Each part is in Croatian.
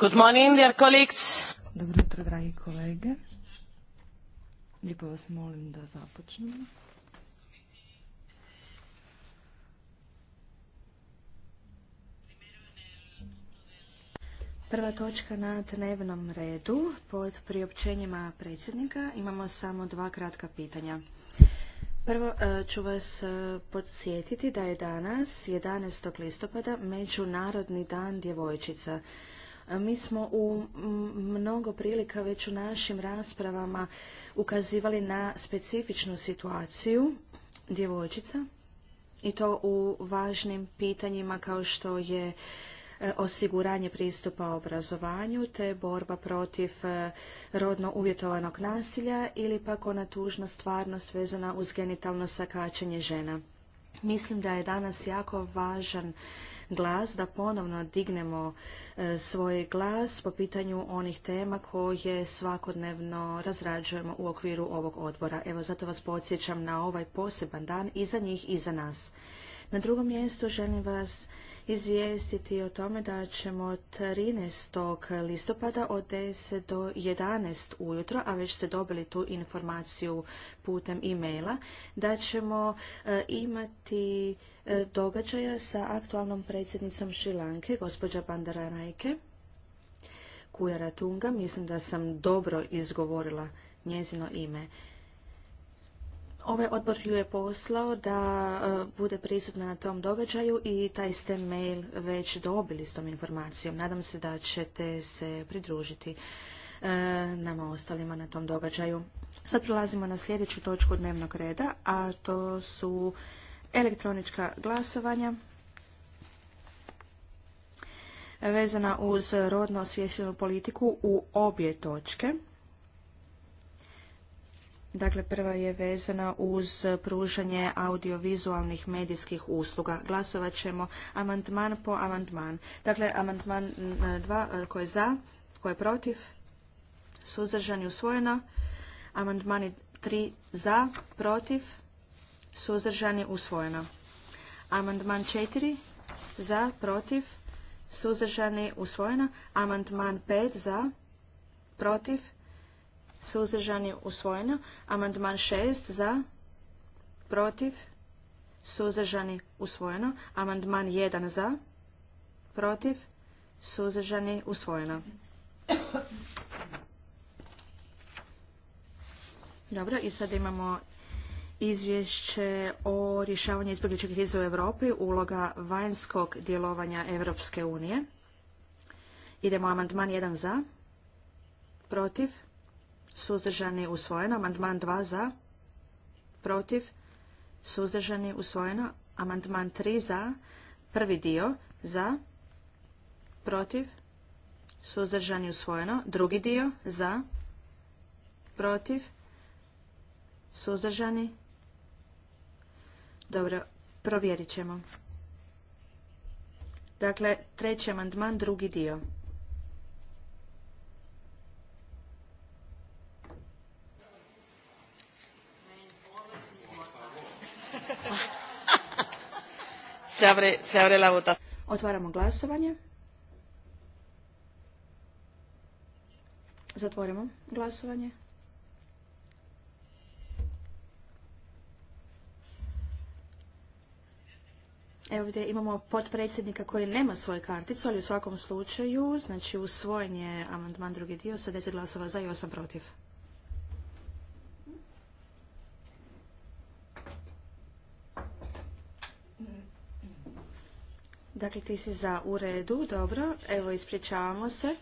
Good morning, dear colleagues. Dobro jutro, dragi kolege. Lijepo vas molim da započnemo. Prva točka na dnevnom redu pod priopćenjima predsjednika imamo samo dva kratka pitanja. Prvo e, ću vas e, podsjetiti da je danas 11. listopada Međunarodni dan djevojčica. Mi smo u mnogo prilika već u našim raspravama ukazivali na specifičnu situaciju djevojčica i to u važnim pitanjima kao što je e, osiguranje pristupa obrazovanju te borba protiv e, rodno uvjetovanog nasilja ili pak ona tužna stvarnost vezana uz genitalno sakačenje žena. Mislim da je danas jako važan glas, da ponovno dignemo e, svoj glas po pitanju onih tema koje svakodnevno razrađujemo u okviru ovog odbora. Evo, zato vas podsjećam na ovaj poseban dan i za njih i za nas. Na drugom mjestu želim vas izvijestiti o tome da ćemo 13. listopada od 10 do 11 ujutro, a već ste dobili tu informaciju putem e-maila, da ćemo e, imati e, događaja sa aktualnom predsjednicom Šilanke, gospođa Bandara Rajke, Kujara Tunga, mislim da sam dobro izgovorila njezino ime. Ovaj odbor ju je poslao da e, bude prisutna na tom događaju i taj ste mail već dobili s tom informacijom. Nadam se da ćete se pridružiti e, nama ostalima na tom događaju. Sad prilazimo na sljedeću točku dnevnog reda, a to su elektronička glasovanja vezana uz rodno osvješenu politiku u obje točke. Dakle, prva je vezana uz pružanje audiovizualnih medijskih usluga. Glasovat ćemo amandman po amandman. Dakle, amandman e, dva e, ko je za, ko je protiv, i usvojeno. Amandmani tri za, protiv, suzdržani usvojeno. Amandman četiri za, protiv, suzdržani usvojeno. Amandman pet za, protiv, suzdržani, usvojeno. Amandman 6 za, protiv, suzdržani, usvojeno. Amandman 1 za, protiv, suzdržani, usvojeno. Dobro, i sad imamo izvješće o rješavanju izbjegličke krize u Europi, uloga vanjskog djelovanja Europske unije. Idemo amandman 1 za, protiv, suzdržani usvojeno. Amandman 2 za, protiv, suzdržani usvojeno. Amandman 3 za, prvi dio za, protiv, suzdržani usvojeno. Drugi dio za, protiv, suzdržani. Dobro, provjerit ćemo. Dakle, treći amandman, drugi dio. Otvaramo glasovanje. Zatvorimo glasovanje. Evo gdje imamo potpredsjednika koji nema svoju karticu, ali u svakom slučaju, znači usvojen je amandman drugi dio sa 10 glasova za i osam protiv. Dakle, ti si za u redu, dobro. Evo, ispričavamo se.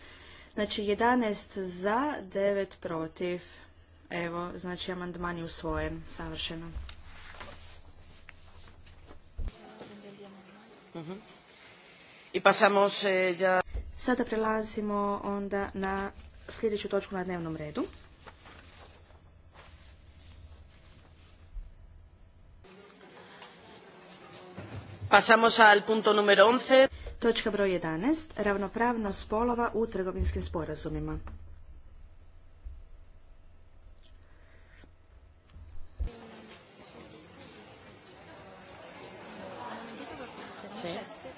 Znači, 11 za, 9 protiv. Evo, znači, amandman je svojem, savršeno. I eh, Sada prelazimo onda na sljedeću točku na dnevnom redu. Pasamos al punto número 11. Točka broj 11. Ravnopravnost spolova u trgovinskim sporazumima.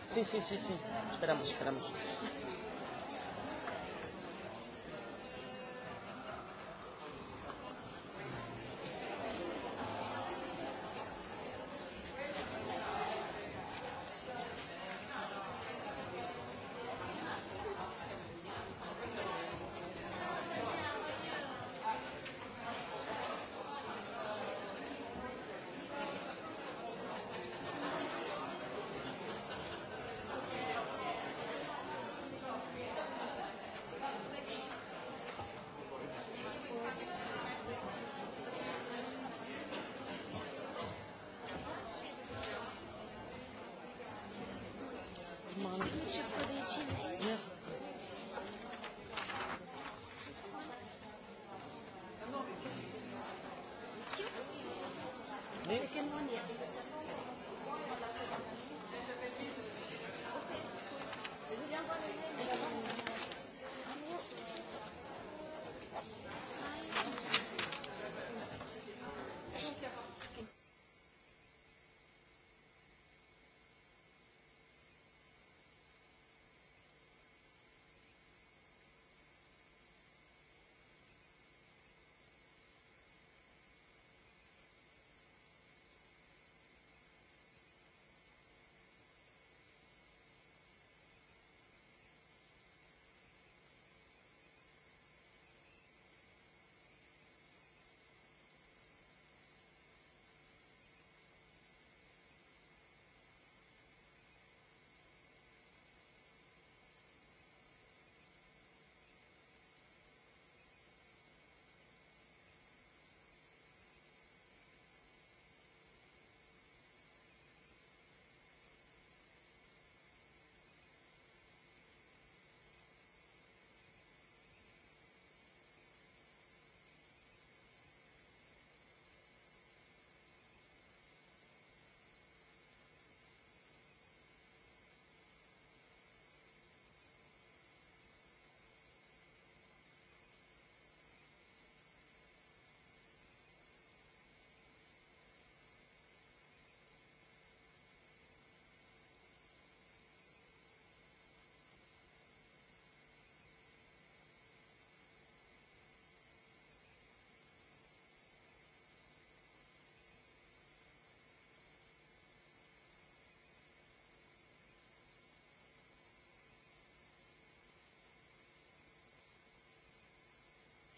Sí, sí, sí, sí. Esperamos, esperamos.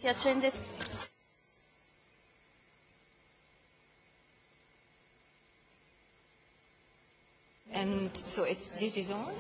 Si accende... And so it's, this is on.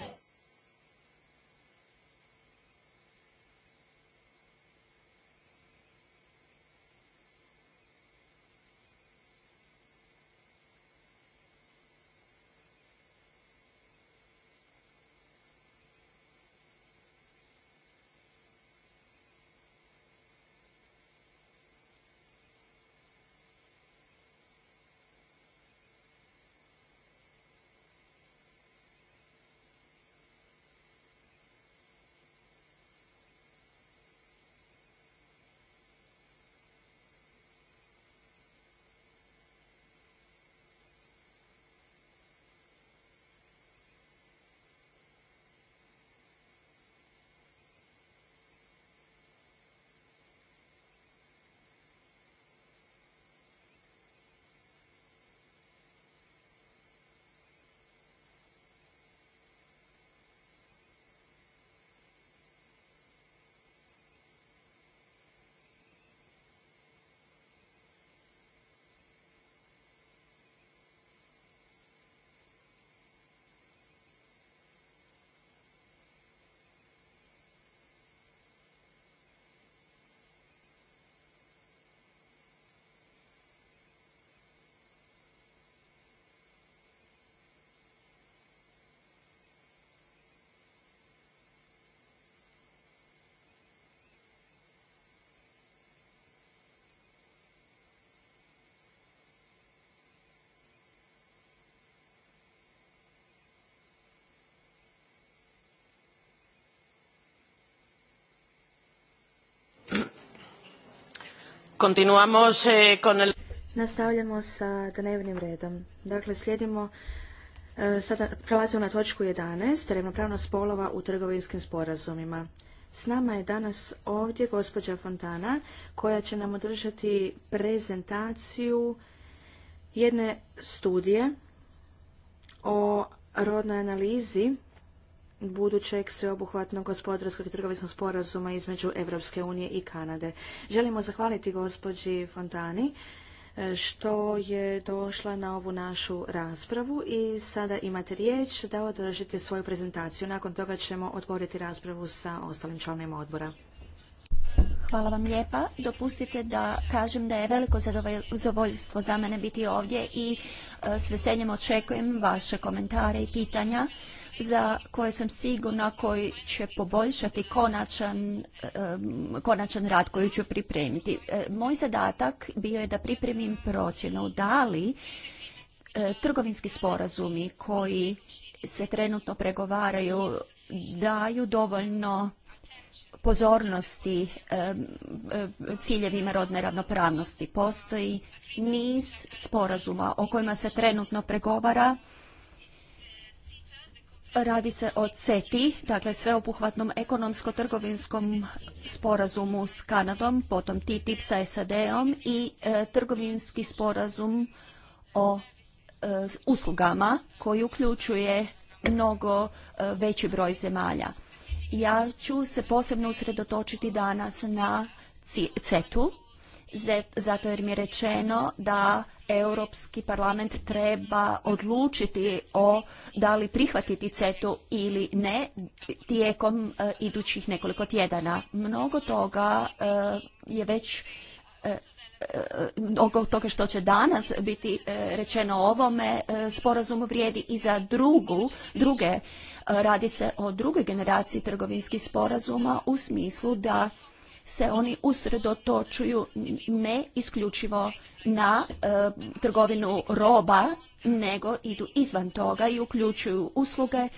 Eh, Nastavljamo sa dnevnim redom. Dakle, slijedimo eh, Sada prelazimo na točku 11. Ravnopravnost spolova u trgovinskim sporazumima. S nama je danas ovdje gospođa Fontana koja će nam održati prezentaciju jedne studije o rodnoj analizi budućeg sveobuhvatnog gospodarskog i trgovinskog sporazuma između Europske unije i Kanade. Želimo zahvaliti gospođi Fontani e, što je došla na ovu našu raspravu i sada imate riječ da održite svoju prezentaciju. Nakon toga ćemo otvoriti raspravu sa ostalim članima odbora. Hvala vam lijepa. Dopustite da kažem da je veliko zadovoljstvo za mene biti ovdje i e, s veseljem očekujem vaše komentare i pitanja za koje sam sigurna koji će poboljšati konačan, konačan rad koji ću pripremiti. E, moj zadatak bio je da pripremim procjenu da li e, trgovinski sporazumi koji se trenutno pregovaraju daju dovoljno pozornosti ciljevima rodne ravnopravnosti. Postoji niz sporazuma o kojima se trenutno pregovara Radi se o CETI, dakle sveobuhvatnom ekonomsko-trgovinskom sporazumu s Kanadom, potom TTIP sa SAD-om i e, trgovinski sporazum o e, uslugama koji uključuje mnogo e, veći broj zemalja. Ja ću se posebno usredotočiti danas na CETU zato jer mi je rečeno da Europski parlament treba odlučiti o da li prihvatiti CETU ili ne tijekom e, idućih nekoliko tjedana. Mnogo toga e, je već e, mnogo toga što će danas biti rečeno o ovome, sporazumu vrijedi i za drugu, druge. Radi se o drugoj generaciji trgovinskih sporazuma u smislu da se oni usredotočuju ne isključivo na e, trgovinu roba, nego idu izvan toga i uključuju usluge,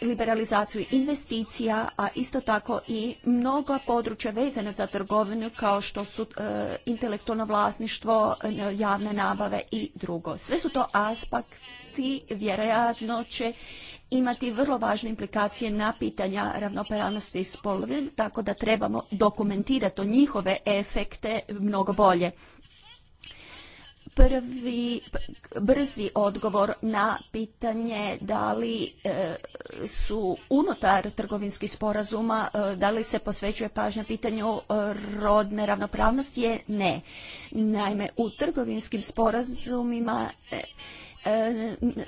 liberalizaciju investicija, a isto tako i mnoga područja vezana za trgovinu kao što su e, intelektualno vlasništvo, e, javne nabave i drugo. Sve su to aspekti vjerojatno će imati vrlo važne implikacije na pitanja ravnopravnosti spolova, tako da trebamo dokumentirati njihove efekte mnogo bolje prvi brzi odgovor na pitanje da li e, su unutar trgovinskih sporazuma e, da li se posvećuje pažnja pitanju e, rodne ravnopravnosti je ne. Naime, u trgovinskim sporazumima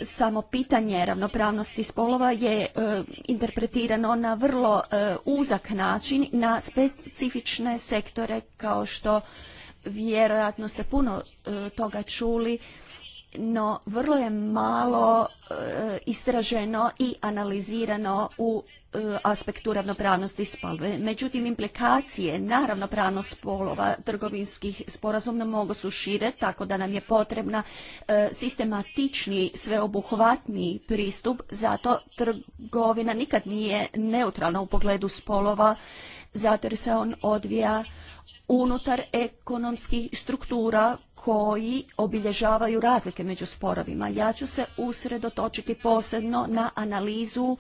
samo pitanje ravnopravnosti spolova je interpretirano na vrlo uzak način na specifične sektore kao što vjerojatno ste puno e, toga čuli, no vrlo je malo e, istraženo i analizirano u e, aspektu ravnopravnosti spolova. Međutim, implikacije na ravnopravnost spolova trgovinskih sporazumno mogu su šire, tako da nam je potrebna sistematični, sveobuhvatni pristup, zato trgovina nikad nije neutralna u pogledu spolova, zato jer se on odvija unutar ekonomskih struktura koji obilježavaju razlike među sporovima. Ja ću se usredotočiti posebno na analizu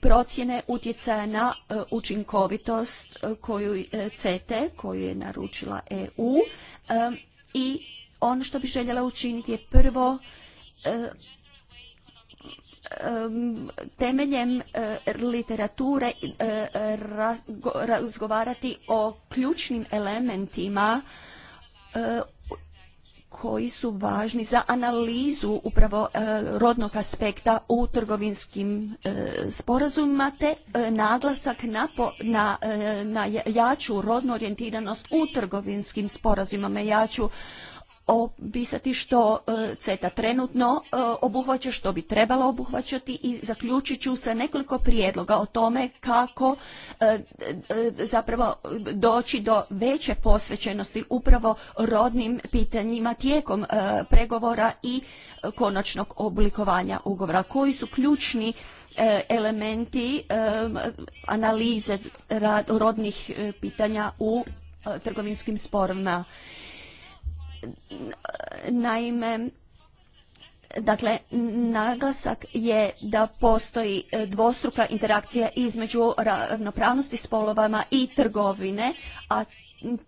procjene utjecaja na e, učinkovitost e, koju e, CT, koju je naručila EU i ono što bi željela učiniti je prvo temeljem e, literature e, e, razgovarati o ključnim elementima koji su važni za analizu upravo rodnog aspekta u trgovinskim sporazumima te naglasak na, na jaču rodnu orijentiranost u trgovinskim sporazumima jaču opisati što e, CETA trenutno e, obuhvaća, što bi trebalo obuhvaćati i zaključit ću se nekoliko prijedloga o tome kako e, zapravo doći do veće posvećenosti upravo rodnim pitanjima tijekom pregovora i konačnog oblikovanja ugovora. Koji su ključni elementi analize rodnih pitanja u trgovinskim sporovima? Naime, Dakle, naglasak je da postoji e, dvostruka interakcija između ravnopravnosti spolovama i trgovine, a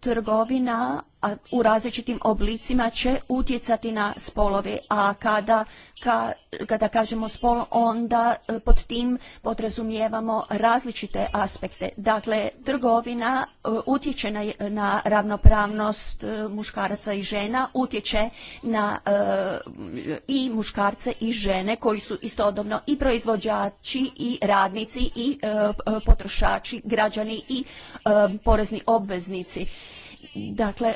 trgovina u različitim oblicima će utjecati na spolove, a kada, kada kažemo spol, onda e, pod tim podrazumijevamo različite aspekte. Dakle, trgovina e, utječe na, ravnopravnost e, muškaraca i žena, utječe na i muškarce i žene koji su istodobno i proizvođači i radnici i potrošači, građani i porezni obveznici. Dakle,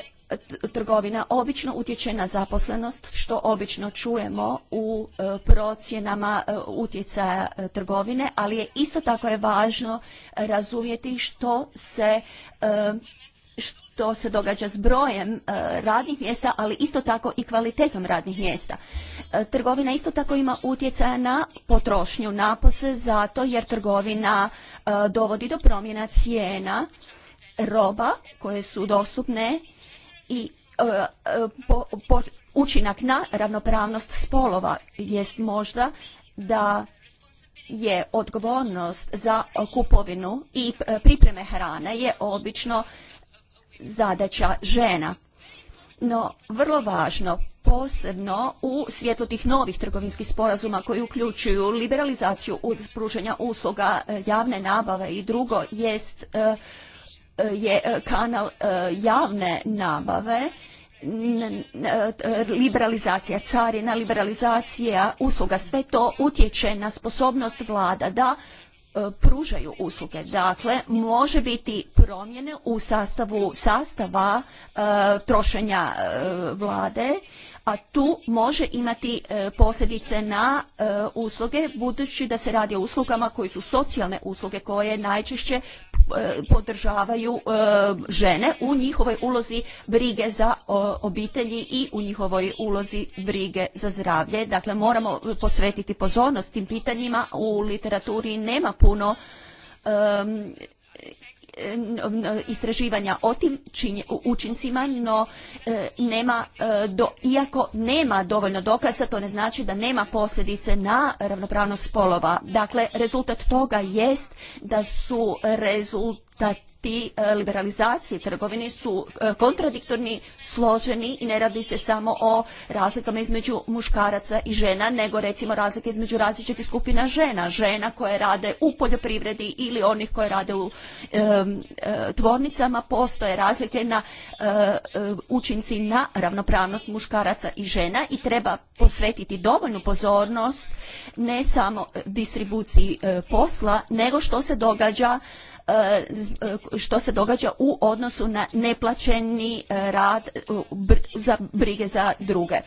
trgovina obično utječe na zaposlenost što obično čujemo u e, procjenama e, utjecaja e, trgovine, ali je isto tako je važno razumjeti što se što se događa s brojem radnih mjesta, ali isto tako i kvalitetom radnih mjesta. Trgovina isto tako ima utjecaja na potrošnju napose zato jer trgovina dovodi do promjena cijena roba koje su dostupne i e, e, učinak na ravnopravnost spolova jest možda da je odgovornost za kupovinu i e, pripreme hrane je obično zadaća žena. No, vrlo važno, posebno u svjetlu tih novih trgovinskih sporazuma koji uključuju liberalizaciju pružanja usluga javne nabave i drugo, jest Eh, je eh, kanal eh, javne nabave liberalizacija carina, liberalizacija usluga, sve to utječe na sposobnost vlada da pružaju usluge. Dakle, može biti promjene u sastavu sastava trošenja vlade, a tu može imati posljedice na usluge, budući da se radi o uslugama koji su socijalne usluge koje najčešće E, podržavaju e, žene u njihovoj ulozi brige za obitelji i u njihovoj ulozi brige za zdravlje. Dakle, moramo posvetiti pozornost tim pitanjima. U literaturi nema puno istraživanja o tim učincima, no e, nema, e, do, iako nema dovoljno dokaza, to ne znači da nema posljedice na ravnopravnost spolova. Dakle, rezultat toga jest da su rezultati da ti e, liberalizacije trgovine su e, kontradiktorni, složeni i ne radi se samo o razlikama između muškaraca i žena, nego recimo razlike između različitih skupina žena. Žena koje rade u poljoprivredi ili onih koje rade u e, tvornicama postoje razlike na učinci na ravnopravnost muškaraca i žena i treba posvetiti dovoljnu pozornost ne samo distribuciji posla, nego što se događa E, e, što se događa u odnosu na neplaćeni e, rad za brige za druge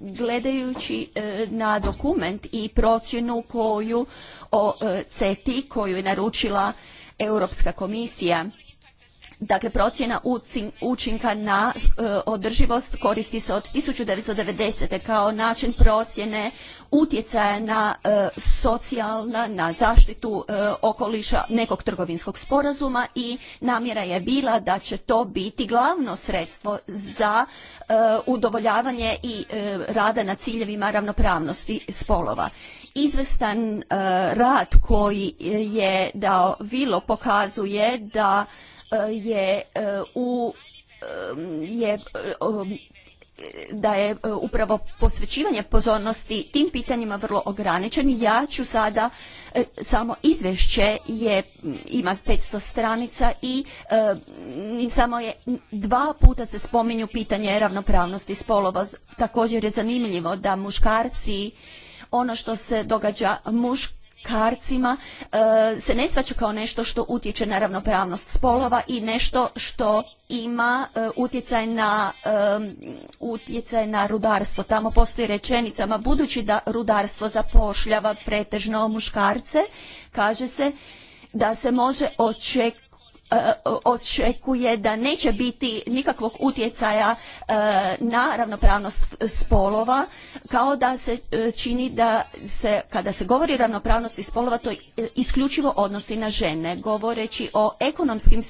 gledajući na dokument i procjenu koju o CETI koju je naručila Europska komisija Dakle, procjena učinka na e, održivost koristi se od 1990. kao način procjene utjecaja na e, socijalna, na zaštitu e, okoliša nekog trgovinskog sporazuma i namjera je bila da će to biti glavno sredstvo za udovoljavanje i rada na ciljevima ravnopravnosti spolova Izvestan rad koji je dao Vilo pokazuje da je e, u je da je e, upravo posvećivanje pozornosti tim pitanjima vrlo ograničen. Ja ću sada, e, samo izvješće je, ima 500 stranica i samo je dva puta se spominju pitanje ravnopravnosti spolova. Također je zanimljivo da muškarci ono što se događa mušk Muškarcima e, se ne svaća kao nešto što utječe na ravnopravnost spolova i nešto što ima e, utjecaj na, e, utjecaj na rudarstvo. Tamo postoji rečenicama, budući da rudarstvo zapošljava pretežno muškarce, kaže se da se može očekivati E, očekuje da neće biti nikakvog utjecaja e, na ravnopravnost spolova kao da se e, čini da se kada se govori o ravnopravnosti spolova to isključivo odnosi na žene govoreći o ekonomskim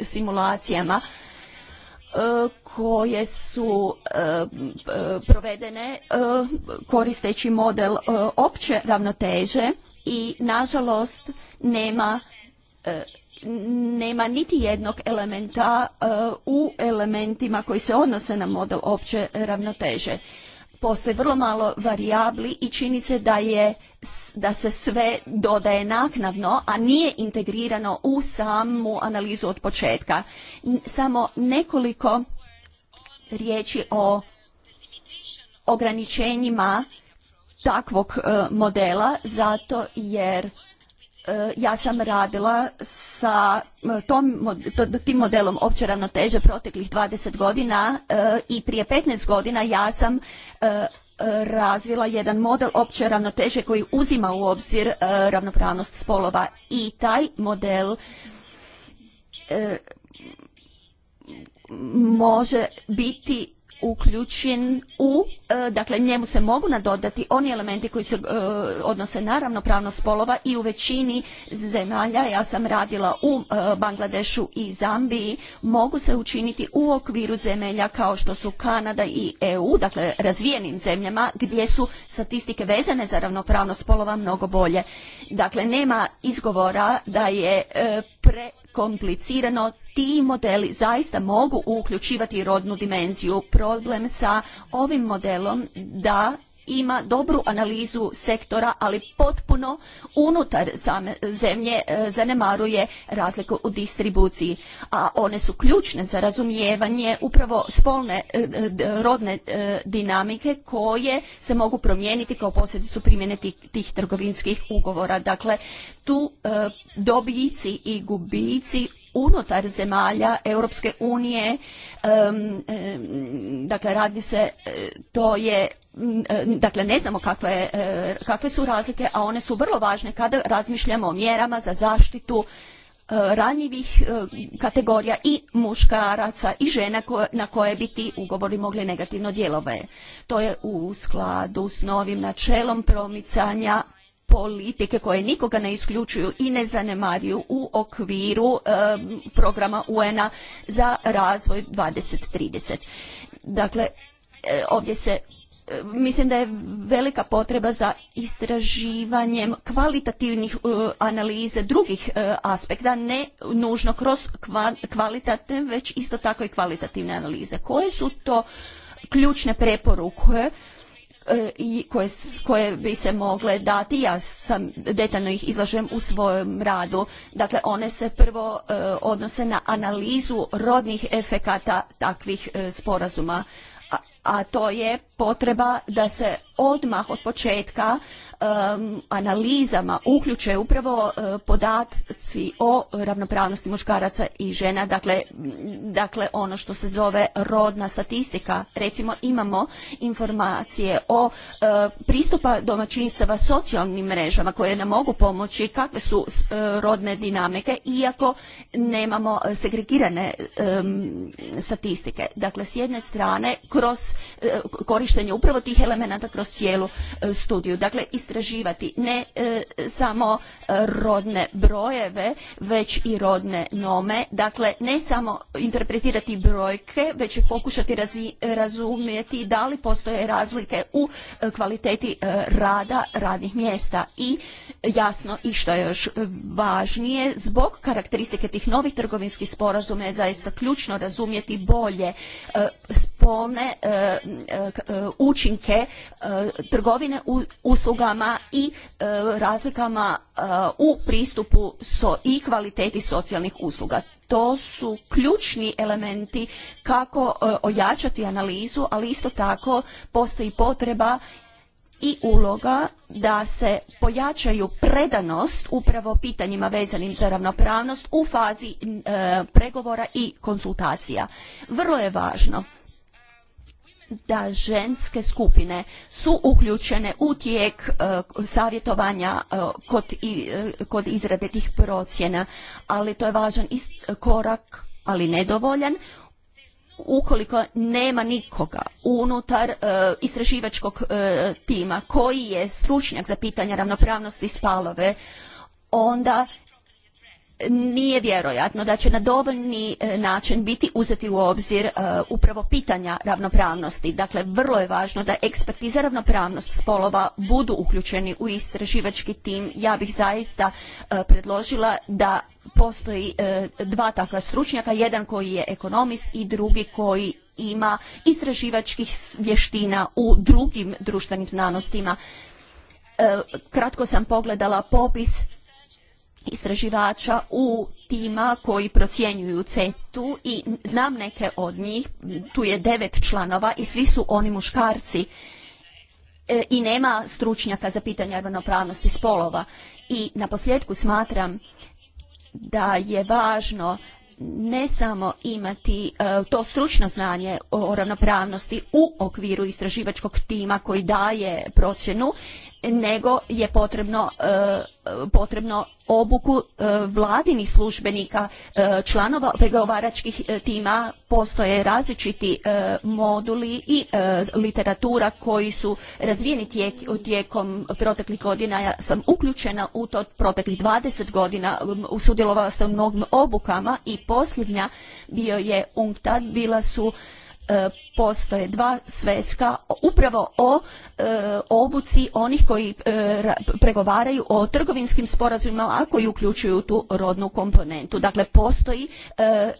simulacijama koje su provedene koristeći model opće ravnoteže i nažalost nema nema niti jednog elementa uh, u elementima koji se odnose na model opće ravnoteže. Postoje vrlo malo varijabli i čini se da je da se sve dodaje naknadno, a nije integrirano u samu analizu od početka. Samo nekoliko riječi o ograničenjima takvog uh, modela, zato jer E, ja sam radila sa e, tim modelom opće ravnoteže proteklih 20 godina e, i prije 15 godina ja sam razvila jedan model opće ravnoteže koji uzima u obzir ravnopravnost spolova i taj model može biti uključen u, e, dakle njemu se mogu nadodati oni elementi koji se e, odnose na ravnopravnost spolova i u većini zemalja, ja sam radila u e, Bangladešu i Zambiji, mogu se učiniti u okviru zemelja kao što su Kanada i EU, dakle razvijenim zemljama gdje su statistike vezane za ravnopravnost spolova mnogo bolje. Dakle, nema izgovora da je prekomplicirano ti modeli zaista mogu uključivati rodnu dimenziju. Problem sa ovim modelom da ima dobru analizu sektora, ali potpuno unutar same zemlje e, zanemaruje razliku u distribuciji. A one su ključne za razumijevanje upravo spolne e, e, rodne dinamike koje se mogu promijeniti kao posljedicu primjene tih, trgovinskih ugovora. Dakle, tu dobici i gubici unutar zemalja Europske unije, dakle radi se, e, to je e, dakle ne znamo kakve, e, kakve su razlike, a one su vrlo važne kada razmišljamo o mjerama za zaštitu ranjivih kategorija i muškaraca i žena na koje bi ti ugovori mogli negativno djelovati. To je u skladu s novim načelom promicanja politike koje nikoga ne isključuju i ne zanemaruju u okviru programa UN-a za razvoj 2030. Dakle, e, ovdje se e, Mislim da je velika potreba za istraživanjem kvalitativnih e, analize drugih aspekta, ne nužno kroz kvalitate, već isto tako i kvalitativne analize. Koje su to ključne preporuke E, i koje, koje bi se mogle dati, ja sam detaljno ih izlažem u svojem radu. Dakle, one se prvo e, odnose na analizu rodnih efekata takvih e, sporazuma, a to je potreba da se odmah od početka Um, analizama uključe upravo podatci uh, podaci o ravnopravnosti muškaraca i žena, dakle, dakle ono što se zove rodna statistika. Recimo imamo informacije o uh, pristupa domaćinstava socijalnim mrežama koje nam mogu pomoći kakve su uh, rodne dinamike iako nemamo segregirane um, statistike. Dakle, s jedne strane kroz korištenje upravo tih elemenata kroz cijelu studiju. Dakle, istra istraživati ne e, samo e, rodne brojeve, već i rodne nome. Dakle, ne samo interpretirati brojke, već i pokušati razi, razumjeti da li postoje razlike u e, kvaliteti rada radnih mjesta. I jasno, i što je još važnije, zbog karakteristike tih novih trgovinskih sporazuma je zaista ključno razumjeti bolje e, monopolne e, e, e, učinke trgovine uslugama i razlikama u pristupu i kvaliteti socijalnih usluga. To su ključni elementi kako ojačati analizu, ali isto tako postoji potreba i uloga da se pojačaju predanost upravo pitanjima vezanim za ravnopravnost u fazi pregovora i konsultacija. Vrlo je važno da ženske skupine su uključene u tijek e, savjetovanja e, e, kod, izrade tih procjena, ali to je važan korak, ali nedovoljan, ukoliko nema nikoga unutar istraživačkog tima koji je stručnjak za pitanje ravnopravnosti spalove, onda nije vjerojatno da će na dovoljni e, način biti uzeti u obzir e, upravo pitanja ravnopravnosti. Dakle, vrlo je važno da eksperti za ravnopravnost spolova budu uključeni u istraživački tim. Ja bih zaista e, predložila da postoji dva takva stručnjaka, jedan koji je ekonomist i drugi koji ima istraživačkih vještina u drugim društvenim znanostima. Kratko sam pogledala popis istraživača u tima koji procjenjuju CETU i znam neke od njih, tu je devet članova i svi su oni muškarci e, i nema stručnjaka za pitanje ravnopravnosti spolova. I na posljedku smatram da je važno ne samo imati e, to stručno znanje o ravnopravnosti u okviru istraživačkog tima koji daje procjenu nego je potrebno, e, potrebno obuku e, vladinih službenika, e, članova pregovaračkih tima, postoje različiti moduli i literatura koji su razvijeni tijekom proteklih godina. Ja sam uključena u to proteklih 20 godina, sudjelovala sam u mnogim obukama i posljednja bio je UNCTAD, bila su E, postoje dva sveska upravo o e, obuci onih koji e, pregovaraju o trgovinskim sporazumima a koji uključuju tu rodnu komponentu. Dakle, postoji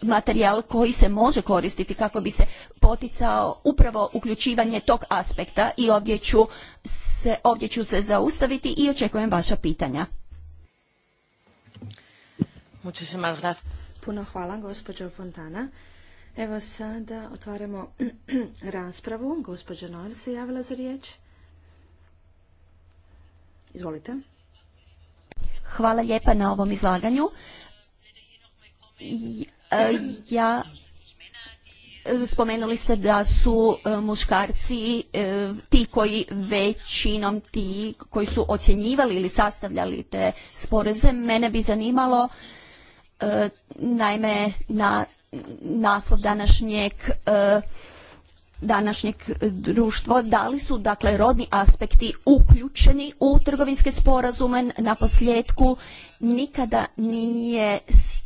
materijal koji se može koristiti kako bi se poticao upravo uključivanje tog aspekta i ovdje ću se, ovdje ću zaustaviti i očekujem vaša pitanja. Puno hvala gospođo Fontana. Evo sada otvaramo raspravu. Gospođa Noel se javila za riječ. Izvolite. Hvala lijepa na ovom izlaganju. E, ja e, spomenuli ste da su e, muškarci ti koji većinom ti koji su ocjenjivali ili sastavljali te sporeze. Mene bi zanimalo naime na naslov današnjeg e, današnjeg društvo, da li su dakle rodni aspekti uključeni u trgovinske sporazume na posljedku, nikada nije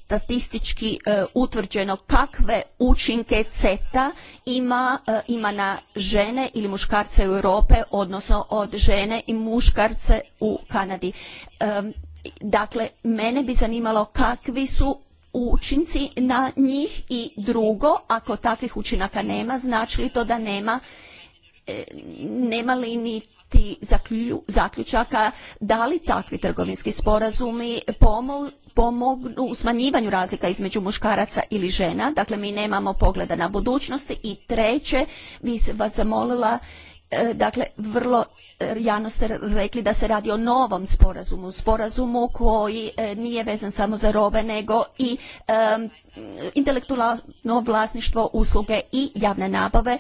statistički e, utvrđeno kakve učinke CETA ima, e, ima na žene ili muškarce u Europe, odnosno od žene i muškarce u Kanadi. dakle, mene bi zanimalo kakvi su učinci na njih i drugo, ako takvih učinaka nema, znači li to da nema, e, nema li niti zaključaka da li takvi trgovinski sporazumi pomognu u smanjivanju razlika između muškaraca ili žena, dakle mi nemamo pogleda na budućnosti i treće bi vas zamolila E, dakle vrlo e, javno ste rekli da se radi o novom sporazumu, sporazumu koji e, nije vezan samo za robe nego i intelektualno vlasništvo usluge i javne nabave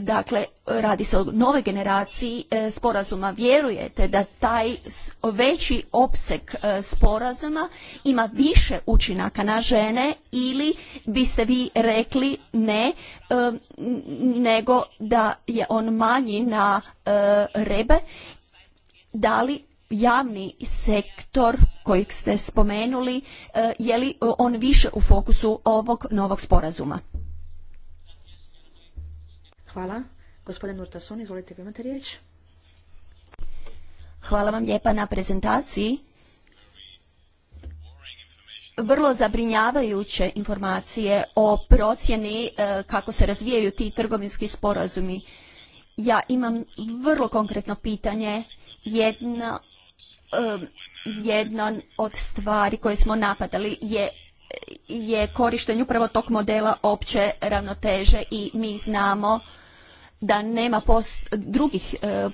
dakle radi se o nove generaciji e, sporazuma, vjerujete da taj veći opseg e, sporazuma ima više učinaka na žene ili biste vi rekli ne, e, nego da je on manji na rebe? Da li javni sektor kojeg ste spomenuli, je li on više u fokusu ovog novog sporazuma? Hvala. Gospodin Urtasun, izvolite, imate riječ. Hvala vam lijepa na prezentaciji. Vrlo zabrinjavajuće informacije o procjeni e, kako se razvijaju ti trgovinski sporazumi. Ja imam vrlo konkretno pitanje. E, jedna, od stvari koje smo napadali je je korištenje upravo tog modela opće ravnoteže i mi znamo da nema drugih e, e,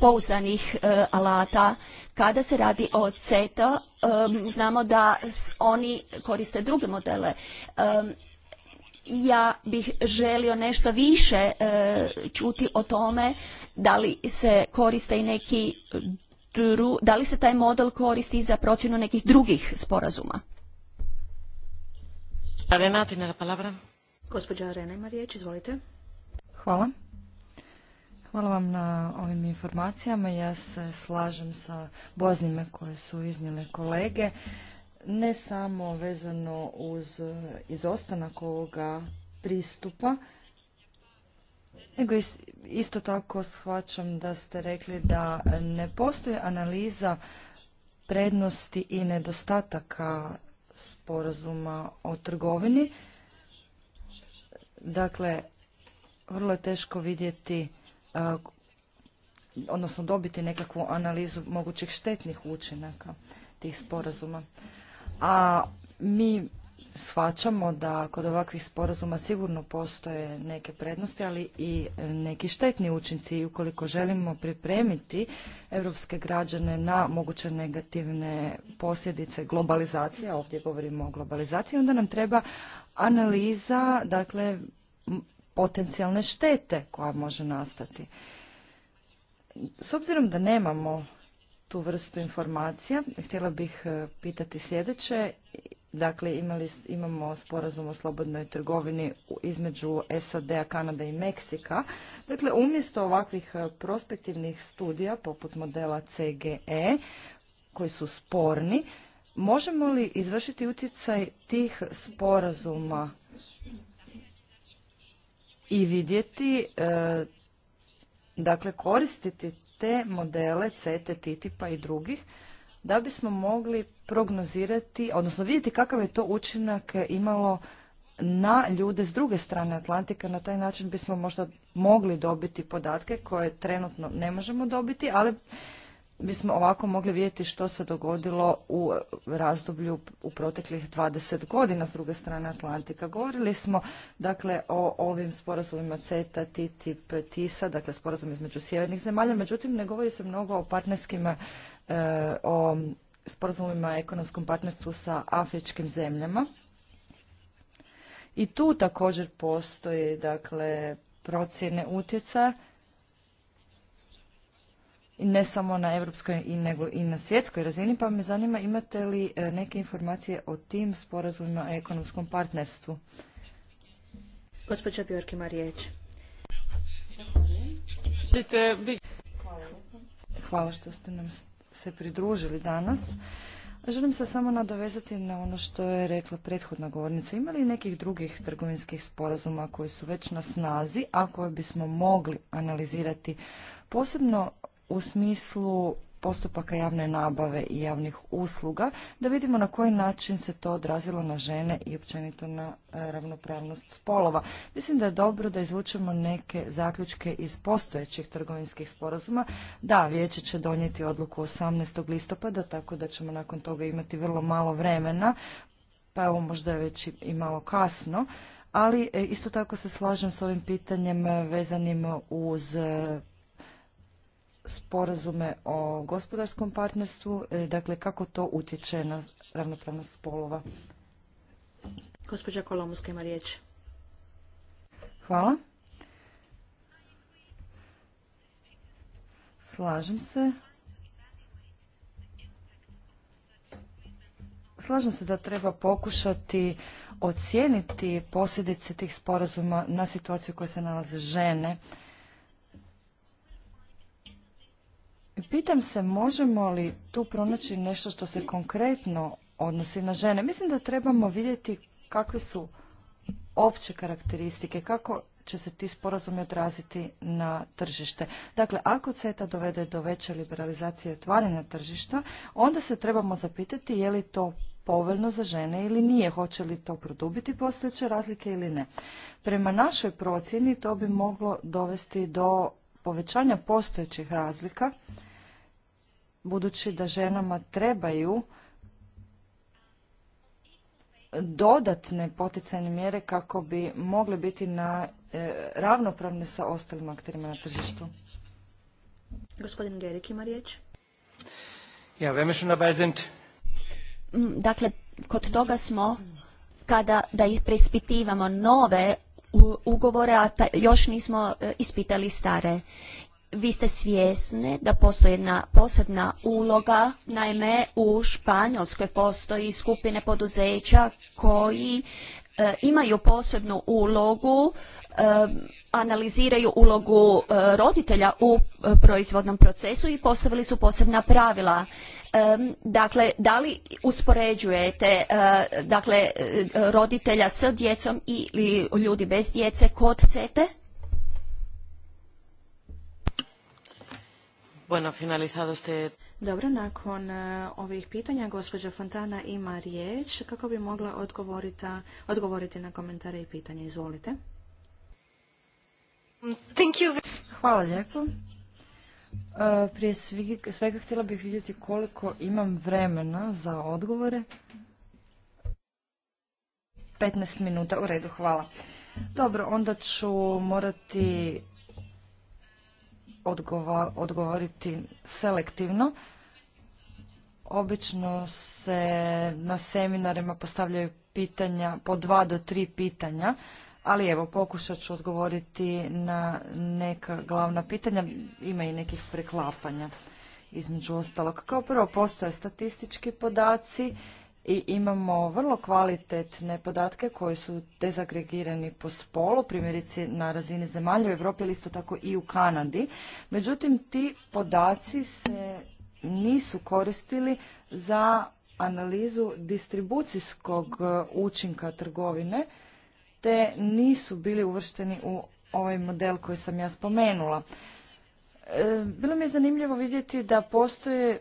pouzdanih e, alata. Kada se radi o CETA, znamo da oni koriste druge modele. Ja bih želio nešto više čuti o tome da li se koriste i neki da li se taj model koristi za procjenu nekih drugih sporazuma. riječ, izvolite. Hvala. Hvala vam na ovim informacijama. Ja se slažem sa boznime koje su iznijele kolege. Ne samo vezano uz izostanak ovoga pristupa, nego isto tako shvaćam da ste rekli da ne postoji analiza prednosti i nedostataka sporazuma o trgovini. Dakle, vrlo je teško vidjeti odnosno dobiti nekakvu analizu mogućih štetnih učinaka tih sporazuma. A mi shvaćamo da kod ovakvih sporazuma sigurno postoje neke prednosti, ali i neki štetni učinci i ukoliko želimo pripremiti europske građane na moguće negativne posljedice globalizacije, ovdje govorimo o globalizaciji, onda nam treba analiza, dakle potencijalne štete koja može nastati. S obzirom da nemamo tu vrstu informacija, htjela bih e, pitati sljedeće. Dakle, imali, imamo sporazum o slobodnoj trgovini između SAD-a, Kanade i Meksika. Dakle, umjesto ovakvih e, prospektivnih studija, poput modela CGE, koji su sporni, možemo li izvršiti utjecaj tih sporazuma i vidjeti, e, dakle koristiti te modele CT, ttip p-a i drugih, da bismo mogli prognozirati, odnosno vidjeti kakav je to učinak imalo na ljude s druge strane Atlantika. Na taj način bismo možda mogli dobiti podatke koje trenutno ne možemo dobiti, ali bismo ovako mogli vidjeti što se dogodilo u razdoblju u proteklih 20 godina s druge strane Atlantika. Govorili smo dakle o ovim sporazumima CETA, TTIP, TISA, dakle sporazum između sjevernih zemalja, međutim ne govori se mnogo o partnerskim, e, o sporazumima ekonomskom partnerstvu sa afričkim zemljama. I tu također postoji dakle procjene utjecaja ne samo na europskoj i nego i na svjetskoj razini, pa me zanima imate li e, neke informacije o tim sporazumima o ekonomskom partnerstvu? Gospođa Bjork ima riječ. Hvala što ste nam se pridružili danas. Želim se samo nadovezati na ono što je rekla prethodna govornica. Ima li nekih drugih trgovinskih sporazuma koji su već na snazi, a koje bismo mogli analizirati posebno u smislu postupaka javne nabave i javnih usluga, da vidimo na koji način se to odrazilo na žene i općenito na e, ravnopravnost spolova. Mislim da je dobro da izvučemo neke zaključke iz postojećih trgovinskih sporazuma. Da, vijeće će donijeti odluku 18. listopada, tako da ćemo nakon toga imati vrlo malo vremena, pa evo možda je već i malo kasno, ali e, isto tako se slažem s ovim pitanjem e, vezanim uz sporazume o gospodarskom partnerstvu, e, dakle kako to utječe na ravnopravnost spolova. Gospođa Kolomuska ima riječ. Hvala. Slažem se. Slažem se da treba pokušati ocijeniti posljedice tih sporazuma na situaciju u kojoj se nalaze žene Pitam se možemo li tu pronaći nešto što se konkretno odnosi na žene. Mislim da trebamo vidjeti kakve su opće karakteristike, kako će se ti sporazumi odraziti na tržište. Dakle, ako CETA dovede do veće liberalizacije i otvaranja tržišta, onda se trebamo zapitati je li to povoljno za žene ili nije, hoće li to produbiti postojeće razlike ili ne. Prema našoj procjeni to bi moglo dovesti do povećanja postojećih razlika budući da ženama trebaju dodatne poticajne mjere kako bi mogle biti na e, ravnopravne sa ostalim akterima na tržištu. Gospodin Gerik ima riječ. Ja, mm, Dakle, kod toga smo kada da preispitivamo nove ugovore, a još nismo e, ispitali stare vi ste svjesni da postoji jedna posebna uloga, naime u Španjolskoj postoji skupine poduzeća koji e, imaju posebnu ulogu, e, analiziraju ulogu e, roditelja u proizvodnom procesu i postavili su posebna pravila. Dakle, da li uspoređujete dakle, roditelja s djecom ili ljudi bez djece kod CETE? Bueno, finalizado este... Dobro, nakon e, ovih pitanja gospođa Fontana ima riječ kako bi mogla odgovoriti, na komentare i pitanje. Izvolite. Thank you. Hvala lijepo. E, prije svega htjela bih vidjeti koliko imam vremena za odgovore. 15 minuta, u redu, hvala. Dobro, onda ću morati odgovoriti selektivno. Obično se na seminarima postavljaju pitanja, po dva do tri pitanja, ali evo pokušat ću odgovoriti na neka glavna pitanja, ima i nekih preklapanja između ostalog. Kao prvo postoje statistički podaci i imamo vrlo kvalitetne podatke koji su dezagregirani po spolu, primjerice na razini zemalja u Europi ali isto tako i u Kanadi. Međutim, ti podaci se nisu koristili za analizu distribucijskog e, učinka trgovine, te nisu bili uvršteni u ovaj model koji sam ja spomenula. E, bilo mi je zanimljivo vidjeti da postoje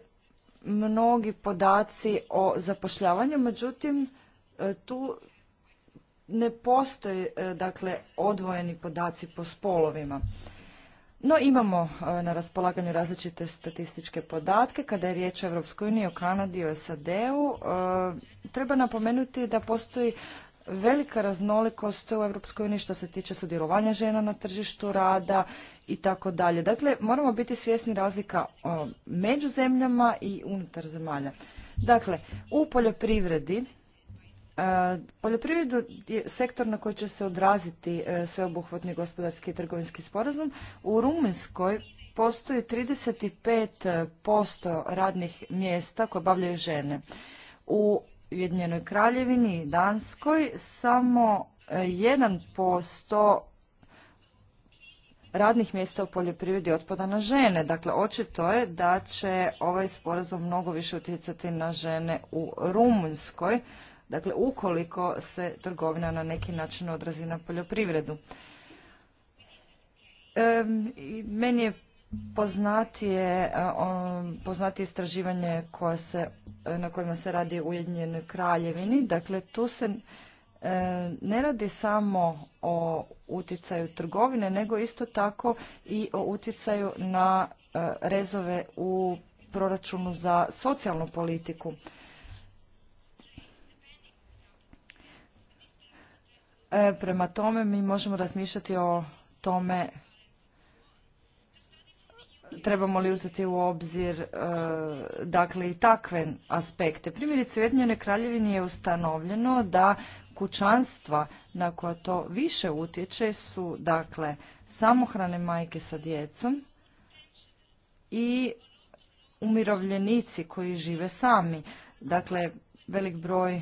mnogi podaci o zapošljavanju, međutim e, tu ne postoje dakle odvojeni podaci po spolovima. No imamo e, na raspolaganju različite statističke podatke kada je riječ o Europskoj uniji, o Kanadi, o SAD-u. E, treba napomenuti da postoji velika raznolikost u Europskoj uniji što se tiče sudjelovanja žena na tržištu rada, i tako dalje. Dakle, moramo biti svjesni razlika među zemljama i unutar zemalja. Dakle, u poljoprivredi, e, poljoprivredu je sektor na koji će se odraziti e, sveobuhvatni gospodarski i trgovinski sporazum. U Rumunjskoj postoji 35% radnih mjesta koje obavljaju žene. U Ujedinjenoj kraljevini i Danskoj samo 1% e, radnih mjesta u poljoprivredi otpada na žene. Dakle, očito je da će ovaj sporazum mnogo više utjecati na žene u Rumunjskoj, dakle ukoliko se trgovina na neki način odrazi na poljoprivredu. meni je poznatije, istraživanje na kojima se radi u Ujedinjenoj kraljevini. Dakle, tu se E, ne radi samo o utjecaju trgovine, nego isto tako i o utjecaju na e, rezove u proračunu za socijalnu politiku. E, prema tome mi možemo razmišljati o tome trebamo li uzeti u obzir dakle i takve aspekte. Primjerice u Ujedinjene kraljevini je ustanovljeno da kućanstva na koja to više utječe su dakle samohrane majke sa djecom i umirovljenici koji žive sami. Dakle, velik broj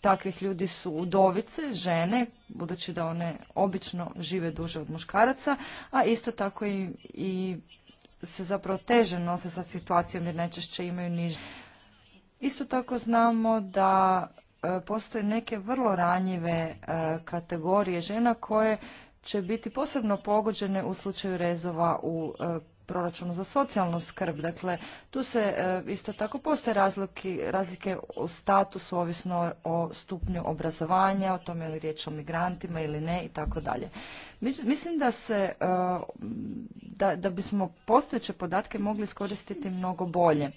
takvih ljudi su udovice, žene, budući da one obično žive duže od muškaraca, a isto tako i, se zapravo teže nose sa situacijom jer najčešće imaju niže. Isto tako znamo da E, postoje neke vrlo ranjive e, kategorije žena koje će biti posebno pogođene u slučaju rezova u e, proračunu za socijalnu skrb. Dakle, tu se isto tako postoje razlike, razlike u statusu ovisno o stupnju obrazovanja, o tome je li riječ o migrantima ili ne i tako dalje. Mislim da se da, da bismo postojeće podatke mogli iskoristiti mnogo bolje.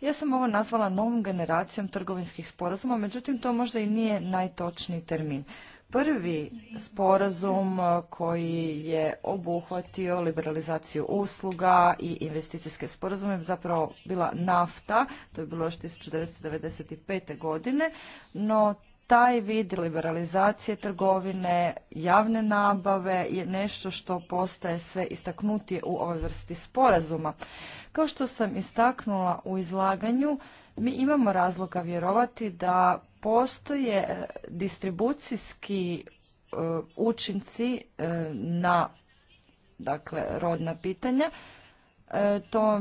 Ja sam ovo nazvala novom generacijom trgovinskih sporazuma, međutim to možda i nije najtočniji termin. Prvi sporazum e, koji je obuhvatio liberalizaciju usluga i investicijske sporazume je zapravo bila nafta, to je bilo još 1995. godine, no taj vid liberalizacije trgovine, javne nabave je nešto što postaje sve istaknutije u ovoj vrsti sporazuma. Kao što sam istaknula u izlaganju, mi imamo razloga vjerovati da postoje e, distribucijski e, učinci e, na dakle rodna pitanja. to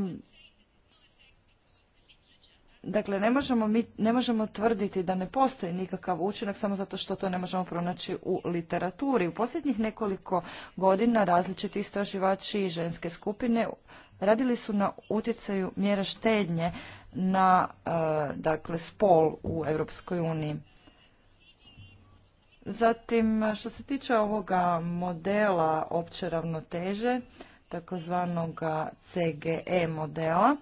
Dakle, ne možemo, mi, ne možemo tvrditi da ne postoji nikakav učinak samo zato što to ne možemo pronaći u literaturi. U posljednjih nekoliko godina različiti istraživači i ženske skupine radili su na utjecaju mjera štednje na e, dakle spol u Europskoj uniji. Zatim što se tiče ovoga modela opće ravnoteže, takozvanog CGE modela,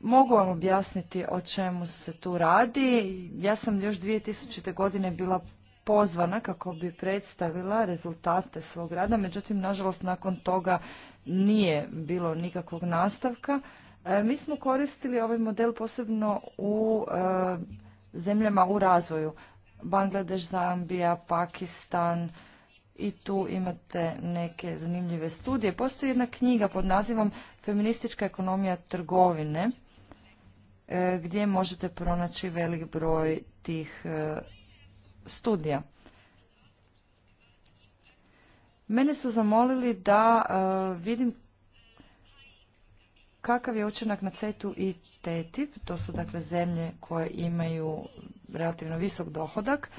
Mogu vam objasniti o čemu se tu radi. Ja sam još 2000. godine bila pozvana kako bi predstavila rezultate svog rada, međutim, nažalost, nakon toga nije bilo nikakvog nastavka. E, mi smo koristili ovaj model posebno u e, zemljama u razvoju. Bangladeš, Zambija, Pakistan i tu imate neke zanimljive studije. Postoji jedna knjiga pod nazivom Feministička ekonomija trgovine e, gdje možete pronaći velik broj tih studija. Mene su zamolili da e, vidim kakav je učinak na CETU i TTIP, to su dakle zemlje koje imaju relativno visok dohodak.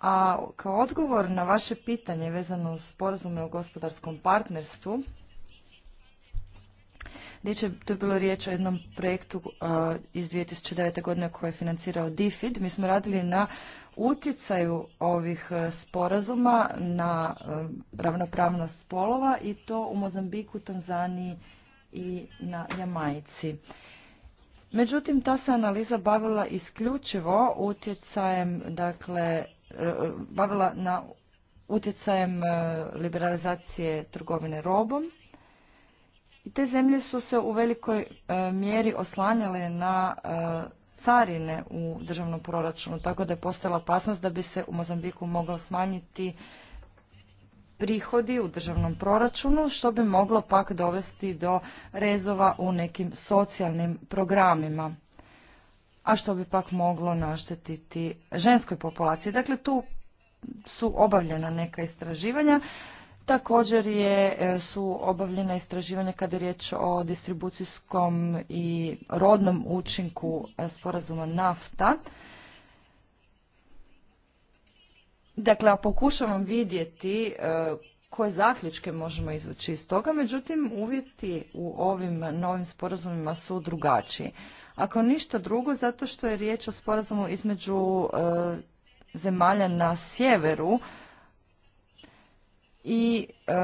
A kao odgovor na vaše pitanje vezano uz sporazume o gospodarskom partnerstvu, Riječ je, tu je bilo riječ o jednom projektu uh, iz 2009. godine koji je financirao DFID. Mi smo radili na utjecaju ovih uh, sporazuma na uh, ravnopravnost spolova i to u Mozambiku, Tanzaniji i na Jamajci. Međutim, ta se analiza bavila isključivo utjecajem, dakle, uh, bavila na utjecajem liberalizacije trgovine robom i te zemlje su se u velikoj e, mjeri oslanjale na e, carine u državnom proračunu, tako da je postala opasnost da bi se u Mozambiku mogao smanjiti prihodi u državnom proračunu, što bi moglo pak dovesti do rezova u nekim socijalnim programima, a što bi pak moglo naštetiti ženskoj populaciji. Dakle, tu su obavljena neka istraživanja. Također je, e, su obavljena istraživanja kada je riječ o distribucijskom i rodnom učinku e, sporazuma nafta. Dakle, pokušavam vidjeti e, koje zaključke možemo izvući iz toga, međutim uvjeti u ovim novim sporazumima su drugačiji. Ako ništa drugo, zato što je riječ o sporazumu između zemalja na sjeveru i e,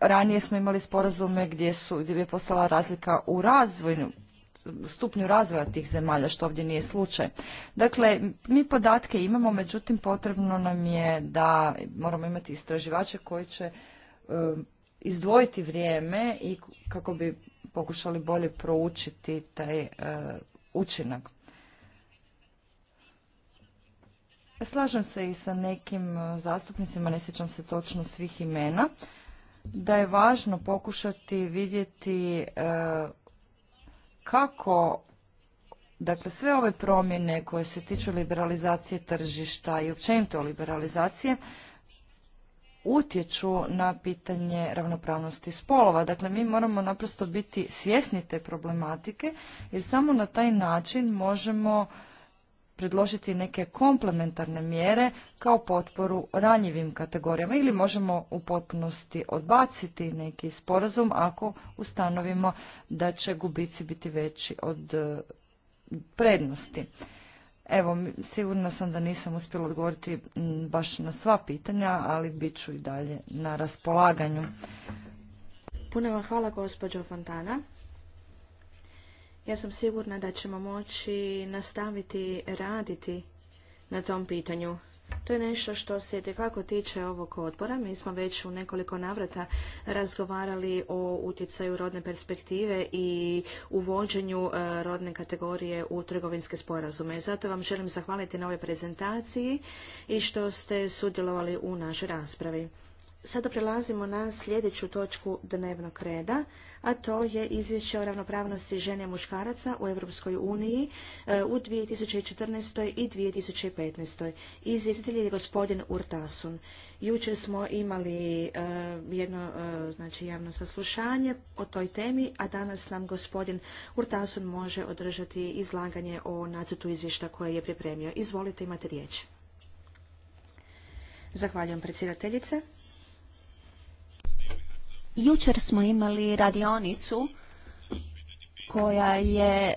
ranije smo imali sporazume gdje su gdje je postala razlika u razvoju stupnju razvoja tih zemalja, što ovdje nije slučaj. Dakle, mi podatke imamo, međutim potrebno nam je da moramo imati istraživače koji će e, izdvojiti vrijeme i kako bi pokušali bolje proučiti taj e, učinak. Slažem se i sa nekim e, zastupnicima, ne sjećam se točno svih imena, da je važno pokušati vidjeti e, kako Dakle, sve ove promjene koje se tiču liberalizacije tržišta i općenito liberalizacije utječu na pitanje ravnopravnosti spolova. Dakle, mi moramo naprosto biti svjesni te problematike jer samo na taj način možemo predložiti neke komplementarne mjere kao potporu ranjivim kategorijama ili možemo u potpunosti odbaciti neki sporazum ako ustanovimo da će gubici biti veći od e, prednosti. Evo, sigurna sam da nisam uspjela odgovoriti baš na sva pitanja, ali bit ću i dalje na raspolaganju. Puno vam hvala gospođo Fontana. Ja sam sigurna da ćemo moći nastaviti raditi na tom pitanju. To je nešto što se tekako tiče ovog odbora. Mi smo već u nekoliko navrata razgovarali o utjecaju rodne perspektive i uvođenju e, rodne kategorije u trgovinske sporazume. Zato vam želim zahvaliti na ovoj prezentaciji i što ste sudjelovali u našoj raspravi. Sada prelazimo na sljedeću točku dnevnog reda, a to je izvješće o ravnopravnosti žene i muškaraca u Europskoj uniji e, u 2014. i 2015. Izvjestitelj je gospodin Urtasun. Jučer smo imali e, jedno e, znači, javno saslušanje o toj temi, a danas nam gospodin Urtasun može održati izlaganje o nacrtu izvješta koje je pripremio. Izvolite, imate riječ. Zahvaljujem predsjedateljice. Jučer smo imali radionicu koja je e,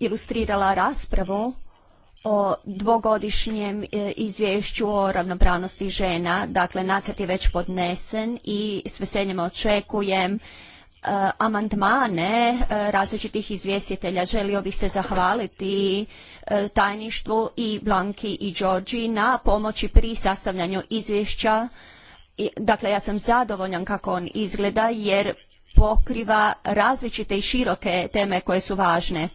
ilustrirala raspravu o dvogodišnjem e, izvješću o ravnopravnosti žena. Dakle, nacrt je već podnesen i s veseljem očekujem e, amandmane različitih izvjestitelja. Želio bih se zahvaliti tajništvu i Blanki i Đorđi na pomoći pri sastavljanju izvješća dakle ja sam zadovoljan kako on izgleda jer pokriva različite i široke teme koje su važne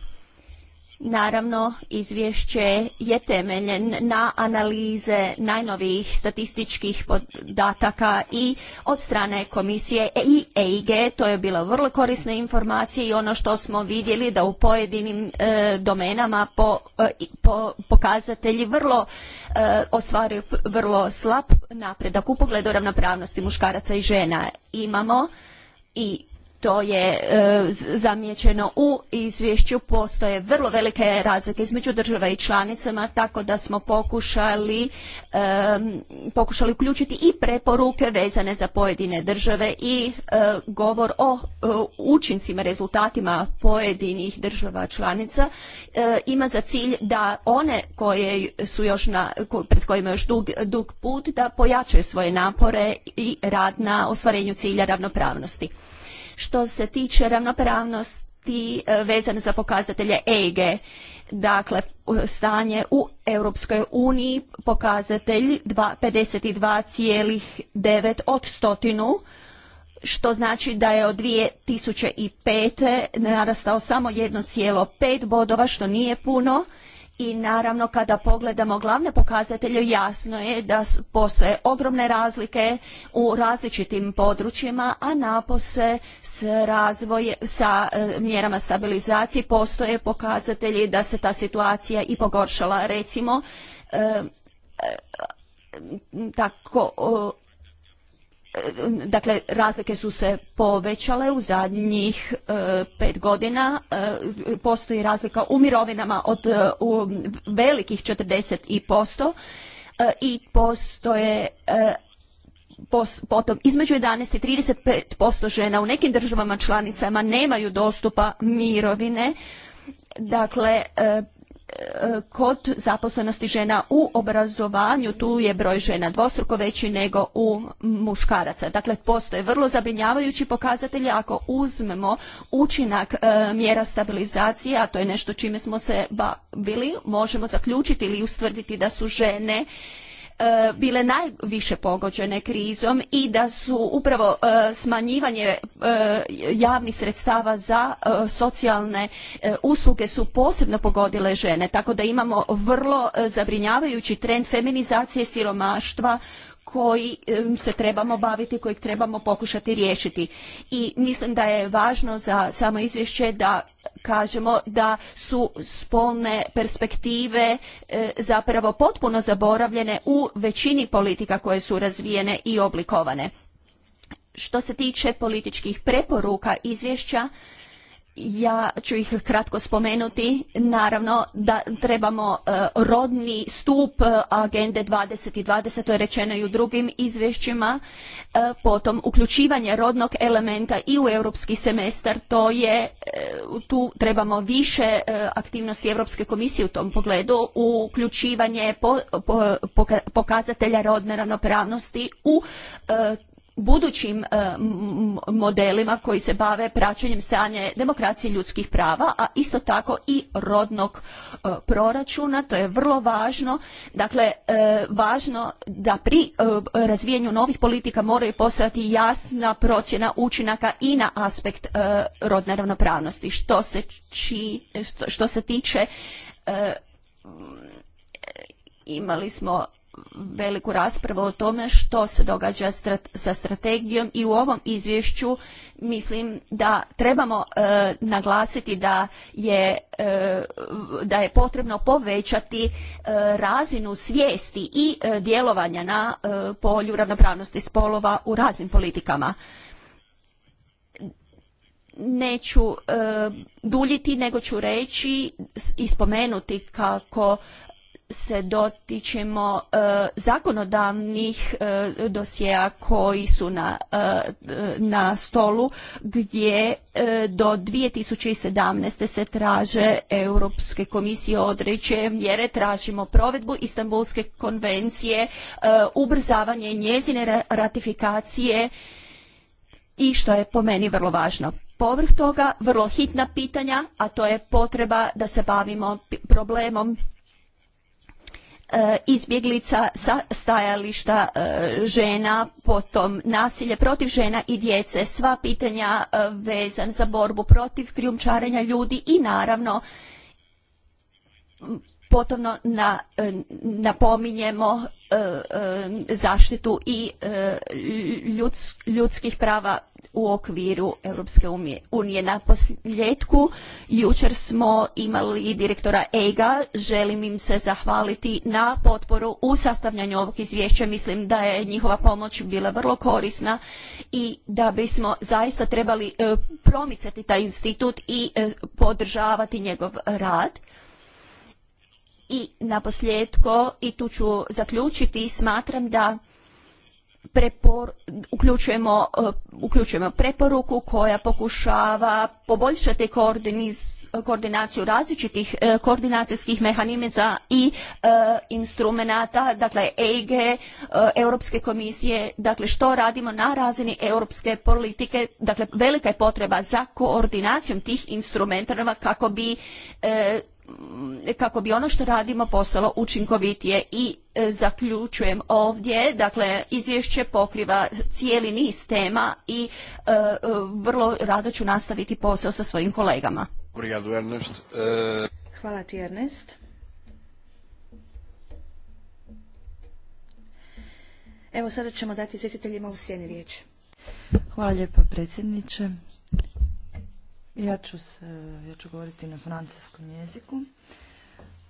Naravno, izvješće je temeljen na analize najnovijih statističkih podataka i od strane komisije e i EIG. To je bila vrlo korisna informacija i ono što smo vidjeli da u pojedinim e, domenama e, po, pokazatelji vrlo ostvaruju vrlo slab napredak u pogledu ravnopravnosti muškaraca i žena. Imamo i to je e, zamijećeno u izvješću postoje vrlo velike razlike između država i članicama tako da smo pokušali e, uključiti i preporuke vezane za pojedine države i e, govor o učincima rezultatima pojedinih država članica ima za cilj da one koje su još na pred kojima je još dug, dug put da pojačaju svoje napore i rad na ostvarenju cilja ravnopravnosti što se tiče ravnopravnosti e, vezane za pokazatelje EG. Dakle, stanje u Europskoj uniji pokazatelj 52,9 od stotinu, što znači da je od 2005. narastao samo 1,5 bodova, što nije puno i naravno kada pogledamo glavne pokazatelje jasno je da postoje ogromne razlike u različitim područjima, a napose s razvoj, sa e, mjerama stabilizacije postoje pokazatelji da se ta situacija i pogoršala. Recimo, e, e, tako dakle razlike su se povećale u zadnjih e, pet godina e, postoji razlika u mirovinama od e, u velikih 40 i posto i postoje potom između 11 i 35 posto žena u nekim državama članicama nemaju dostupa mirovine dakle E, kod zaposlenosti žena u obrazovanju tu je broj žena dvostruko veći nego u muškaraca. Dakle, postoje vrlo zabrinjavajući pokazatelji ako uzmemo učinak e, mjera stabilizacije, a to je nešto čime smo se bavili, možemo zaključiti ili ustvrditi da su žene E, bile najviše pogođene krizom i da su upravo e, smanjivanje e, javnih sredstava za socijalne usluge su posebno pogodile žene. Tako da imamo vrlo zabrinjavajući trend feminizacije siromaštva koji se trebamo baviti, kojeg trebamo pokušati riješiti. I mislim da je važno za samo izvješće da kažemo da su spolne perspektive e, zapravo potpuno zaboravljene u većini politika koje su razvijene i oblikovane. Što se tiče političkih preporuka izvješća, ja ću ih kratko spomenuti. Naravno da trebamo e, rodni stup e, agende 2020, to je rečeno i u drugim izvješćima. E, potom uključivanje rodnog elementa i u europski semestar, to je, tu trebamo više aktivnosti Europske komisije u tom pogledu, uključivanje pokazatelja rodne ravnopravnosti u budućim e, modelima koji se bave praćenjem stanja demokracije i ljudskih prava, a isto tako i rodnog e, proračuna. To je vrlo važno. Dakle, e, važno da pri razvijenju novih politika moraju postojati jasna procjena učinaka i na aspekt rodne ravnopravnosti. Što se, što se tiče imali smo veliku raspravu o tome što se događa sa strategijom i u ovom izvješću mislim da trebamo e, naglasiti da je, e, da je potrebno povećati e, razinu svijesti i djelovanja na polju ravnopravnosti spolova u raznim politikama neću duljiti nego ću reći i spomenuti kako se dotičemo e, zakonodavnih e, dosjea koji su na, e, na stolu gdje do 2017. se traže Europske komisije određe mjere, tražimo provedbu Istanbulske konvencije, ubrzavanje njezine ratifikacije i što je po meni vrlo važno. Povrh toga vrlo hitna pitanja, a to je potreba da se bavimo problemom E, izbjeglica sa stajališta e, žena, potom nasilje protiv žena i djece, sva pitanja e, vezan za borbu protiv krijumčarenja ljudi i naravno potovno na, e, napominjemo e, e, zaštitu i ljudskih prava u okviru Europske unije. Na posljedku jučer smo imali direktora EGA, želim im se zahvaliti na potporu u sastavljanju ovog izvješća. Mislim da je njihova pomoć bila vrlo korisna i da bismo zaista trebali promicati taj institut i podržavati njegov rad i na i tu ću zaključiti, smatram da prepor, uključujemo, e, uključujemo preporuku koja pokušava poboljšati koordinaciju različitih e, koordinacijskih mehanizama i e, instrumenata, dakle eg Europske komisije, dakle što radimo na razini europske politike, dakle velika je potreba za koordinacijom tih instrumenata kako bi kako bi ono što radimo postalo učinkovitije i e, zaključujem ovdje, dakle izvješće pokriva cijeli niz tema i e, e, vrlo rado ću nastaviti posao sa svojim kolegama. Hvala ti Ernest. Evo sada ćemo dati izvjestiteljima u sjeni riječ. Hvala lijepa predsjedniče. Ja ću, se, ja ću govoriti na francuskom jeziku.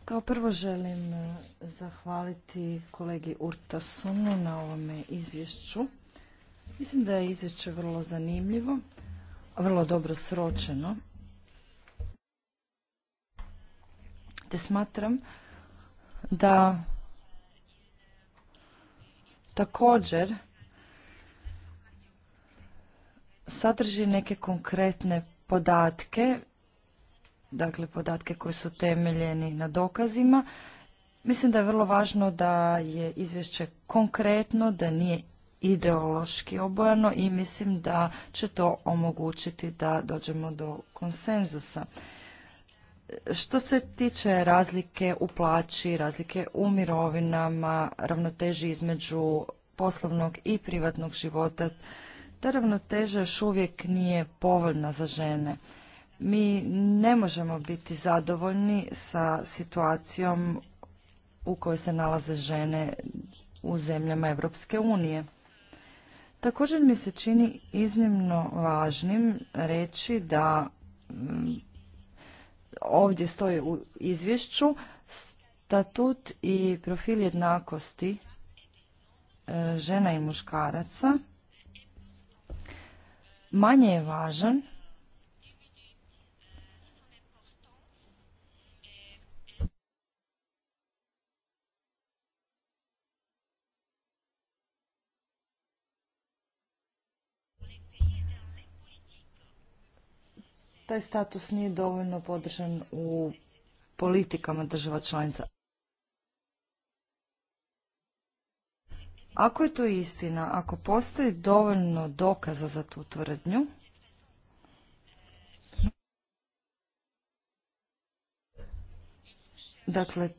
Kao prvo želim e, zahvaliti kolegi Urtasunu na ovome izvješću. Mislim da je izvješće vrlo zanimljivo, vrlo dobro sročeno. Te smatram da također sadrži neke konkretne podatke, dakle podatke koji su temeljeni na dokazima. Mislim da je vrlo važno da je izvješće konkretno, da nije ideološki obojano i mislim da će to omogućiti da dođemo do konsenzusa. Što se tiče razlike u plaći, razlike u mirovinama, ravnoteži između poslovnog i privatnog života, ta ravnoteža još uvijek nije povoljna za žene. Mi ne možemo biti zadovoljni sa situacijom u kojoj se nalaze žene u zemljama Europske unije. Također mi se čini iznimno važnim reći da mm, ovdje stoji u izvješću statut i profil jednakosti e, žena i muškaraca manje je važan taj status nije dovoljno podržan u politikama država članica. Ako je to istina, ako postoji dovoljno dokaza za tu tvrdnju, dakle,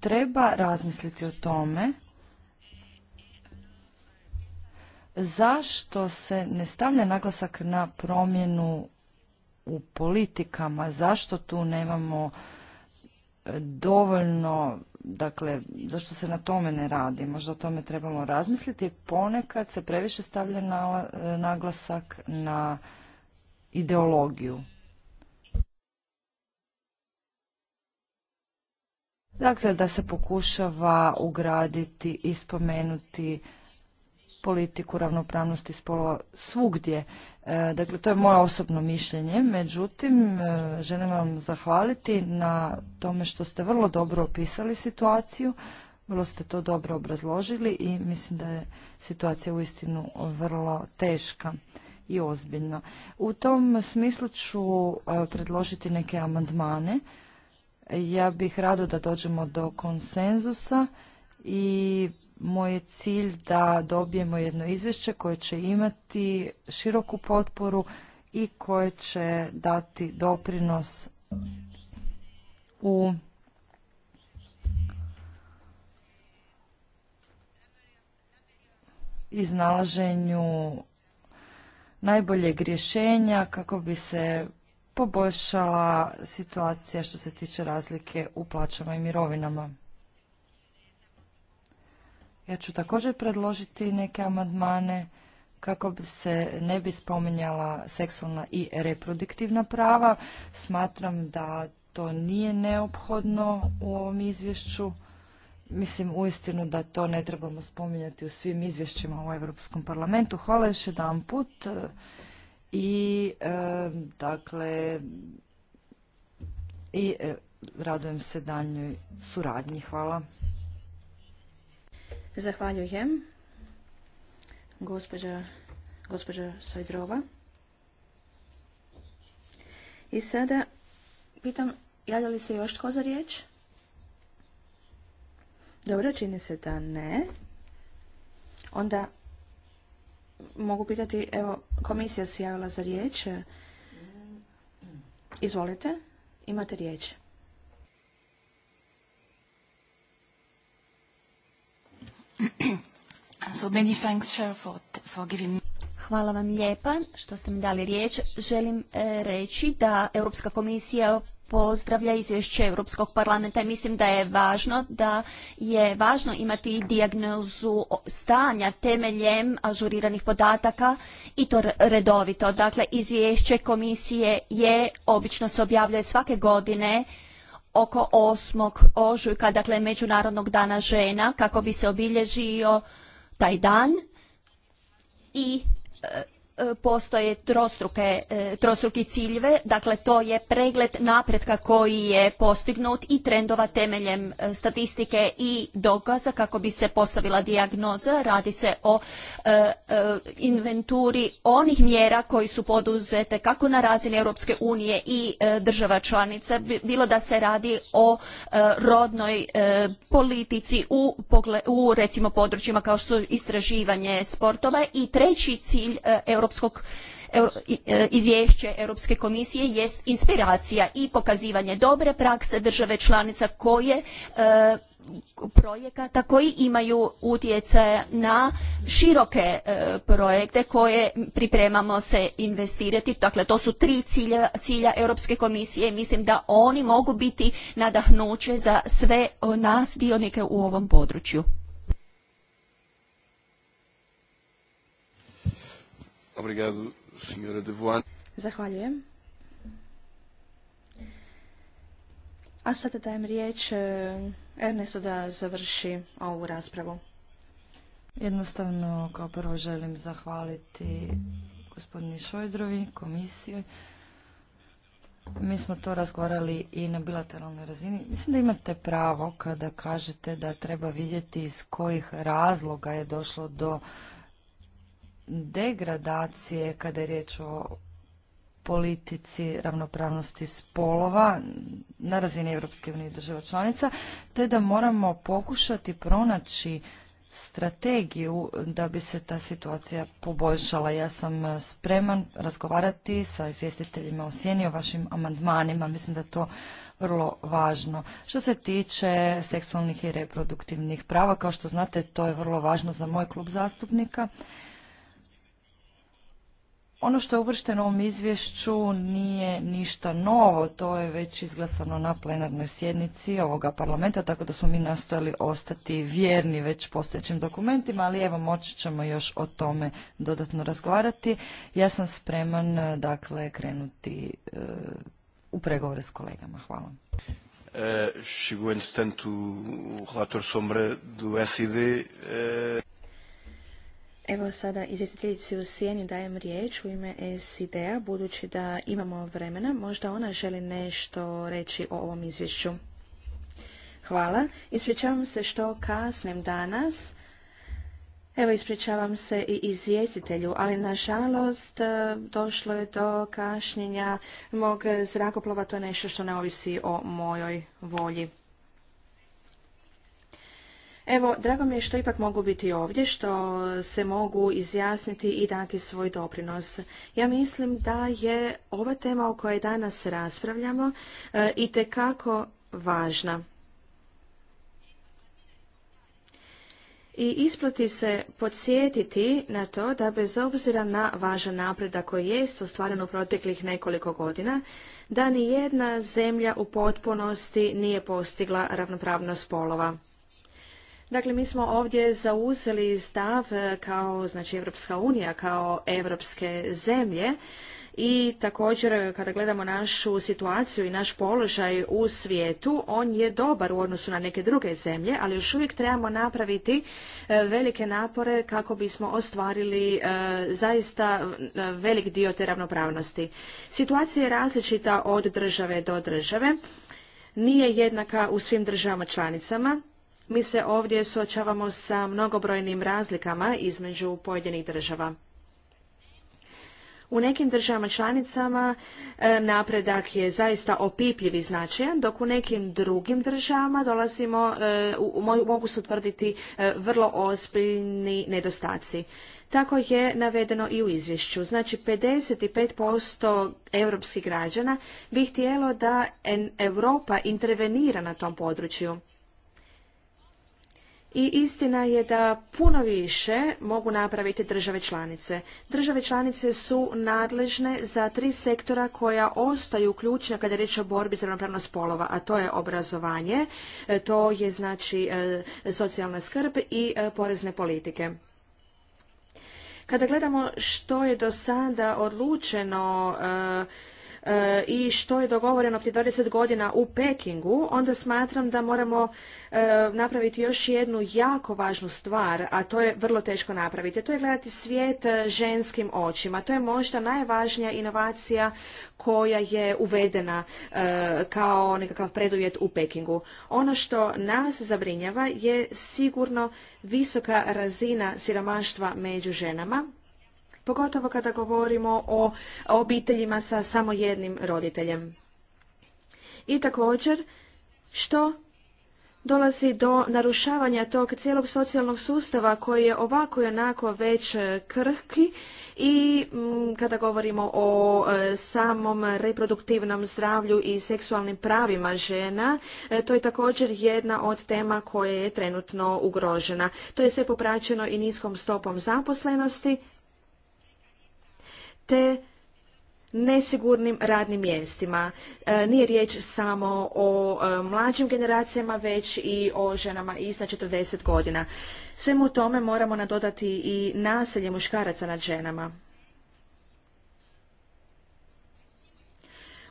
treba razmisliti o tome zašto se ne stavlja naglasak na promjenu u politikama, zašto tu nemamo dovoljno Dakle, zašto se na tome ne radi? Možda o tome trebamo razmisliti. Ponekad se previše stavlja e, naglasak na ideologiju. Dakle, da se pokušava ugraditi i spomenuti politiku ravnopravnosti spolova svugdje. E, dakle, to je moje osobno mišljenje, međutim, e, želim vam zahvaliti na tome što ste vrlo dobro opisali situaciju, vrlo ste to dobro obrazložili i mislim da je situacija uistinu vrlo teška i ozbiljna. U tom smislu ću e, predložiti neke amandmane. Ja bih rado da dođemo do konsenzusa i moj je cilj da dobijemo jedno izvješće koje će imati široku potporu i koje će dati doprinos u iznalaženju najboljeg rješenja kako bi se poboljšala situacija što se tiče razlike u plaćama i mirovinama. Ja ću također predložiti neke amandmane kako bi se ne bi spominjala seksualna i reproduktivna prava. Smatram da to nije neophodno u ovom izvješću. Mislim uistinu da to ne trebamo spominjati u svim izvješćima u Europskom parlamentu. Hvala još jedan put i e, dakle i e, radujem se daljnjoj suradnji. Hvala. Zahvaljujem. Gospođa, gospođa Sojdrova. I sada pitam, javlja li se još tko za riječ? Dobro, čini se da ne. Onda mogu pitati, evo, komisija se javila za riječ. Izvolite, imate riječ. Hvala vam lijepa što ste mi dali riječ. Želim e, reći da Europska komisija pozdravlja izvješće Europskog parlamenta i mislim da je važno da je važno imati dijagnozu stanja temeljem ažuriranih podataka i to redovito. Dakle, izvješće komisije je obično se objavljuje svake godine oko osmog ožujka, dakle Međunarodnog dana žena, kako bi se obilježio taj dan i e, E, postoje trostruke, e, trostruki ciljeve, dakle to je pregled napretka koji je postignut i trendova temeljem e, statistike i dokaza kako bi se postavila dijagnoza. Radi se o inventuri onih mjera koji su poduzete kako na razini Europske unije i država članica, bilo da se radi o rodnoj politici u, recimo područjima kao što su istraživanje sportova i treći cilj Europske europskog e, izvješće Europske komisije jest inspiracija i pokazivanje dobre prakse države članica koje e, projekata koji imaju utjecaja na široke e, projekte koje pripremamo se investirati. Dakle, to su tri cilja, Europske komisije. i Mislim da oni mogu biti nadahnuće za sve nas dionike u ovom području. Zahvaljujem. A sada dajem riječ e, Ernestu da završi ovu raspravu. Jednostavno, kao prvo želim zahvaliti gospodini Šojdrovi, komisiju. Mi smo to razgovarali i na bilateralnoj razini. Mislim da imate pravo kada kažete da treba vidjeti iz kojih razloga je došlo do degradacije kada je riječ o politici ravnopravnosti spolova na razini Europske unije država članica, te da moramo pokušati pronaći strategiju da bi se ta situacija poboljšala. Ja sam spreman razgovarati sa izvjestiteljima o sjeni o vašim amandmanima. Mislim da je to vrlo važno. Što se tiče seksualnih i reproduktivnih prava, kao što znate, to je vrlo važno za moj klub zastupnika. Ono što je uvršteno u ovom izvješću nije ništa novo, to je već izglasano na plenarnoj sjednici ovoga parlamenta, tako da smo mi nastojali ostati vjerni već postojećim dokumentima, ali evo moći ćemo još o tome dodatno razgovarati. Ja sam spreman, dakle, krenuti e, u pregovore s kolegama. Hvala. E, Evo sada izvjetiteljici u Sijeni dajem riječ u ime SID-a, budući da imamo vremena. Možda ona želi nešto reći o ovom izvješću. Hvala. Ispričavam se što kasnem danas. Evo, ispričavam se i izvjestitelju, ali nažalost e, došlo je do kašnjenja mog zrakoplova, to je nešto što ne ovisi o mojoj volji. Evo, drago mi je što ipak mogu biti ovdje, što se mogu izjasniti i dati svoj doprinos. Ja mislim da je ova tema o kojoj danas raspravljamo e, i tekako važna. I isplati se podsjetiti na to da bez obzira na važan napredak koji je ostvaren u proteklih nekoliko godina, da ni jedna zemlja u potpunosti nije postigla ravnopravnost spolova. Dakle, mi smo ovdje zauzeli stav e, kao, znači, Evropska unija, kao evropske zemlje i također e, kada gledamo našu situaciju i naš položaj u svijetu, on je dobar u odnosu na neke druge zemlje, ali još uvijek trebamo napraviti e, velike napore kako bismo ostvarili zaista velik dio te ravnopravnosti. Situacija je različita od države do države, nije jednaka u svim državama članicama, mi se ovdje suočavamo sa mnogobrojnim razlikama između pojedinih država. U nekim državama članicama e, napredak je zaista opipljiv i značajan, dok u nekim drugim državama dolazimo, e, mogu se utvrditi e, vrlo ozbiljni nedostaci. Tako je navedeno i u izvješću. Znači 55% europskih građana bi htjelo da Europa intervenira na tom području i istina je da puno više mogu napraviti države članice. Države članice su nadležne za tri sektora koja ostaju ključna kada je riječ o borbi za ravnopravnost spolova, a to je obrazovanje, e, to je znači e, socijalna skrb i e, porezne politike. Kada gledamo što je do sada odlučeno E, i što je dogovoreno prije 20 godina u Pekingu, onda smatram da moramo e, napraviti još jednu jako važnu stvar, a to je vrlo teško napraviti. To je gledati svijet e, ženskim očima. To je možda najvažnija inovacija koja je uvedena kao nekakav preduvjet u Pekingu. Ono što nas zabrinjava je sigurno visoka razina siromaštva među ženama pogotovo kada govorimo o obiteljima sa samo jednim roditeljem. I također što dolazi do narušavanja tog cijelog socijalnog sustava koji je ovako i onako već e, krhki i mm, kada govorimo o e, samom reproduktivnom zdravlju i seksualnim pravima žena, e, to je također jedna od tema koja je trenutno ugrožena. To je sve popraćeno i niskom stopom zaposlenosti, te nesigurnim radnim mjestima. E, nije riječ samo o e, mlađim generacijama, već i o ženama iznad 40 godina. Svemu tome moramo nadodati i nasilje muškaraca nad ženama.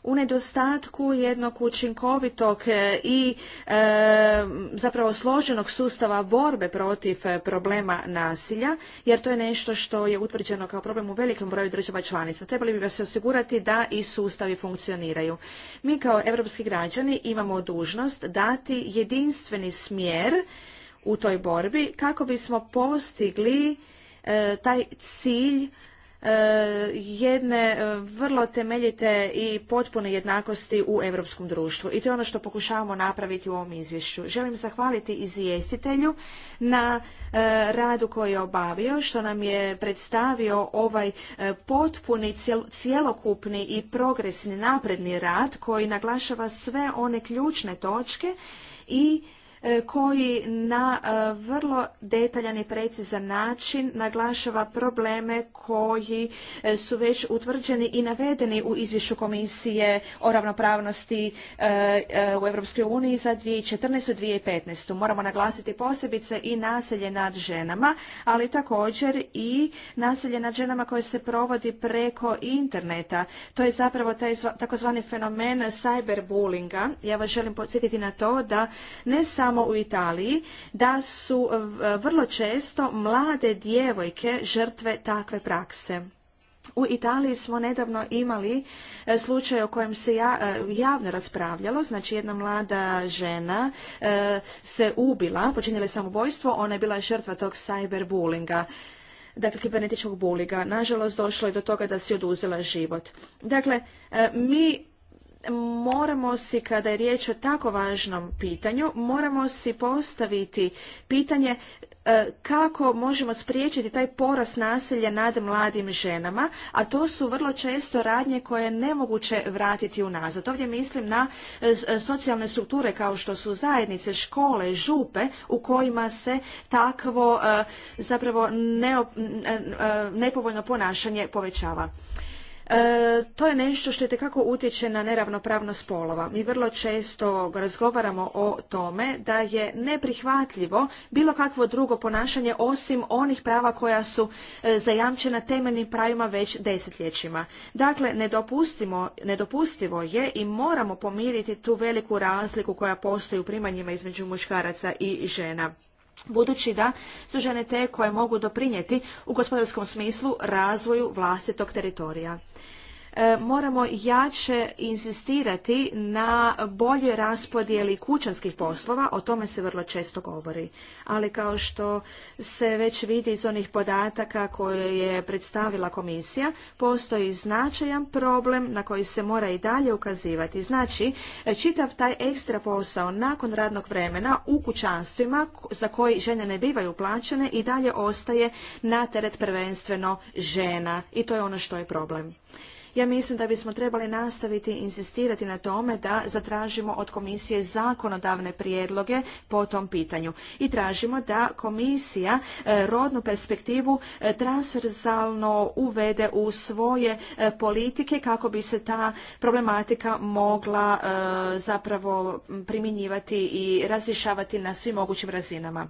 u nedostatku jednog učinkovitog e, i e, zapravo složenog sustava borbe protiv e, problema nasilja, jer to je nešto što je utvrđeno kao problem u velikom broju država članica. Trebali bi se osigurati da i sustavi funkcioniraju. Mi kao europski građani imamo dužnost dati jedinstveni smjer u toj borbi kako bismo postigli taj cilj E, jedne e, vrlo temeljite i potpune jednakosti u europskom društvu. I to je ono što pokušavamo napraviti u ovom izvješću. Želim zahvaliti izvjestitelju na e, radu koji je obavio, što nam je predstavio ovaj potpuni, cjelokupni i progresni napredni rad koji naglašava sve one ključne točke i E, koji na e, vrlo detaljan i precizan način naglašava probleme koji e, su već utvrđeni i navedeni u izvješću Komisije o ravnopravnosti u Europskoj uniji za 2014. 2015. Moramo naglasiti posebice i nasilje nad ženama, ali također i nasilje nad ženama koje se provodi preko interneta. To je zapravo taj takozvani fenomen cyberbullinga. Ja vas želim podsjetiti na to da ne samo u Italiji da su e, vrlo često mlade djevojke žrtve takve prakse. U Italiji smo nedavno imali e, slučaj o kojem se e, javno raspravljalo, znači jedna mlada žena se ubila, počinjela je samobojstvo, ona je bila žrtva tog cyberbullinga dakle kibernetičkog bullyinga. Nažalost, došlo je do toga da si oduzela život. Dakle, mi moramo si kada je riječ o tako važnom pitanju, moramo si postaviti pitanje e, kako možemo spriječiti taj porast nasilja nad mladim ženama, a to su vrlo često radnje koje je nemoguće vratiti unazad. Ovdje mislim na e, e, socijalne strukture kao što su zajednice, škole, župe u kojima se takvo zapravo nepovoljno ponašanje povećava. E, to je nešto što je kako utječe na neravnopravnost spolova. Mi vrlo često razgovaramo o tome da je neprihvatljivo bilo kakvo drugo ponašanje osim onih prava koja su e, zajamčena temeljnim pravima već desetljećima. Dakle, nedopustivo je i moramo pomiriti tu veliku razliku koja postoji u primanjima između muškaraca i žena budući da su žene te koje mogu doprinijeti u gospodarskom smislu razvoju vlastitog teritorija. E, moramo jače insistirati na boljoj raspodjeli kućanskih poslova, o tome se vrlo često govori. Ali kao što se već vidi iz onih podataka koje je predstavila komisija, postoji značajan problem na koji se mora i dalje ukazivati. Znači, čitav taj ekstra posao nakon radnog vremena u kućanstvima za koji žene ne bivaju plaćene i dalje ostaje na teret prvenstveno žena i to je ono što je problem. Ja mislim da bismo trebali nastaviti insistirati na tome da zatražimo od komisije zakonodavne prijedloge po tom pitanju. I tražimo da komisija e, rodnu perspektivu e, transverzalno uvede u svoje e, politike kako bi se ta problematika mogla zapravo primjenjivati i razrješavati na svim mogućim razinama.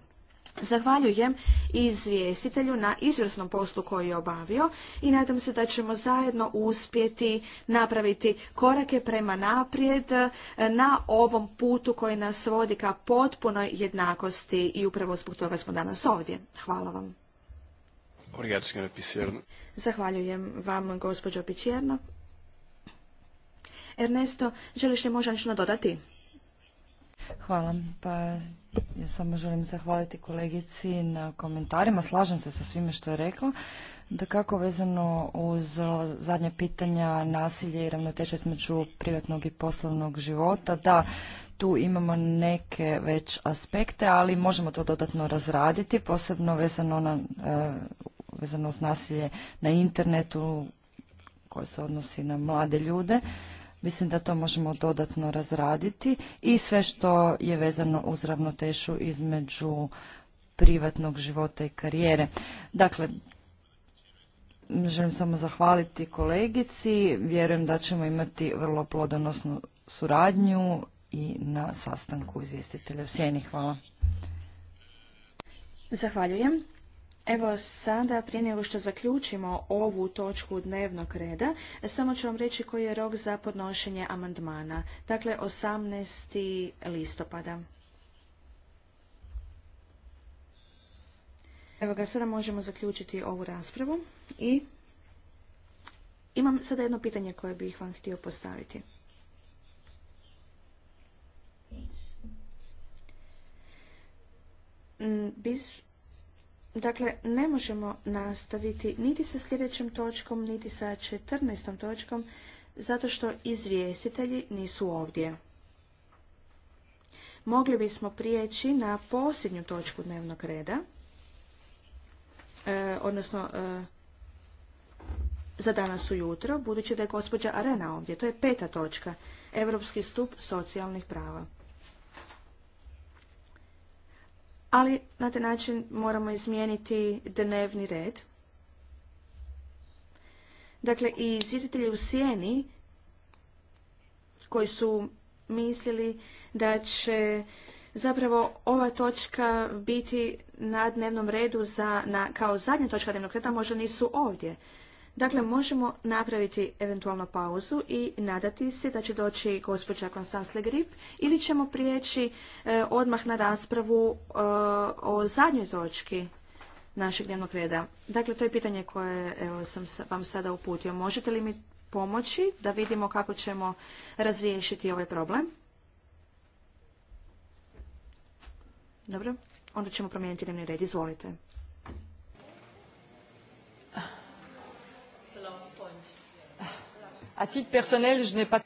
Zahvaljujem izvjestitelju na izvrsnom poslu koji je obavio i nadam se da ćemo zajedno uspjeti napraviti korake prema naprijed e, na ovom putu koji nas vodi ka potpunoj jednakosti i upravo zbog toga smo danas ovdje. Hvala vam. Zahvaljujem vam, gospođo Pićerno. Ernesto, želiš li možda nešto dodati? Hvala. Pa ja samo želim zahvaliti kolegici na komentarima. Slažem se sa svime što je rekla. Da kako vezano uz zadnje pitanja nasilje i ravnoteže između privatnog i poslovnog života, da tu imamo neke već aspekte, ali možemo to dodatno razraditi, posebno vezano, na, e, vezano uz nasilje na internetu koje se odnosi na mlade ljude. Mislim da to možemo dodatno razraditi i sve što je vezano uz ravnotešu između privatnog života i karijere. Dakle, želim samo zahvaliti kolegici. Vjerujem da ćemo imati vrlo plodonosnu suradnju i na sastanku izvjestitelja u Sjeni. Hvala. Zahvaljujem. Evo sada, prije nego što zaključimo ovu točku dnevnog reda, samo ću vam reći koji je rok za podnošenje amandmana. Dakle, 18. listopada. Evo ga, sada možemo zaključiti ovu raspravu i imam sada jedno pitanje koje bih vam htio postaviti. Mm, bis, Dakle, ne možemo nastaviti niti sa sljedećom točkom, niti sa 14. točkom, zato što izvjestitelji nisu ovdje. Mogli bismo prijeći na posljednju točku dnevnog reda, e, odnosno e, za danas ujutro, budući da je gospođa Arena ovdje. To je peta točka, Europski stup socijalnih prava. ali na taj način moramo izmijeniti dnevni red. Dakle, i izvjestitelji u sjeni koji su mislili da će zapravo ova točka biti na dnevnom redu kao zadnja točka dnevnog reda, možda nisu ovdje. Dakle, možemo napraviti eventualno pauzu i nadati se da će doći gospođa Konstans Legrip ili ćemo prijeći e, odmah na raspravu e, o zadnjoj točki našeg dnevnog reda. Dakle, to je pitanje koje evo, sam vam sada uputio. Možete li mi pomoći da vidimo kako ćemo razriješiti ovaj problem? Dobro, onda ćemo promijeniti dnevni red. Izvolite. Pa-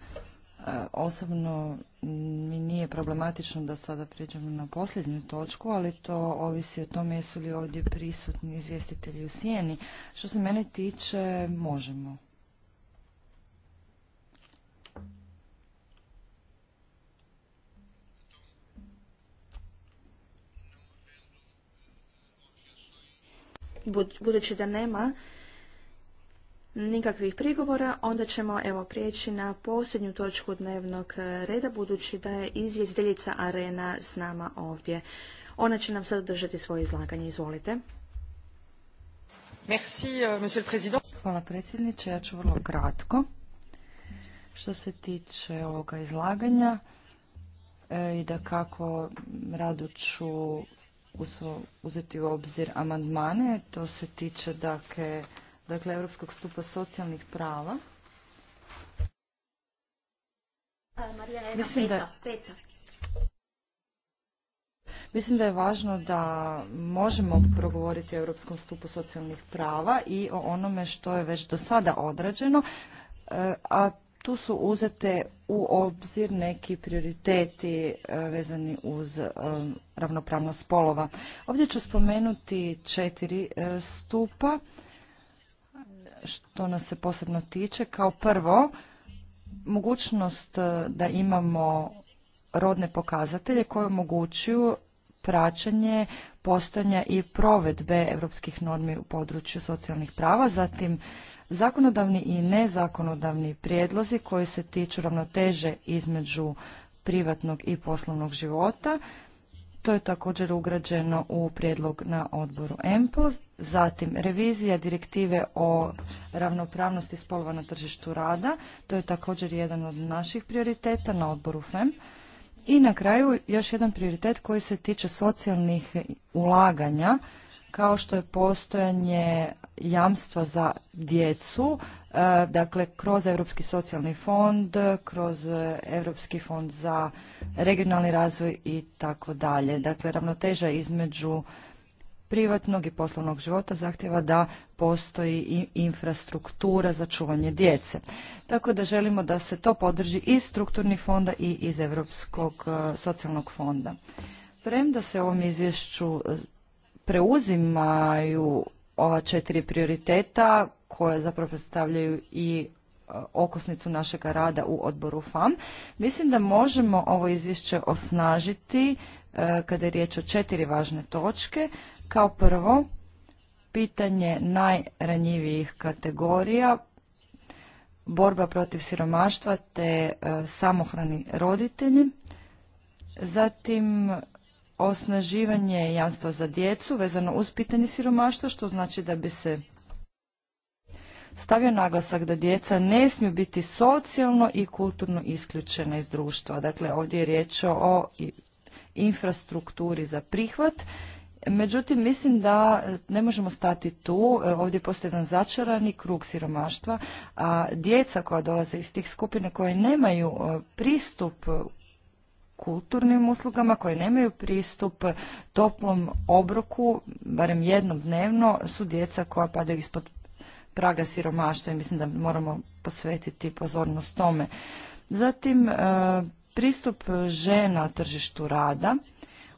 e, osobno mi nije problematično da sada prijeđemo na posljednju točku, ali to ovisi o tome jesu li ovdje prisutni izvjestitelji u sjeni. Što se mene tiče, možemo. Budući da nema nikakvih prigovora, onda ćemo evo prijeći na posljednju točku dnevnog reda, budući da je izvjestiteljica Arena s nama ovdje. Ona će nam sad održati svoje izlaganje. Izvolite. Merci, euh, monsieur le président. Hvala predsjedniče, ja ću vrlo kratko. Što se tiče ovoga izlaganja e, i da kako rado ću uzeti u obzir amandmane, to se tiče dakle dakle Europskog stupa socijalnih prava. mislim da, Mislim da je važno da možemo progovoriti o Europskom stupu socijalnih prava i o onome što je već do sada odrađeno, e, a tu su uzete u obzir neki prioriteti e, vezani uz e, ravnopravnost spolova. Ovdje ću spomenuti četiri stupa što nas se posebno tiče. Kao prvo, mogućnost e, da imamo rodne pokazatelje koje omogućuju praćanje, postojanja i provedbe europskih normi u području socijalnih prava, zatim zakonodavni i nezakonodavni prijedlozi koji se tiču ravnoteže između privatnog i poslovnog života. To je također ugrađeno u prijedlog na odboru EMPL. Zatim, revizija direktive o ravnopravnosti spolova na tržištu rada. To je također jedan od naših prioriteta na odboru FEM. I na kraju još jedan prioritet koji se tiče socijalnih ulaganja, kao što je postojanje jamstva za djecu, e, dakle kroz Europski socijalni fond, kroz Europski fond za regionalni razvoj i tako dalje. Dakle, ravnoteža između privatnog i poslovnog života zahtjeva da postoji i infrastruktura za čuvanje djece. Tako da želimo da se to podrži iz strukturnih fonda i iz Europskog e, socijalnog fonda. Premda se ovom izvješću e, preuzimaju ova četiri prioriteta koje zapravo predstavljaju i e, okosnicu našega rada u odboru FAM. Mislim da možemo ovo izvješće osnažiti kada je riječ o četiri važne točke, kao prvo, pitanje najranjivijih kategorija, borba protiv siromaštva te e, samohrani roditelji, zatim osnaživanje jamstva za djecu vezano uz pitanje siromaštva, što znači da bi se stavio naglasak da djeca ne smiju biti socijalno i kulturno isključena iz društva. Dakle, ovdje je riječ o infrastrukturi za prihvat Međutim, mislim da ne možemo stati tu. E, ovdje postoji jedan začarani krug siromaštva, a djeca koja dolaze iz tih skupine koje nemaju e, pristup kulturnim uslugama, koje nemaju pristup toplom obroku, barem jednom dnevno, su djeca koja padaju ispod praga siromaštva i mislim da moramo posvetiti pozornost tome. Zatim, e, pristup žena tržištu rada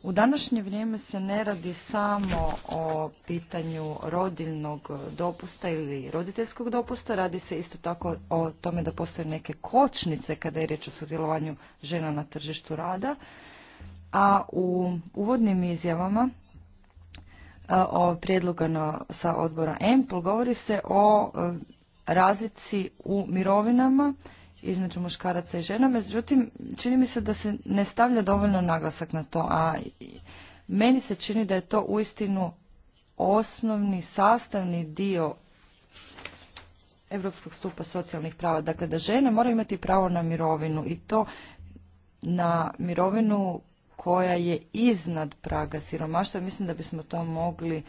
u današnje vrijeme se ne radi samo o pitanju rodiljnog dopusta ili roditeljskog dopusta, radi se isto tako o tome da postoje neke kočnice kada je riječ o sudjelovanju žena na tržištu rada, a u uvodnim izjavama e, o prijedloga sa odbora EMPL govori se o e, razlici u mirovinama između muškaraca i žena, međutim čini mi se da se ne stavlja dovoljno naglasak na to, a meni se čini da je to uistinu osnovni sastavni dio Europskog stupa socijalnih prava, dakle da žene moraju imati pravo na mirovinu i to na mirovinu koja je iznad praga siromaštva. Mislim da bismo to mogli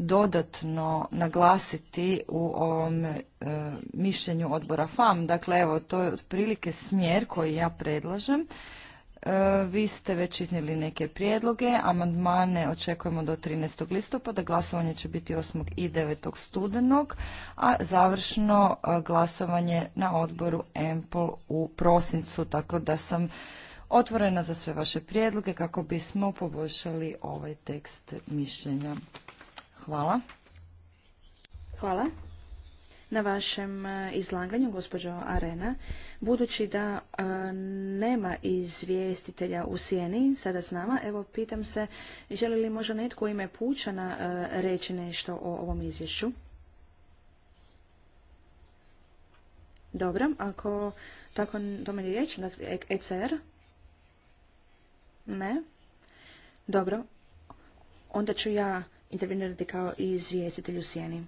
dodatno naglasiti u ovom e, mišljenju odbora FAM. Dakle, evo, to je otprilike smjer koji ja predlažem. E, vi ste već iznijeli neke prijedloge, amandmane očekujemo do 13. listopada, glasovanje će biti 8. i 9. studenog, a završno e, glasovanje na odboru EMPOL u prosincu, tako da sam otvorena za sve vaše prijedloge kako bismo poboljšali ovaj tekst mišljenja. Hvala. Hvala na vašem e, izlaganju, gospođo Arena. Budući da e, nema izvjestitelja u sjeni sada s nama, evo pitam se želi li možda netko ime Pučana na e, reći nešto o ovom izvješću? Dobro, ako tako tome je riječ, dakle ECR? Ne? Dobro, onda ću ja intervenirati kao i izvjestitelj u sjeni.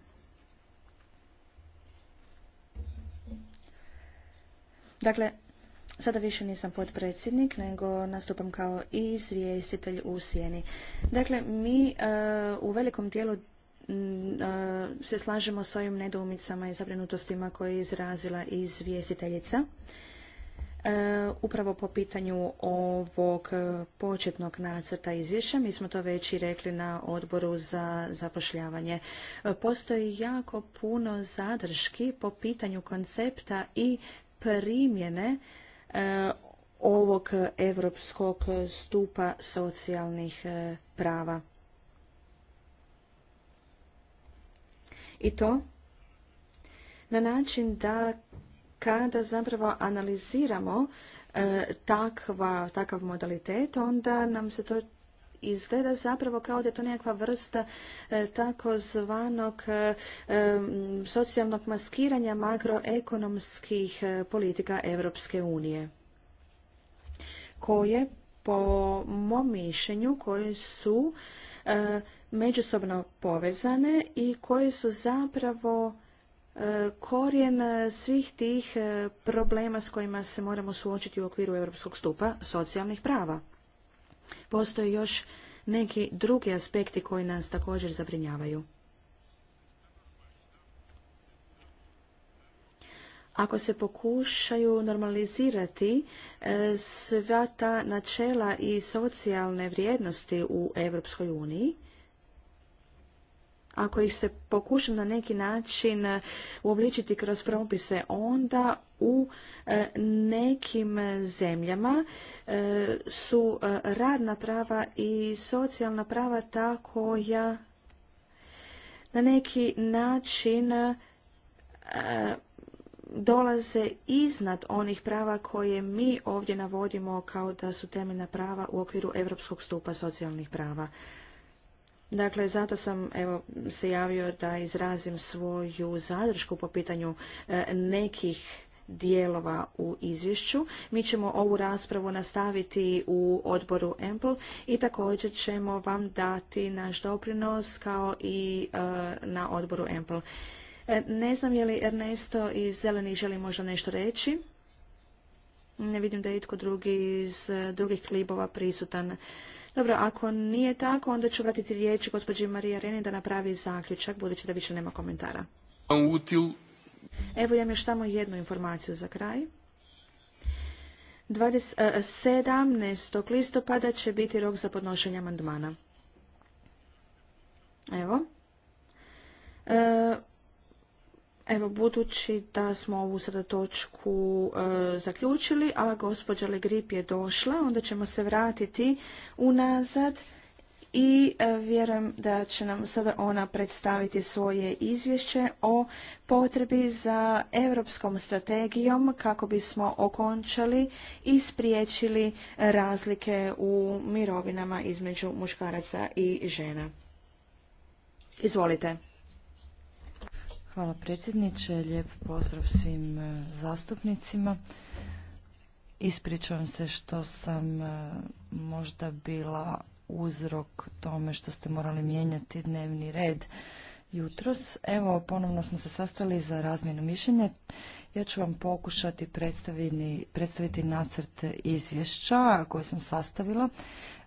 Dakle, sada više nisam podpredsjednik, nego nastupam kao i izvjestitelj u sjeni. Dakle, mi e, u velikom dijelu e, se slažemo s ovim nedoumicama i zabrinutostima koje je izrazila izvjestiteljica. E, upravo po pitanju ovog početnog nacrta izvješća. Mi smo to već i rekli na odboru za zapošljavanje. Postoji jako puno zadrški po pitanju koncepta i primjene e, ovog europskog stupa socijalnih e, prava. I to na način da kada zapravo analiziramo e, takva, takav modalitet, onda nam se to izgleda zapravo kao da je to nekakva vrsta e, takozvanog e, e, socijalnog maskiranja makroekonomskih politika Europske unije koje po mom mišljenju koje su međusobno povezane i koje su zapravo E, korijen e, svih tih e, problema s kojima se moramo suočiti u okviru Europskog stupa socijalnih prava. Postoje još neki drugi aspekti koji nas također zabrinjavaju. ako se pokušaju normalizirati sva ta načela i socijalne vrijednosti u Europskoj uniji, ako ih se pokuša na neki način e, uobličiti kroz propise, onda u e, nekim zemljama e, su radna prava i socijalna prava ta koja na neki način dolaze iznad onih prava koje mi ovdje navodimo kao da su temeljna prava u okviru Europskog stupa socijalnih prava. Dakle, zato sam evo, se javio da izrazim svoju zadršku po pitanju e, nekih dijelova u izvješću. Mi ćemo ovu raspravu nastaviti u odboru EMPL i također ćemo vam dati naš doprinos kao i e, na odboru EMPL. E, ne znam je li Ernesto iz Zelenih želi možda nešto reći. Ne vidim da je itko drugi iz drugih klibova prisutan. Dobro, ako nije tako, onda ću vratiti riječ gospođi Marija Reni da napravi zaključak, budući da više nema komentara. Evo imam još samo jednu informaciju za kraj. 17. E, listopada će biti rok za podnošenje amandmana. Evo. E, Evo, budući da smo ovu sada točku e, zaključili, a gospođa Legrip je došla, onda ćemo se vratiti unazad i e, vjerujem da će nam sada ona predstaviti svoje izvješće o potrebi za europskom strategijom kako bismo okončali i spriječili razlike u mirovinama između muškaraca i žena. Izvolite. Hvala predsjedniče, lijep pozdrav svim e, zastupnicima. Ispričavam se što sam e, možda bila uzrok tome što ste morali mijenjati dnevni red jutros. Evo, ponovno smo se sastali za razmjenu mišljenja. Ja ću vam pokušati predstaviti nacrt izvješća koje sam sastavila.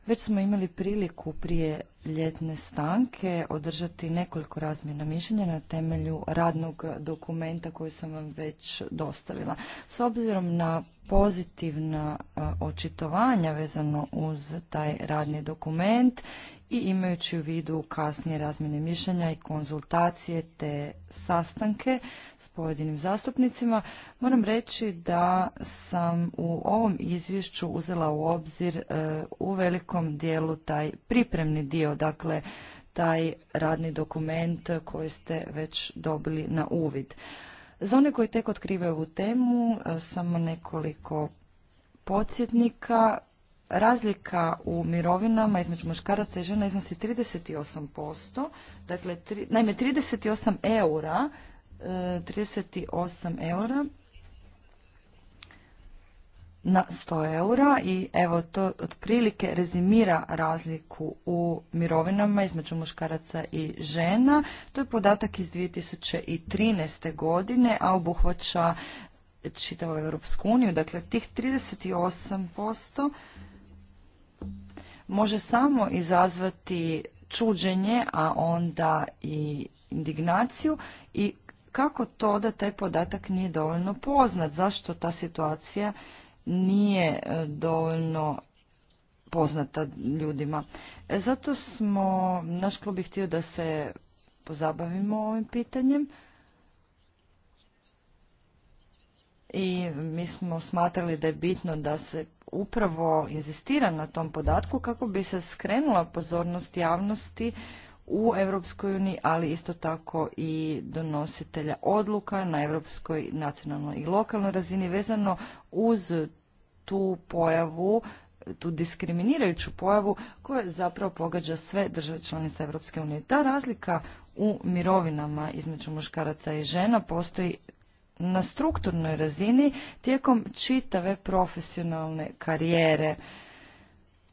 Već smo imali priliku prije ljetne stanke održati nekoliko razmjena mišljenja na temelju radnog dokumenta koji sam vam već dostavila. S obzirom na pozitivna očitovanja vezano uz taj radni dokument i imajući u vidu kasnije razmjene mišljenja i konzultacije te sastanke s pojedinim zastupnicima, moram reći da sam u ovom izvješću uzela u obzir e, u velikom dijelu taj pripremni dio, dakle taj radni dokument koji ste već dobili na uvid. Za one koji tek otkrivaju ovu temu, e, samo nekoliko podsjetnika razlika u mirovinama između muškaraca i žena iznosi 38%. Dakle, tri, naime, 38 eura, e, 38 eura na 100 eura i evo to otprilike rezimira razliku u mirovinama između muškaraca i žena. To je podatak iz 2013. godine, a obuhvaća čitavu Europsku uniju, dakle tih 38% može samo izazvati čuđenje, a onda i indignaciju i kako to da taj podatak nije dovoljno poznat, zašto ta situacija nije e, dovoljno poznata ljudima. E, zato smo, naš klub je htio da se pozabavimo ovim pitanjem, i mi smo smatrali da je bitno da se upravo inzistira na tom podatku kako bi se skrenula pozornost javnosti u Europskoj uniji, ali isto tako i donositelja odluka na europskoj, nacionalnoj i lokalnoj razini vezano uz tu pojavu, tu diskriminirajuću pojavu koja zapravo pogađa sve države članice Europske unije. Ta razlika u mirovinama između muškaraca i žena postoji na strukturnoj razini tijekom čitave profesionalne karijere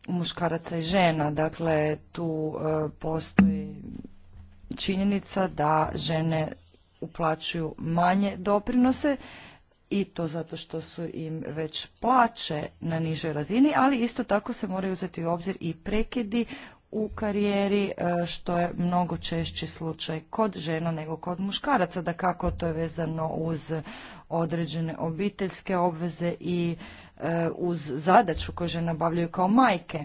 muškaraca i žena. Dakle, tu e, postoji činjenica da žene uplaćuju manje doprinose i to zato što su im već plaće na nižoj razini, ali isto tako se moraju uzeti u obzir i prekidi u karijeri, e, što je mnogo češći slučaj kod žena nego kod muškaraca, da kako to je vezano uz određene obiteljske obveze i e, uz zadaću koju žena obavljaju kao majke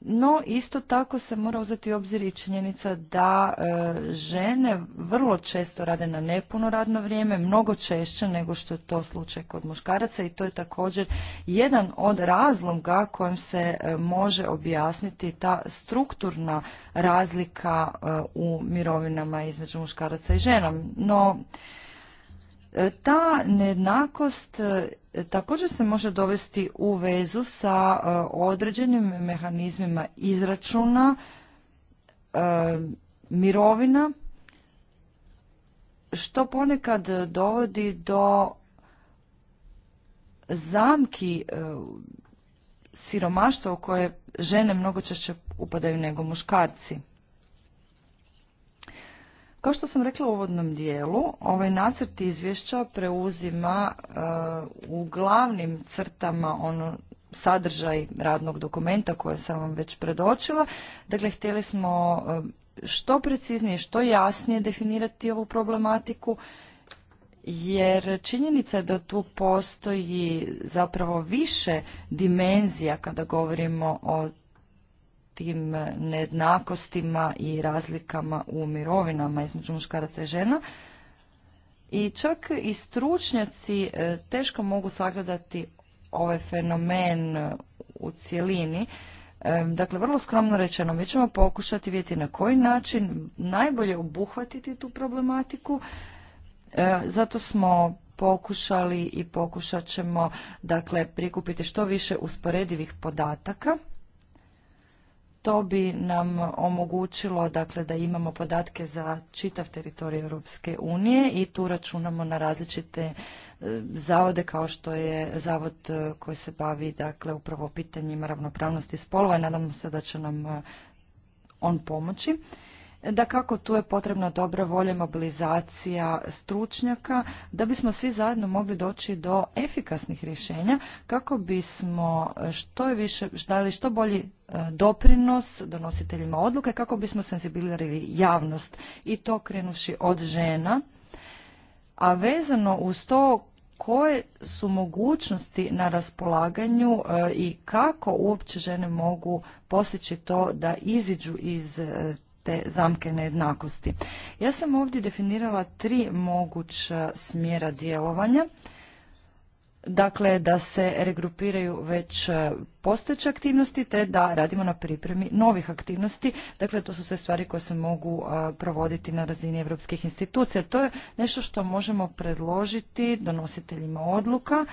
no isto tako se mora uzeti u obzir i činjenica da e, žene vrlo često rade na nepuno radno vrijeme, mnogo češće nego što je to slučaj kod muškaraca i to je također jedan od razloga kojim se e, može objasniti ta strukturna razlika e, u mirovinama između muškaraca i žena. No, ta nejednakost također se može dovesti u vezu sa e, određenim mehanizmima izračuna e, mirovina što ponekad dovodi do zamki e, siromaštva u koje žene mnogo češće upadaju nego muškarci. Kao što sam rekla u uvodnom dijelu, ovaj nacrt izvješća preuzima eh, u glavnim crtama ono sadržaj radnog dokumenta koje sam vam već predočila. Dakle, htjeli smo eh, što preciznije, što jasnije definirati ovu problematiku, jer činjenica je da tu postoji zapravo više dimenzija kada govorimo o tim nejednakostima i razlikama u mirovinama između muškaraca i žena. I čak i stručnjaci e, teško mogu sagledati ovaj fenomen u cjelini. E, dakle, vrlo skromno rečeno, mi ćemo pokušati vidjeti na koji način najbolje obuhvatiti tu problematiku. E, zato smo pokušali i pokušat ćemo dakle, prikupiti što više usporedivih podataka to bi nam omogućilo dakle, da imamo podatke za čitav teritorij Europske unije i tu računamo na različite e, zavode kao što je zavod e, koji se bavi dakle, upravo pitanjima ravnopravnosti spolova i nadamo se da će nam e, on pomoći da kako tu je potrebna dobra volja mobilizacija stručnjaka da bismo svi zajedno mogli doći do efikasnih rješenja kako bismo što je više dali što bolji e, doprinos donositeljima odluke kako bismo senzibilizirali javnost i to krenuši od žena a vezano uz to koje su mogućnosti na raspolaganju e, i kako uopće žene mogu postići to da iziđu iz e, te zamke nejednakosti. Ja sam ovdje definirala tri moguća smjera djelovanja. Dakle, da se regrupiraju već e, postojeće aktivnosti te da radimo na pripremi novih aktivnosti. Dakle, to su sve stvari koje se mogu e, provoditi na razini europskih institucija. To je nešto što možemo predložiti donositeljima odluka,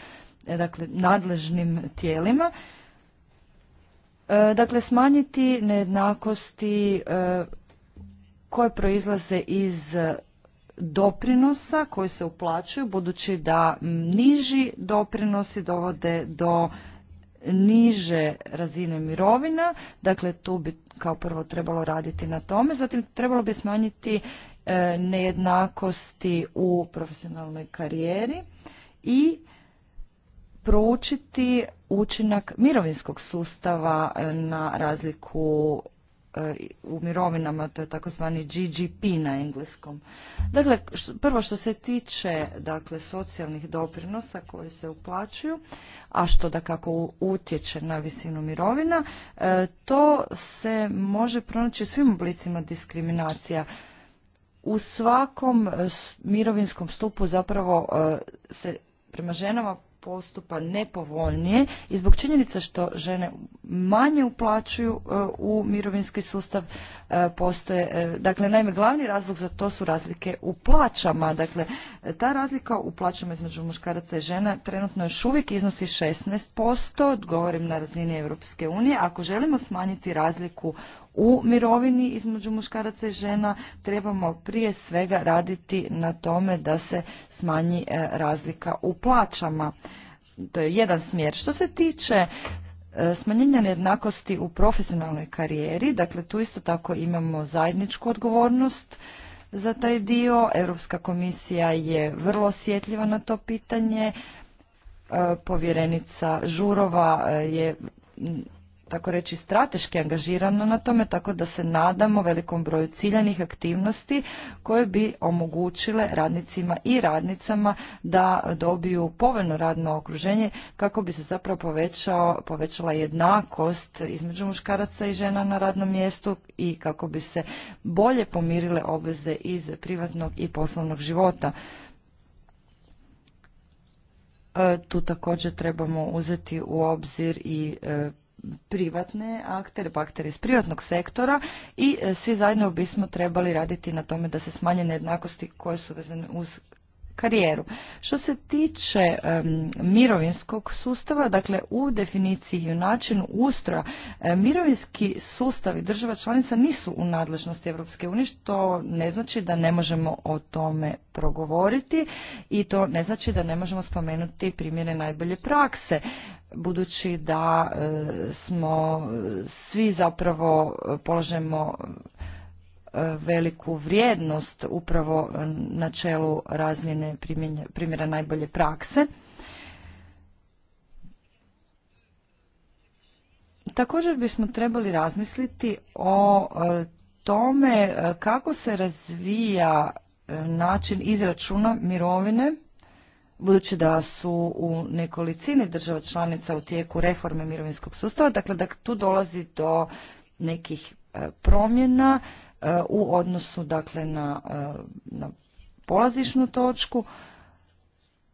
e, dakle, nadležnim tijelima. E, dakle, smanjiti nejednakosti e, koje proizlaze iz doprinosa koji se uplaćuju, budući da niži doprinosi dovode do niže razine mirovina, dakle tu bi kao prvo trebalo raditi na tome, zatim trebalo bi smanjiti e, nejednakosti u profesionalnoj karijeri i proučiti učinak mirovinskog sustava e, na razliku e, u mirovinama, to je takozvani GGP na engleskom. Dakle, prvo što se tiče dakle, socijalnih doprinosa koji se uplaćuju, a što da kako utječe na visinu mirovina, e, to se može pronaći u svim oblicima diskriminacija. U svakom mirovinskom stupu zapravo se prema ženama postupa nepovoljnije i zbog činjenice što žene manje uplaćuju e, u mirovinski sustav E, postoje, e, dakle naime glavni razlog za to su razlike u plaćama, dakle ta razlika u plaćama između muškaraca i žena trenutno još uvijek iznosi 16%, govorim na razini Europske unije, ako želimo smanjiti razliku u mirovini između muškaraca i žena trebamo prije svega raditi na tome da se smanji e, razlika u plaćama to je jedan smjer. Što se tiče E, smanjenje nejednakosti u profesionalnoj karijeri, dakle tu isto tako imamo zajedničku odgovornost za taj dio. Europska komisija je vrlo osjetljiva na to pitanje. E, povjerenica Žurova e, je tako reći strateški angažirano na tome, tako da se nadamo velikom broju ciljanih aktivnosti koje bi omogućile radnicima i radnicama da dobiju povoljno radno okruženje kako bi se zapravo povećao, povećala jednakost između muškaraca i žena na radnom mjestu i kako bi se bolje pomirile obveze iz privatnog i poslovnog života. E, tu također trebamo uzeti u obzir i e, privatne aktere, pa iz privatnog sektora i e, svi zajedno bismo trebali raditi na tome da se smanje nejednakosti koje su vezane uz karijeru. Što se tiče mirovinskog sustava, dakle u definiciji i u načinu ustroja, e, mirovinski sustavi država članica nisu u nadležnosti Europske unije, što ne znači da ne možemo o tome progovoriti i to ne znači da ne možemo spomenuti primjere najbolje prakse budući da e, smo e, svi zapravo polažemo e, veliku vrijednost upravo na čelu razmjene primjera najbolje prakse. Također bismo trebali razmisliti o tome kako se razvija način izračuna mirovine budući da su u nekolicini država članica u tijeku reforme mirovinskog sustava, dakle da tu dolazi do nekih e, promjena e, u odnosu dakle na, e, na polazišnu točku,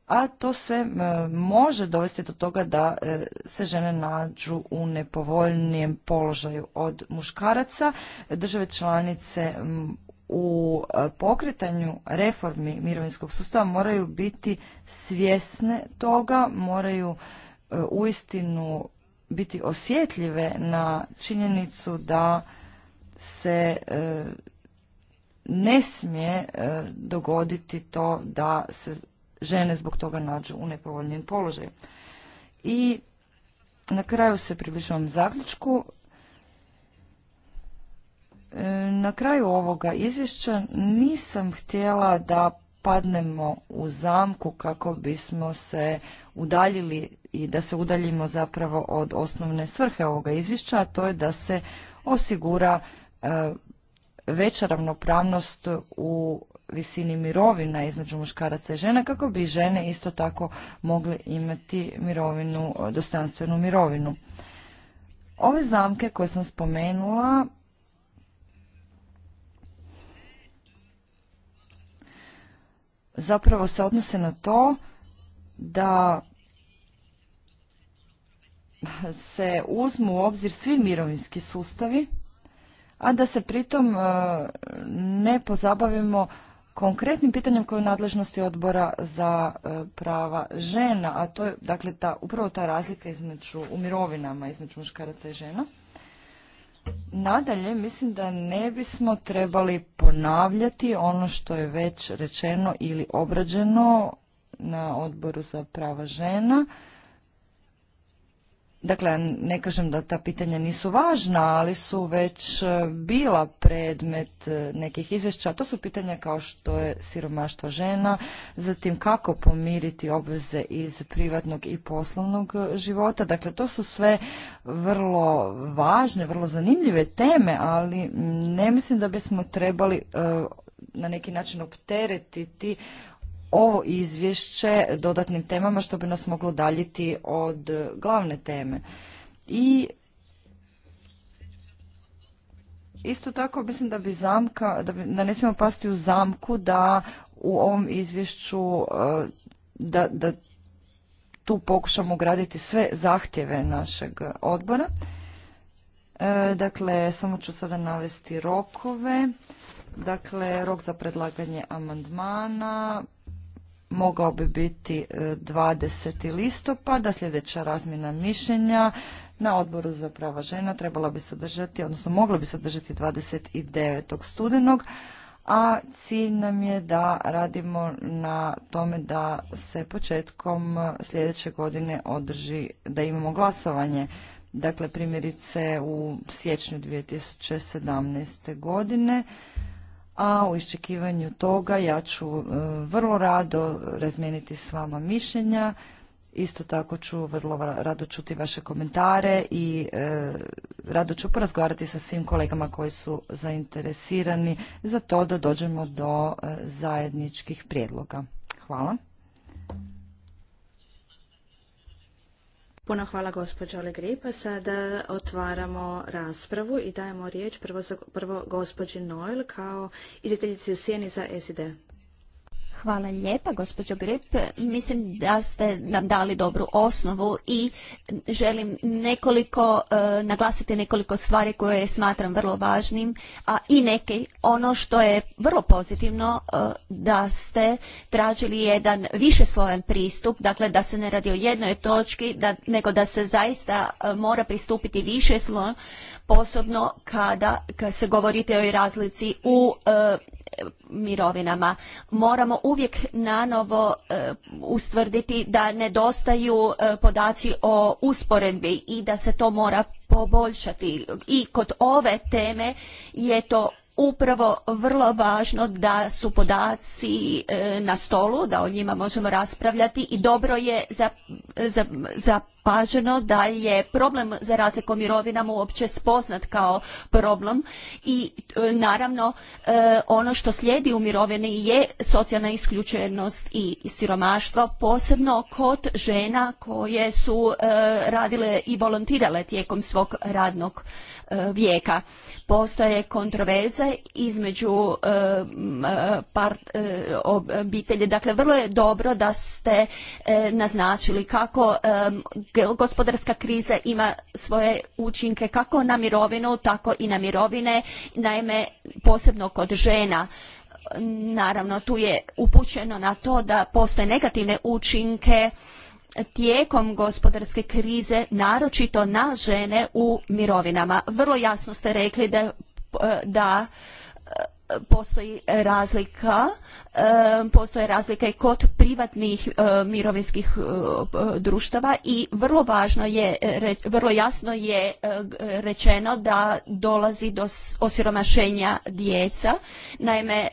a to sve može dovesti do toga da se žene nađu u nepovoljnijem položaju od muškaraca. Države članice u e, pokretanju reformi mirovinskog sustava moraju biti svjesne toga, moraju e, uistinu biti osjetljive na činjenicu da se e, ne smije dogoditi to da se žene zbog toga nađu u nepovoljnijem položaju. I na kraju se približavam zaključku. Na kraju ovoga izvješća nisam htjela da padnemo u zamku kako bismo se udaljili i da se udaljimo zapravo od osnovne svrhe ovoga izvješća, a to je da se osigura e, veća ravnopravnost u visini mirovina između muškaraca i žena kako bi žene isto tako mogle imati mirovinu, dostanstvenu mirovinu. Ove zamke koje sam spomenula zapravo se odnose na to da se uzmu u obzir svi mirovinski sustavi, a da se pritom e, ne pozabavimo konkretnim pitanjem koje je u nadležnosti odbora za e, prava žena, a to je dakle ta, upravo ta razlika između u mirovinama između muškaraca i žena. Nadalje, mislim da ne bismo trebali ponavljati ono što je već rečeno ili obrađeno na odboru za prava žena. Dakle, ne kažem da ta pitanja nisu važna, ali su već e, bila predmet e, nekih izvješća. To su pitanja kao što je siromaštvo žena, zatim kako pomiriti obveze iz privatnog i poslovnog života. Dakle, to su sve vrlo važne, vrlo zanimljive teme, ali ne mislim da bismo trebali e, na neki način opteretiti ovo izvješće dodatnim temama što bi nas moglo daljiti od glavne teme. I isto tako mislim da bi zamka, da, ne smijemo pasti u zamku da u ovom izvješću e, da, da tu pokušamo ugraditi sve zahtjeve našeg odbora. E, dakle, samo ću sada navesti rokove. Dakle, rok za predlaganje amandmana mogao bi biti 20. E, listopada, sljedeća razmjena mišljenja na odboru za prava žena trebala bi se održati, odnosno mogla bi se održati 29. studenog, a cilj nam je da radimo na tome da se početkom sljedeće godine održi, da imamo glasovanje. Dakle, primjerice u siječnju 2017. godine a u iščekivanju toga ja ću e, vrlo rado razmijeniti s vama mišljenja. Isto tako ću vrlo rado čuti vaše komentare i e, rado ću porazgovarati sa svim kolegama koji su zainteresirani za to da dođemo do e, zajedničkih prijedloga. Hvala. Puno hvala gospođo pa Sada otvaramo raspravu i dajemo riječ prvo, prvo gospođi Noel kao iziteljici u sjeni za SID. Hvala lijepa, gospođo Grip. Mislim da ste nam dali dobru osnovu i želim nekoliko, e, naglasiti nekoliko stvari koje smatram vrlo važnim, a i neke ono što je vrlo pozitivno e, da ste tražili jedan više pristup, dakle da se ne radi o jednoj točki, da, nego da se zaista e, mora pristupiti više slo, posebno kada se govorite o razlici u mirovinama. Moramo uvijek nanovo e, ustvrditi da nedostaju e, podaci o usporedbi i da se to mora poboljšati. I kod ove teme je to upravo vrlo važno da su podaci e, na stolu, da o njima možemo raspravljati i dobro je za Paženo da je problem za razliku mirovinama uopće spoznat kao problem i e, naravno e, ono što slijedi u mirovini je socijalna isključenost i siromaštvo posebno kod žena koje su e, radile i volontirale tijekom svog radnog vijeka postoje kontroverze između obitelji. Dakle, vrlo je dobro da ste naznačili kako gospodarska kriza ima svoje učinke kako na mirovinu, tako i na mirovine, naime posebno kod žena. Naravno, tu je upućeno na to da postoje negativne učinke tijekom gospodarske krize, naročito na žene u mirovinama. Vrlo jasno ste rekli da, da postoji razlika, e, postoje razlike i kod privatnih e, mirovinskih e, društava i vrlo važno je, vrlo jasno je rečeno da dolazi do osiromašenja djeca. Naime,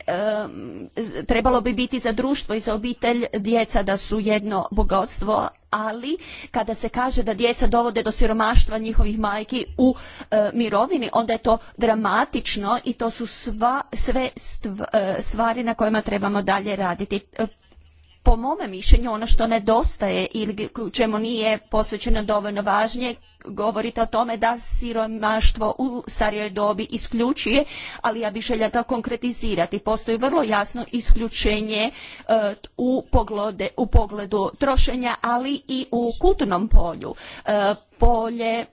trebalo bi biti za društvo i za obitelj djeca da su jedno bogatstvo, ali kada se kaže da djeca dovode do siromaštva njihovih majki u e, mirovini onda je to dramatično i to su sva, sve e, stvari na kojima trebamo dalje raditi e, po mome mišljenju ono što nedostaje ili čemu nije posvećeno dovoljno važnje govorite o tome da siromaštvo u starijoj dobi isključuje, ali ja bih željela to konkretizirati. Postoji vrlo jasno isključenje e, u, u pogledu trošenja, ali i u kulturnom polju. E, polje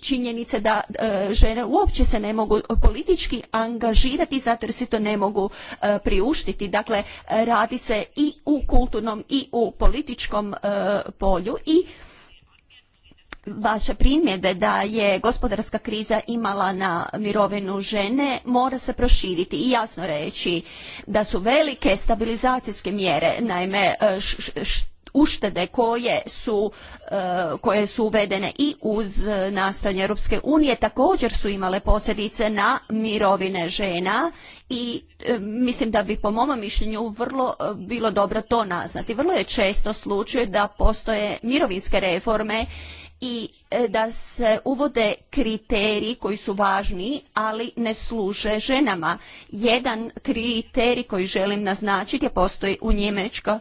činjenice da e, žene uopće se ne mogu politički angažirati zato jer si to ne mogu priuštiti. Dakle, radi se i u kulturnom i u političkom polju i vaše primjedbe da je gospodarska kriza imala na mirovinu žene mora se proširiti i jasno reći da su velike stabilizacijske mjere, naime e, uštede koje su, e, koje su uvedene i uz nastojanje Europske unije također su imale posljedice na mirovine žena i e, mislim da bi po mom mišljenju vrlo bilo dobro to naznati. Vrlo je često slučaj da postoje mirovinske reforme i e, da se uvode kriteriji koji su važni, ali ne služe ženama. Jedan kriterij koji želim naznačiti je postoji u Njemačkoj,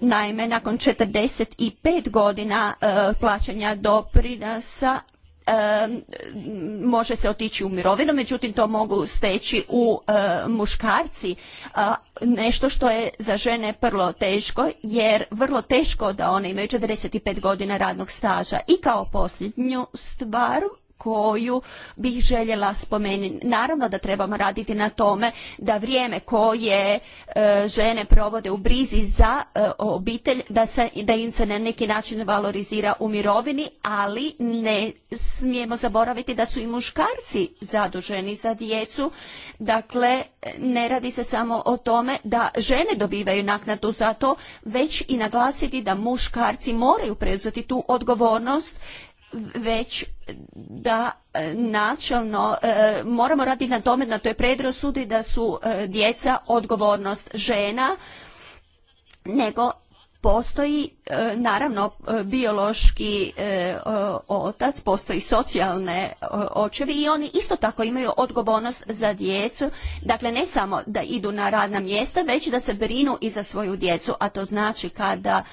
Naime, nakon 45 godina e, plaćanja doprinosa može se otići u mirovinu, međutim to mogu steći u e, muškarci. E, nešto što je za žene vrlo teško, jer vrlo teško da one imaju 45 godina radnog staža. I kao posljednju stvar, koju bih željela spomenuti. Naravno da trebamo raditi na tome da vrijeme koje e, žene provode u brizi za e, obitelj, da, da im se na neki način valorizira u mirovini, ali ne smijemo zaboraviti da su i muškarci zaduženi za djecu. Dakle, ne radi se samo o tome da žene dobivaju naknadu za to, već i naglasiti da muškarci moraju preuzeti tu odgovornost već da e, načelno e, moramo raditi na tome na toj predrasudi da su e, djeca odgovornost žena nego postoji naravno biološki otac postoji socijalne očevi i oni isto tako imaju odgovornost za djecu dakle ne samo da idu na radna mjesta već da se brinu i za svoju djecu a to znači kada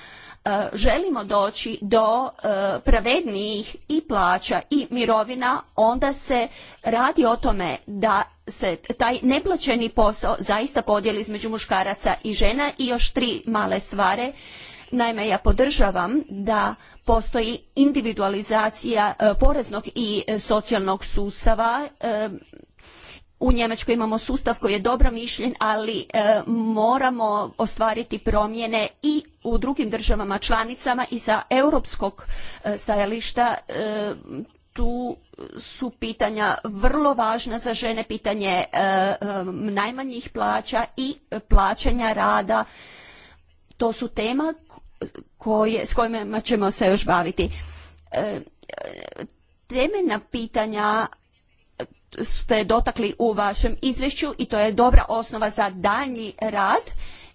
E, želimo doći do e, pravednijih i plaća i mirovina, onda se radi o tome da se taj neplaćeni posao zaista podijeli između muškaraca i žena i još tri male stvari. Naime, ja podržavam da postoji individualizacija e, poreznog i socijalnog sustava u Njemačkoj imamo sustav koji je dobro mišljen, ali e, moramo ostvariti promjene i u drugim državama članicama i za europskog e, stajališta e, tu su pitanja vrlo važna za žene, pitanje najmanjih plaća i plaćanja rada. To su tema koje, s kojima ćemo se još baviti. Temeljna pitanja ste dotakli u vašem izvješću i to je dobra osnova za daljnji rad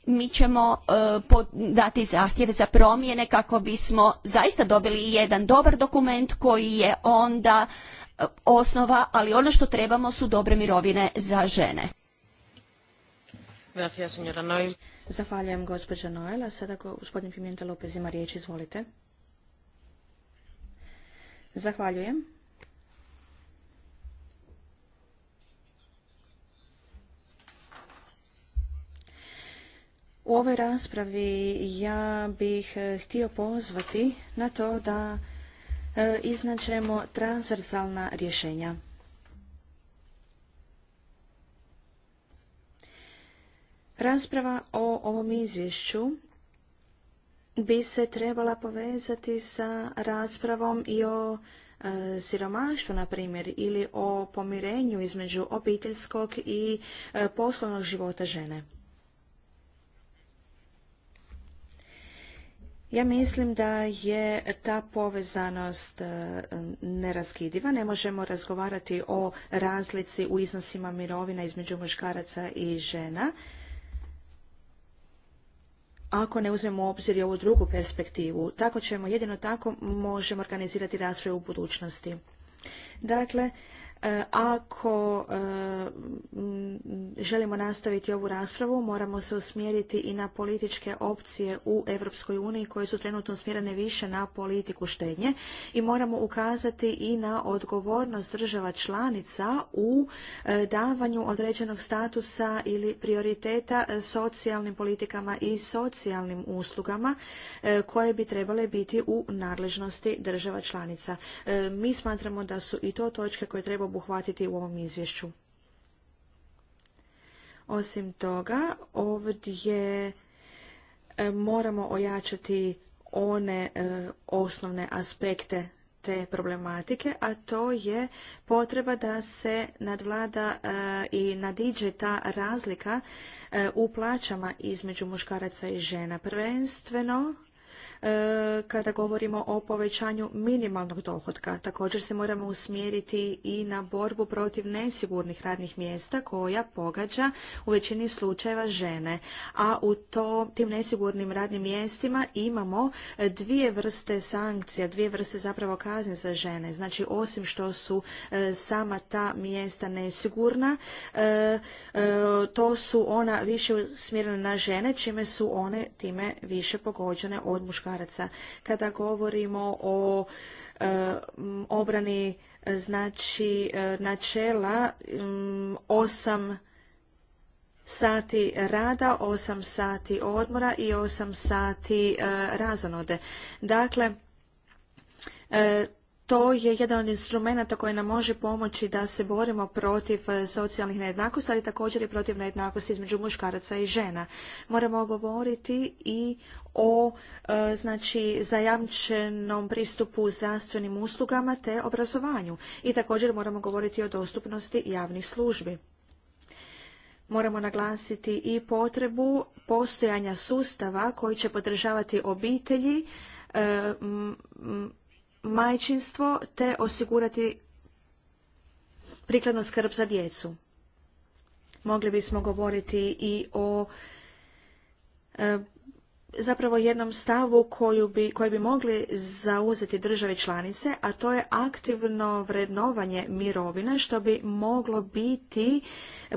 mi ćemo e, dati zahtjev za promjene kako bismo zaista dobili jedan dobar dokument koji je onda e, osnova, ali ono što trebamo su dobre mirovine za žene. Zahvaljujem gospođa Noel, a sada gospodin Pimenta Lopez riječ, izvolite. Zahvaljujem. U ovoj raspravi ja bih e, htio pozvati na to da e, iznađemo transversalna rješenja. Rasprava o ovom izvješću bi se trebala povezati sa raspravom i o e, siromaštvu, na primjer, ili o pomirenju između obiteljskog i poslovnog života žene. Ja mislim da je ta povezanost e, neraskidiva. Ne možemo razgovarati o razlici u iznosima mirovina između muškaraca i žena. Ako ne uzmemo u obzir i ovu drugu perspektivu, tako ćemo, jedino tako možemo organizirati raspravu u budućnosti. Dakle, e, ako e, želimo nastaviti ovu raspravu, moramo se usmjeriti i na političke opcije u Europskoj uniji koje su trenutno usmjerene više na politiku štednje i moramo ukazati i na odgovornost država članica u e, davanju određenog statusa ili prioriteta e, socijalnim politikama i socijalnim uslugama e, koje bi trebale biti u nadležnosti država članica. Mi smatramo da su i to točke koje treba obuhvatiti u ovom izvješću. Osim toga, ovdje e, moramo ojačati one e, osnovne aspekte te problematike, a to je potreba da se nadvlada e, i nadiđe ta razlika u plaćama između muškaraca i žena. Prvenstveno E, kada govorimo o povećanju minimalnog dohotka. Također se moramo usmjeriti i na borbu protiv nesigurnih radnih mjesta koja pogađa u većini slučajeva žene. A u to, tim nesigurnim radnim mjestima imamo dvije vrste sankcija, dvije vrste zapravo kazne za žene. Znači osim što su e, sama ta mjesta nesigurna, e, to su ona više usmjerena na žene, čime su one time više pogođene od muškaraca. Kada govorimo o e, obrani znači e, načela osam sati rada, osam sati odmora i osam sati e, razonode. Dakle, to je jedan od instrumenta koji nam može pomoći da se borimo protiv eh, socijalnih nejednakosti, ali također i protiv nejednakosti između muškaraca i žena. Moramo govoriti i o eh, znači zajamčenom pristupu zdravstvenim uslugama te obrazovanju i također moramo govoriti o dostupnosti javnih službi. Moramo naglasiti i potrebu postojanja sustava koji će podržavati obitelji eh, majčinstvo te osigurati prikladnu skrb za djecu. Mogli bismo govoriti i o e, zapravo jednom stavu koji bi, mogli zauzeti države članice, a to je aktivno vrednovanje mirovina što bi moglo biti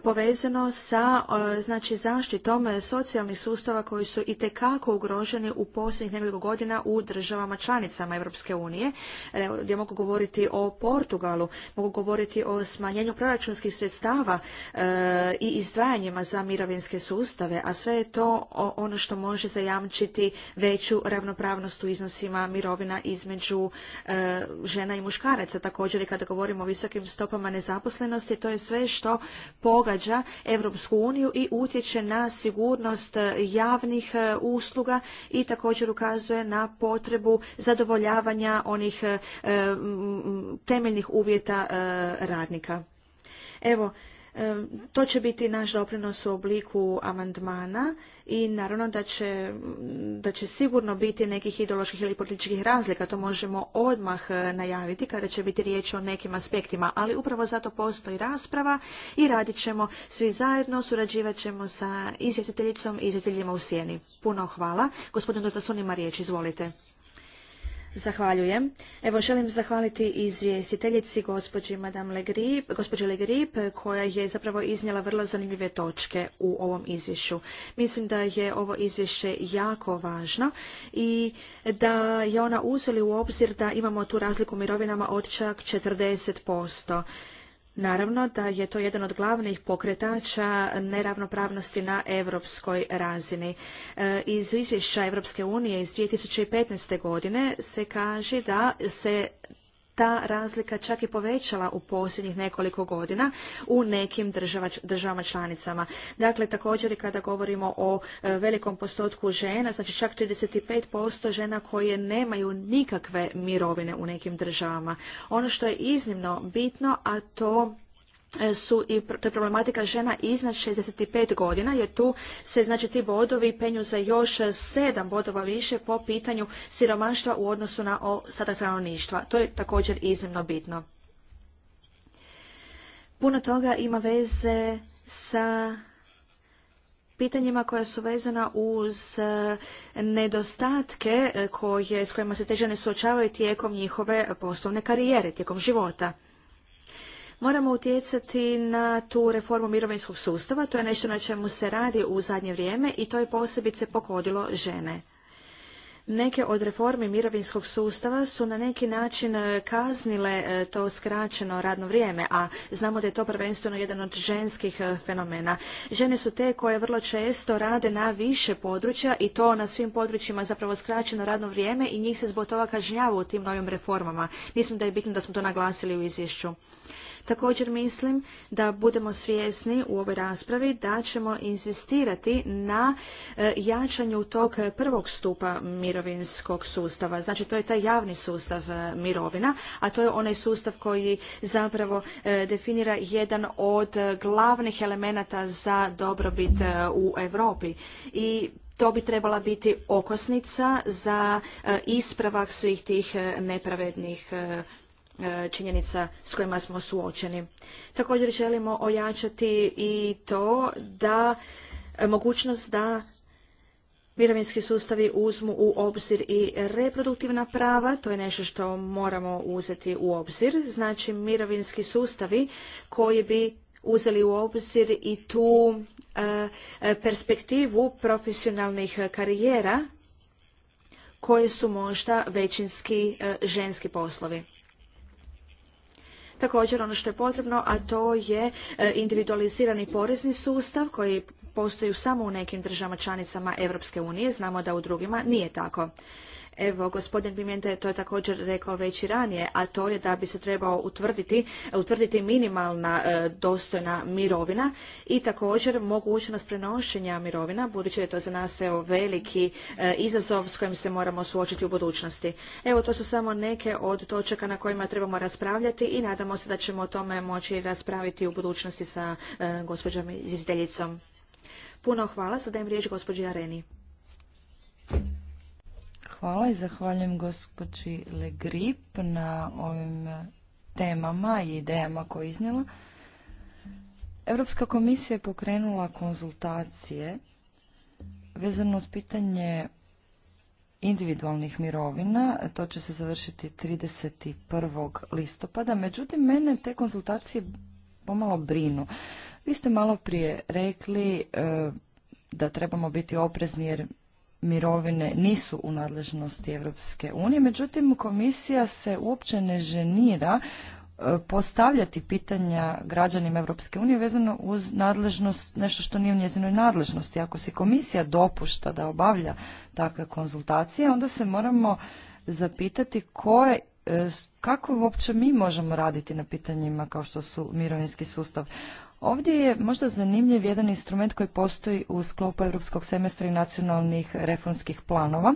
povezano sa e, znači, zaštitom socijalnih sustava koji su i tekako ugroženi u posljednjih nekoliko godina u državama članicama Europske unije. gdje mogu govoriti o Portugalu, mogu govoriti o smanjenju proračunskih sredstava e, i izdvajanjima za mirovinske sustave, a sve je to ono što može zajamiti zajamčiti veću ravnopravnost u iznosima mirovina između e, žena i muškaraca. Također i kada govorimo o visokim stopama nezaposlenosti, to je sve što pogađa Europsku uniju i utječe na sigurnost javnih e, usluga i također ukazuje na potrebu zadovoljavanja onih e, temeljnih uvjeta radnika. Evo, to će biti naš doprinos u obliku amandmana i naravno da će, da će sigurno biti nekih ideoloških ili političkih razlika, to možemo odmah eh, najaviti kada će biti riječ o nekim aspektima, ali upravo zato postoji rasprava i radit ćemo svi zajedno, surađivat ćemo sa izvjetiteljicom i izvjetiteljima u sjeni. Puno hvala. Gospodin Dotasun ima riječ, izvolite. Zahvaljujem. Evo želim zahvaliti izvjestiteljici gospođi Madame Legrip, gospođi Legrip koja je zapravo iznijela vrlo zanimljive točke u ovom izvješću. Mislim da je ovo izvješće jako važno i da je ona uzeli u obzir da imamo tu razliku u mirovinama od čak 40%. Naravno da je to jedan od glavnih pokretača neravnopravnosti na europskoj razini. E, iz izvješća Europske unije iz 2015. godine se kaže da se ta razlika čak i povećala u posljednjih nekoliko godina u nekim državama članicama. Dakle, također i kada govorimo o e, velikom postotku žena, znači čak 35% žena koje nemaju nikakve mirovine u nekim državama. Ono što je iznimno bitno, a to E, su i to problematika žena iznad 65 godina, jer tu se znači ti bodovi penju za još 7 bodova više po pitanju siromaštva u odnosu na ostatak stanovništva. To je također iznimno bitno. Puno toga ima veze sa pitanjima koja su vezana uz e, nedostatke e, koje, s kojima se te žene suočavaju tijekom njihove poslovne karijere, tijekom života. Moramo utjecati na tu reformu mirovinskog sustava, to je nešto na čemu se radi u zadnje vrijeme i to je posebice pogodilo žene. Neke od reformi mirovinskog sustava su na neki način e, kaznile e, to skraćeno radno vrijeme, a znamo da je to prvenstveno jedan od ženskih e, fenomena. Žene su te koje vrlo često rade na više područja i to na svim područjima zapravo skraćeno radno vrijeme i njih se zbog toga kažnjava u tim novim reformama. Mislim da je bitno da smo to naglasili u izvješću. Također mislim da budemo svjesni u ovoj raspravi da ćemo inzistirati na e, jačanju tog prvog stupa mirovinskog sustava. Znači to je taj javni sustav e, mirovina, a to je onaj sustav koji zapravo e, definira jedan od glavnih elemenata za dobrobit u Europi. I to bi trebala biti okosnica za ispravak svih tih nepravednih E, činjenica s kojima smo suočeni. Također želimo ojačati i to da e, mogućnost da mirovinski sustavi uzmu u obzir i reproduktivna prava, to je nešto što moramo uzeti u obzir, znači mirovinski sustavi koji bi uzeli u obzir i tu e, perspektivu profesionalnih karijera koje su možda većinski ženski poslovi. Također ono što je potrebno, a to je e, individualizirani porezni sustav koji postoji samo u nekim državama članicama Europske unije, znamo da u drugima nije tako. Evo, gospodin to je također rekao već i ranije, a to je da bi se trebao utvrditi, utvrditi minimalna e, dostojna mirovina i također mogućnost prenošenja mirovina, budući da je to za nas evo, veliki e, izazov s kojim se moramo suočiti u budućnosti. Evo, to su samo neke od točaka na kojima trebamo raspravljati i nadamo se da ćemo o tome moći raspraviti u budućnosti sa e, gospođom izdeljicom. Puno hvala, sada dajem riječ gospođi Areni. Hvala i zahvaljujem gospođi Legrip na ovim temama i idejama koje je iznijela. Europska komisija je pokrenula konzultacije vezano s pitanje individualnih mirovina. To će se završiti 31. listopada. Međutim, mene te konzultacije pomalo brinu. Vi ste malo prije rekli e, da trebamo biti oprezni jer mirovine nisu u nadležnosti Europske unije, međutim komisija se uopće ne ženira e, postavljati pitanja građanima Europske unije vezano uz nadležnost, nešto što nije u njezinoj nadležnosti. Ako se komisija dopušta da obavlja takve konzultacije, onda se moramo zapitati koje e, kako uopće mi možemo raditi na pitanjima kao što su mirovinski sustav. Ovdje je možda zanimljiv jedan instrument koji postoji u sklopu europskog semestra i nacionalnih reformskih planova.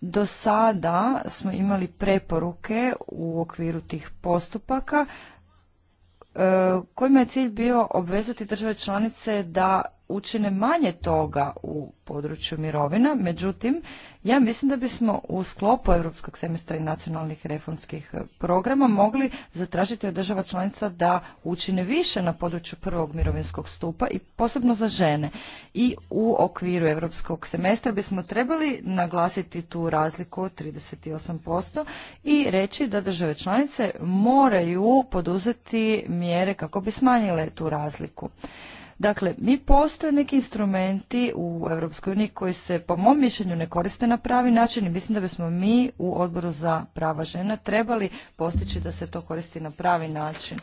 Do sada smo imali preporuke u okviru tih postupaka e, kojima je cilj bio obvezati države članice da učine manje toga u području mirovina, međutim, ja mislim da bismo u sklopu Europskog semestra i nacionalnih reformskih programa mogli zatražiti od država članica da učine više na području prvog mirovinskog stupa i posebno za žene. I u okviru Europskog semestra bismo trebali naglasiti tu razliku od 38% i reći da države članice moraju poduzeti mjere kako bi smanjile tu razliku. Dakle, mi postoje neki instrumenti u EU koji se po mom mišljenju ne koriste na pravi način i mislim da bismo mi u odboru za prava žena trebali postići da se to koristi na pravi način.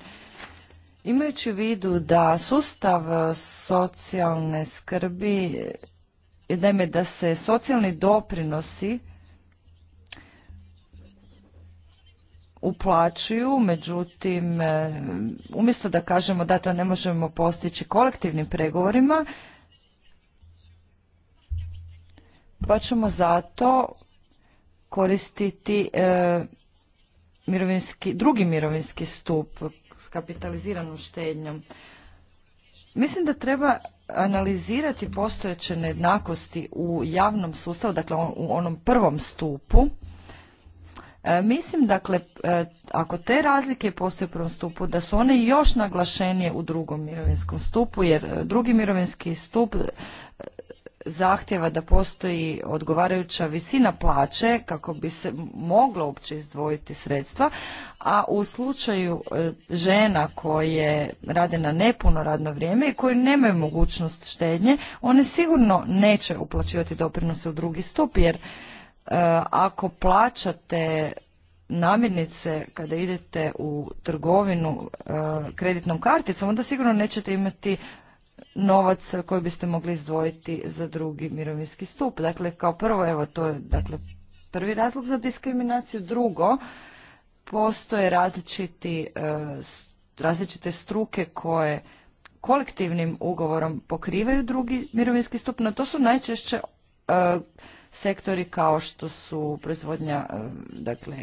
Imajući u vidu da sustav socijalne skrbi, e, naime da se socijalni doprinosi uplaćuju, međutim, e, umjesto da kažemo da to ne možemo postići kolektivnim pregovorima, pa ćemo zato koristiti e, drugi mirovinski stup s kapitaliziranom štednjom. Mislim da treba analizirati postojeće nejednakosti u javnom sustavu, dakle u onom prvom stupu, E, mislim dakle, e, ako te razlike postoje u prvom stupu, da su one još naglašenije u drugom mirovinskom stupu, jer e, drugi mirovinski stup zahtjeva da postoji odgovarajuća visina plaće kako bi se moglo uopće izdvojiti sredstva, a u slučaju žena koje rade na nepuno radno vrijeme i koje nemaju mogućnost štednje, one sigurno neće uplaćivati doprinose u drugi stup jer E, ako plaćate namirnice kada idete u trgovinu e, kreditnom karticom, onda sigurno nećete imati novac koji biste mogli izdvojiti za drugi mirovinski stup. Dakle, kao prvo, evo, to je dakle, prvi razlog za diskriminaciju. Drugo, postoje različiti, e, različite struke koje kolektivnim ugovorom pokrivaju drugi mirovinski stup, no to su najčešće sektori kao što su proizvodnja e, dakle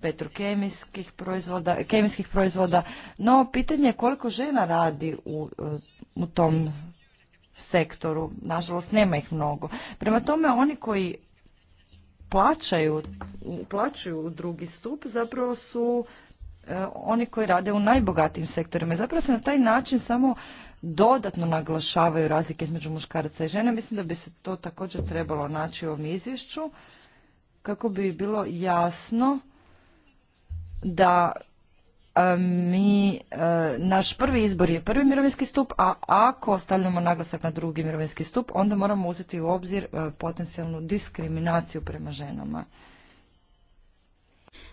petrokemijskih proizvoda, kemijskih proizvoda, no pitanje je koliko žena radi u, e, u tom sektoru. Nažalost, nema ih mnogo. Prema tome, oni koji plaćaju, plaćaju u drugi stup zapravo su e, oni koji rade u najbogatijim sektorima. zapravo se na taj način samo dodatno naglašavaju razlike između muškaraca i žena. Mislim da bi se to također trebalo naći u ovom izvješću kako bi bilo jasno da mi, e, naš prvi izbor je prvi mirovinski stup, a ako stavljamo naglasak na drugi mirovinski stup, onda moramo uzeti u obzir e, potencijalnu diskriminaciju prema ženama.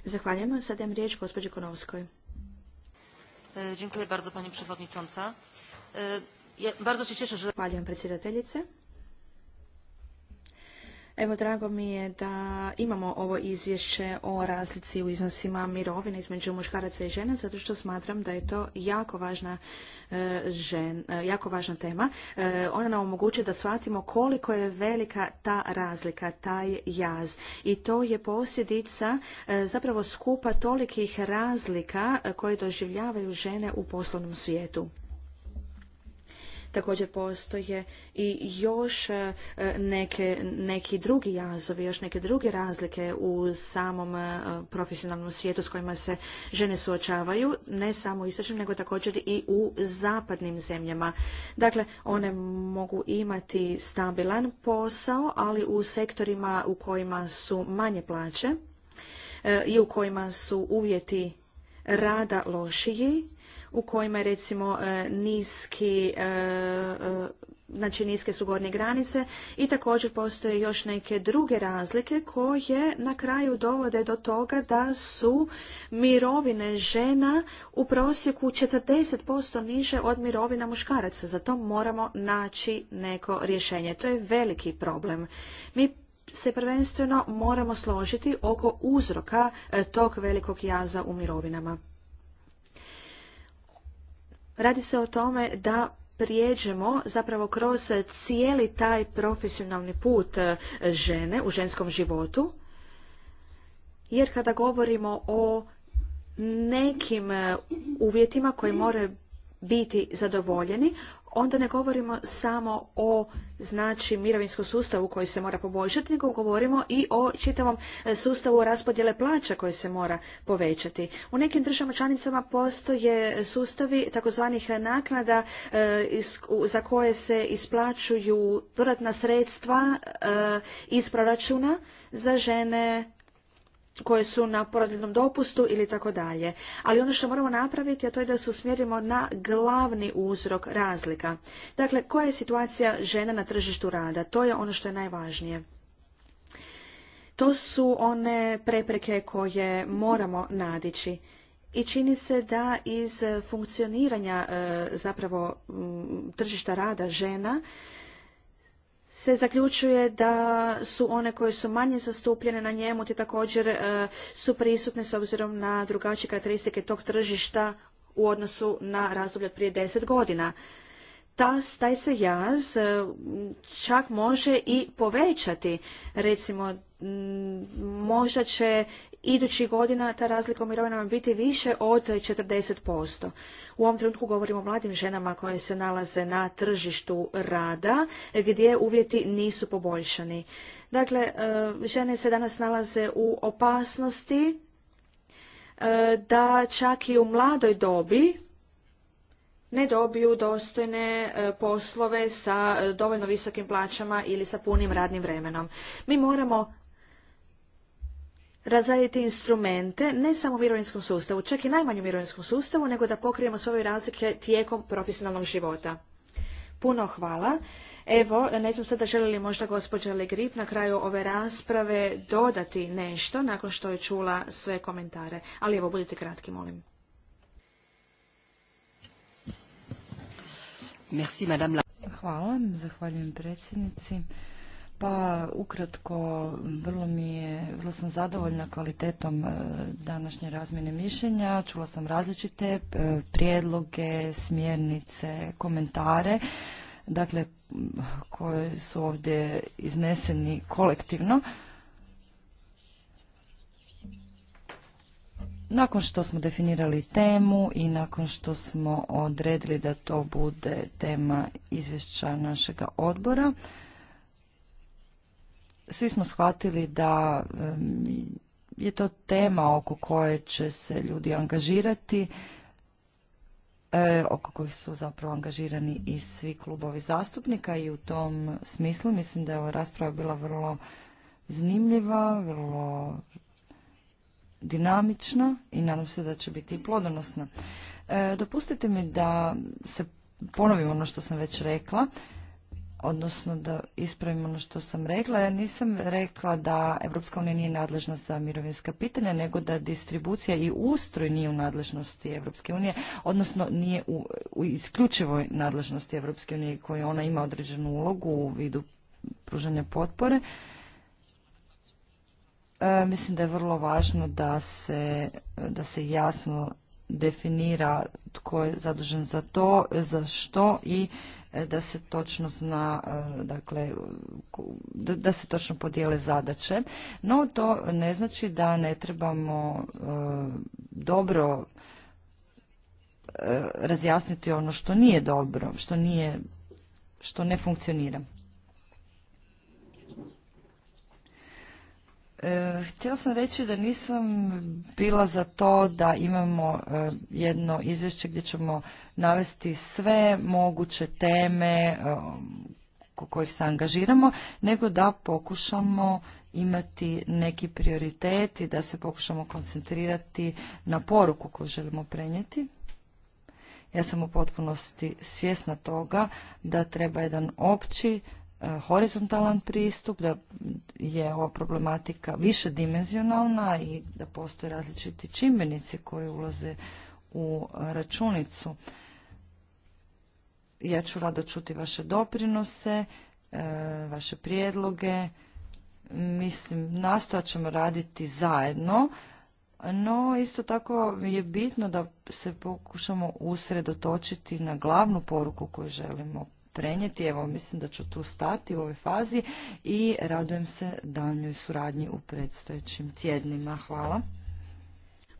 Zahvaljujemo. Sada riječ gospođi Konovskoj. E, dziękuję bardzo Pani Przewodnicząca. E, bardzo Zahvaljujem predsjedateljice. Evo, drago mi je da imamo ovo izvješće o razlici u iznosima mirovine između muškaraca i žena, zato što smatram da je to jako važna, e, žen, e, jako važna tema. ona nam omogućuje da shvatimo koliko je velika ta razlika, taj jaz. I to je posljedica zapravo skupa tolikih razlika koje doživljavaju žene u poslovnom svijetu. Također postoje i još e, neke, neki drugi jazovi, još neke druge razlike u samom e, profesionalnom svijetu s kojima se žene suočavaju, ne samo u istočnim, nego također i u zapadnim zemljama. Dakle, one mogu imati stabilan posao, ali u sektorima u kojima su manje plaće, e, i u kojima su uvjeti rada lošiji u kojima je recimo e, niski e, e, znači niske su gornje granice i također postoje još neke druge razlike koje na kraju dovode do toga da su mirovine žena u prosjeku 40% niže od mirovina muškaraca. Za to moramo naći neko rješenje. To je veliki problem. Mi se prvenstveno moramo složiti oko uzroka e, tog velikog jaza u mirovinama. Radi se o tome da prijeđemo zapravo kroz cijeli taj profesionalni put e, žene u ženskom životu, jer kada govorimo o nekim e, uvjetima koji moraju biti zadovoljeni, onda ne govorimo samo o znači mirovinskom sustavu koji se mora poboljšati, nego govorimo i o čitavom e, sustavu raspodjele plaća koji se mora povećati. U nekim državama članicama postoje sustavi takozvanih naknada e, za koje se isplaćuju dodatna sredstva e, iz proračuna za žene koje su na porodiljnom dopustu ili tako dalje. Ali ono što moramo napraviti, a to je da se usmjerimo na glavni uzrok razlika. Dakle, koja je situacija žena na tržištu rada? To je ono što je najvažnije. To su one prepreke koje moramo nadići. I čini se da iz funkcioniranja e, zapravo tržišta rada žena se zaključuje da su one koje su manje zastupljene na njemu te također e, su prisutne s obzirom na drugačije karakteristike tog tržišta u odnosu na razdoblje od prije deset godina. Ta, taj se jaz e, čak može i povećati. Recimo, možda će idućih godina ta razlika u mirovinama biti više od 40%. U ovom trenutku govorimo o mladim ženama koje se nalaze na tržištu rada gdje uvjeti nisu poboljšani. Dakle, e, žene se danas nalaze u opasnosti e, da čak i u mladoj dobi ne dobiju dostojne e, poslove sa dovoljno visokim plaćama ili sa punim radnim vremenom. Mi moramo razraditi instrumente, ne samo u mirovinskom sustavu, čak i najmanju u mirovinskom sustavu, nego da pokrijemo svoje razlike tijekom profesionalnog života. Puno hvala. Evo, ne znam sada želi li možda gospođa Legrip na kraju ove rasprave dodati nešto nakon što je čula sve komentare. Ali evo, budite kratki, molim. Hvala, zahvaljujem predsjednici. Pa ukratko, vrlo mi je, vrlo sam zadovoljna kvalitetom e, današnje razmjene mišljenja. Čula sam različite e, prijedloge, smjernice, komentare, dakle koje su ovdje izneseni kolektivno. Nakon što smo definirali temu i nakon što smo odredili da to bude tema izvješća našega odbora, svi smo shvatili da je to tema oko koje će se ljudi angažirati, e, oko kojih su zapravo angažirani i svi klubovi zastupnika i u tom smislu mislim da je ova rasprava bila vrlo zanimljiva, vrlo dinamična i nadam se da će biti i plodonosna. E, dopustite mi da se ponovim ono što sam već rekla odnosno da ispravim ono što sam rekla. Ja nisam rekla da Europska unija nije nadležna za mirovinska pitanja, nego da distribucija i ustroj nije u nadležnosti Europske unije, odnosno nije u, isključivoj nadležnosti Europske unije koju ona ima određenu ulogu u vidu pružanja potpore. E, mislim da je vrlo važno da se, da se jasno definira tko je zadužen za to, za što i da se točno zna, e, dakle, da se točno podijele zadaće. No, to ne znači da ne trebamo e, dobro e, razjasniti ono što nije dobro, što nije, što ne funkcionira. E, htjela sam reći da nisam bila za to da imamo e, jedno izvješće gdje ćemo navesti sve moguće teme e, kojih se angažiramo, nego da pokušamo imati neki prioritet da se pokušamo koncentrirati na poruku koju želimo prenijeti. Ja sam u potpunosti svjesna toga da treba jedan opći E, horizontalan pristup, da je ova problematika više dimenzionalna i da postoje različiti čimbenici koji ulaze u računicu. Ja ću rado čuti vaše doprinose, e, vaše prijedloge. Mislim, nastojat ćemo raditi zajedno, no isto tako je bitno da se pokušamo usredotočiti na glavnu poruku koju želimo prenijeti. Evo, mislim da ću tu stati u ovoj fazi i radujem se daljnjoj suradnji u predstojećim tjednima. Hvala.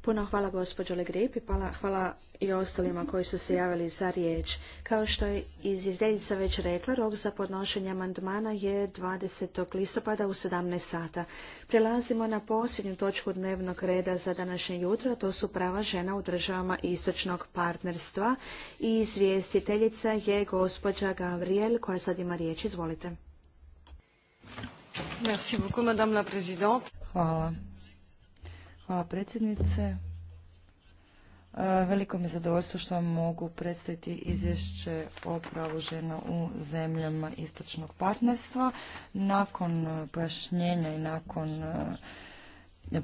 Puno hvala gospođo Legrip i hvala, i ostalima koji su se javili za riječ. Kao što je iz izdeljica već rekla, rok za podnošenje amandmana je 20. listopada u 17 sata. Prelazimo na posljednju točku dnevnog reda za današnje jutro, to su prava žena u državama istočnog partnerstva i izvjestiteljica je gospođa Gabriel koja sad ima riječ. Izvolite. Hvala Hvala predsjednice. E, veliko mi je zadovoljstvo što vam mogu predstaviti izvješće o pravu žena u zemljama istočnog partnerstva. Nakon e, pojašnjenja i nakon e,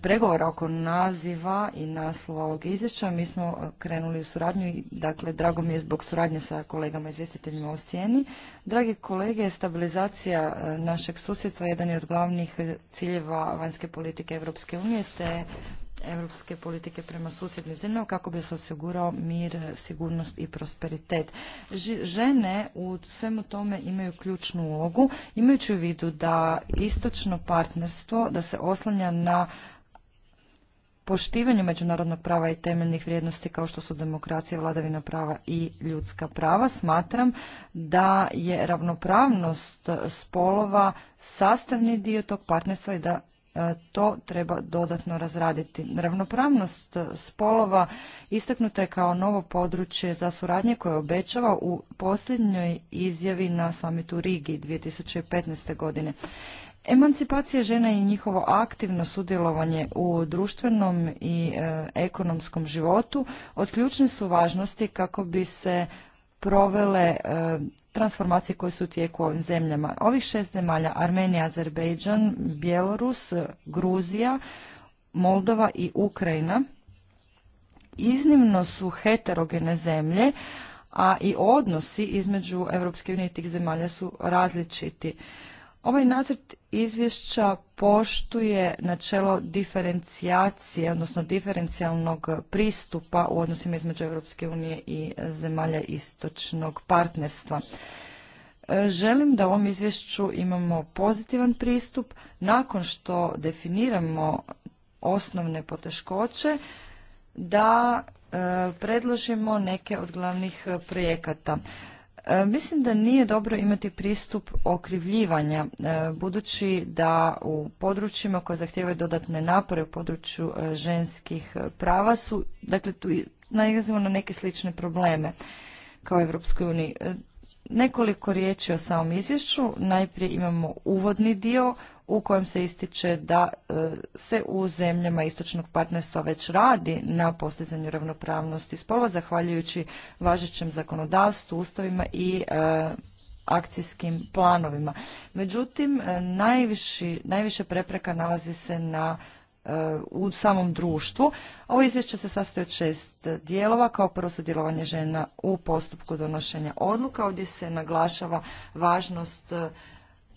pregovora oko naziva i naslova ovog izvješća. Mi smo krenuli u suradnju i dakle drago mi je zbog suradnje sa kolegama izvjestiteljima o Sjeni. Dragi kolege, stabilizacija e, našeg susjedstva je jedan je od glavnih ciljeva vanjske politike Europske unije te europske politike prema susjednim zemljama kako bi se osigurao mir, sigurnost i prosperitet. Žene u svemu tome imaju ključnu ulogu, imajući u vidu da istočno partnerstvo, da se oslanja na poštivanju međunarodnog prava i temeljnih vrijednosti kao što su demokracija, vladavina prava i ljudska prava, smatram da je ravnopravnost spolova sastavni dio tog partnerstva i da e, to treba dodatno razraditi. Ravnopravnost spolova istaknuta je kao novo područje za suradnje koje obećava u posljednjoj izjavi na samitu Rigi 2015. godine. Emancipacija žena i njihovo aktivno sudjelovanje u društvenom i e, ekonomskom životu od ključne su važnosti kako bi se provele e, transformacije koje su u tijeku u ovim zemljama. Ovih šest zemalja, Armenija, Azerbejdžan, Bjelorus, Gruzija, Moldova i Ukrajina, iznimno su heterogene zemlje, a i odnosi između EU unije i tih zemalja su različiti. Ovaj nacrt izvješća poštuje načelo diferencijacije, odnosno diferencijalnog pristupa u odnosima između Europske unije i zemalja istočnog partnerstva. E, želim da u ovom izvješću imamo pozitivan pristup. Nakon što definiramo osnovne poteškoće, da e, predložimo neke od glavnih projekata. E, mislim da nije dobro imati pristup okrivljivanja, e, budući da u područjima koje zahtijevaju dodatne napore u području e, ženskih prava su, dakle, tu nalazimo na neke slične probleme kao Evropskoj uniji. Nekoliko riječi o samom izvješću. Najprije imamo uvodni dio u kojem se ističe da e, se u zemljama istočnog partnerstva već radi na postizanju ravnopravnosti spolova zahvaljujući važećem zakonodavstvu, ustavima i e, akcijskim planovima. Međutim, e, najviši, najviše prepreka nalazi se u samom društvu. Ovo izvješće se sastoji od šest dijelova. Kao prvo sudjelovanje žena u postupku donošenja odluka. Ovdje se naglašava važnost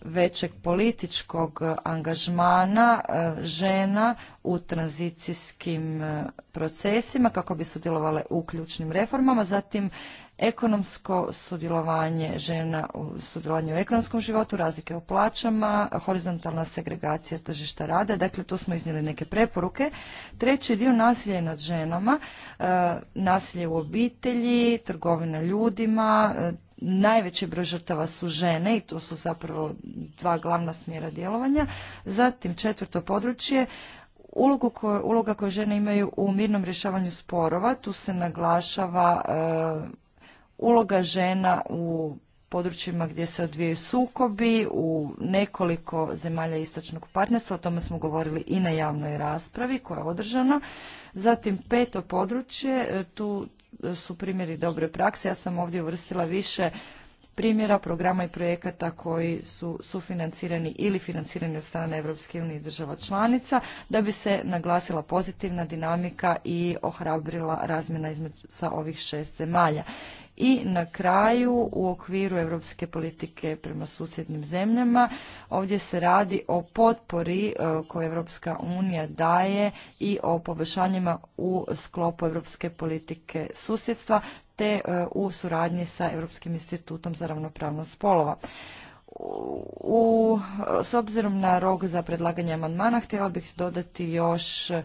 većeg političkog angažmana e, žena u tranzicijskim e, procesima kako bi sudjelovale u ključnim reformama, zatim ekonomsko sudjelovanje žena u sudjelovanju u ekonomskom životu, razlike u plaćama, horizontalna segregacija tržišta rada, dakle tu smo iznijeli neke preporuke. Treći dio nasilje nad ženama, e, nasilje u obitelji, trgovina ljudima, najveći broj žrtava su žene i to su zapravo dva glavna smjera djelovanja. Zatim četvrto područje, ulogu koje, uloga koju žene imaju u mirnom rješavanju sporova, tu se naglašava e, uloga žena u područjima gdje se odvijaju sukobi u nekoliko zemalja istočnog partnerstva, o tome smo govorili i na javnoj raspravi koja je održana. Zatim peto područje, e, tu su primjeri dobre prakse. Ja sam ovdje uvrstila više primjera, programa i projekata koji su sufinancirani ili financirani od strane Europske unije i država članica, da bi se naglasila pozitivna dinamika i ohrabrila razmjena između, sa ovih šest zemalja. I na kraju u okviru europske politike prema susjednim zemljama ovdje se radi o potpori e, koju Evropska unija daje i o poboljšanjima u sklopu europske politike susjedstva te e, u suradnji sa Europskim institutom za ravnopravnost spolova. U, s obzirom na rok za predlaganje amandmana htjela bih dodati još e,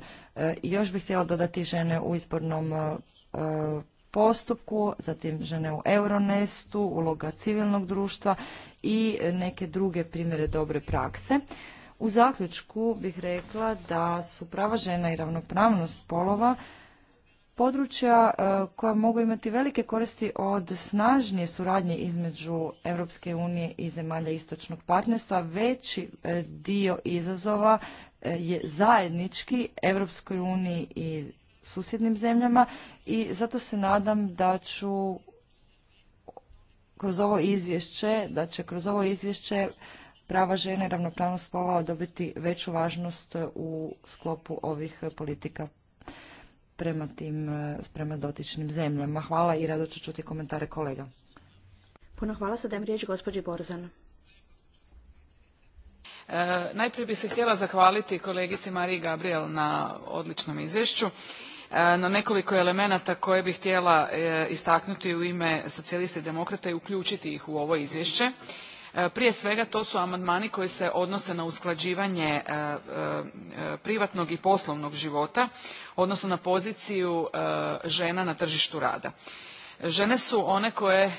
još bih htjela dodati žene u izbornom postupku, zatim žene u Euronestu, uloga civilnog društva i neke druge primjere dobre prakse. U zaključku bih rekla da su prava žena i ravnopravnost polova područja e, koja mogu imati velike koristi od snažnije suradnje između Europske unije i zemalja istočnog partnerstva. Veći e, dio izazova e, je zajednički Europskoj uniji i susjednim zemljama i zato se nadam da ću kroz ovo izvješće, da će kroz ovo izvješće prava žene i ravnopravnost spolova dobiti veću važnost u sklopu ovih politika prema tim, prema dotičnim zemljama. Hvala i rado ću čuti komentare kolega. Puno hvala, sad dajem riječ gospođi Borzan. E, najprije bih se htjela zahvaliti kolegici Mariji Gabriel na odličnom izvješću E, na nekoliko elemenata koje bih htjela e, istaknuti u ime socijalista i demokrata i uključiti ih u ovo izvješće. E, prije svega to su amandmani koji se odnose na usklađivanje privatnog i poslovnog života, odnosno na poziciju žena na tržištu rada. Žene su one koje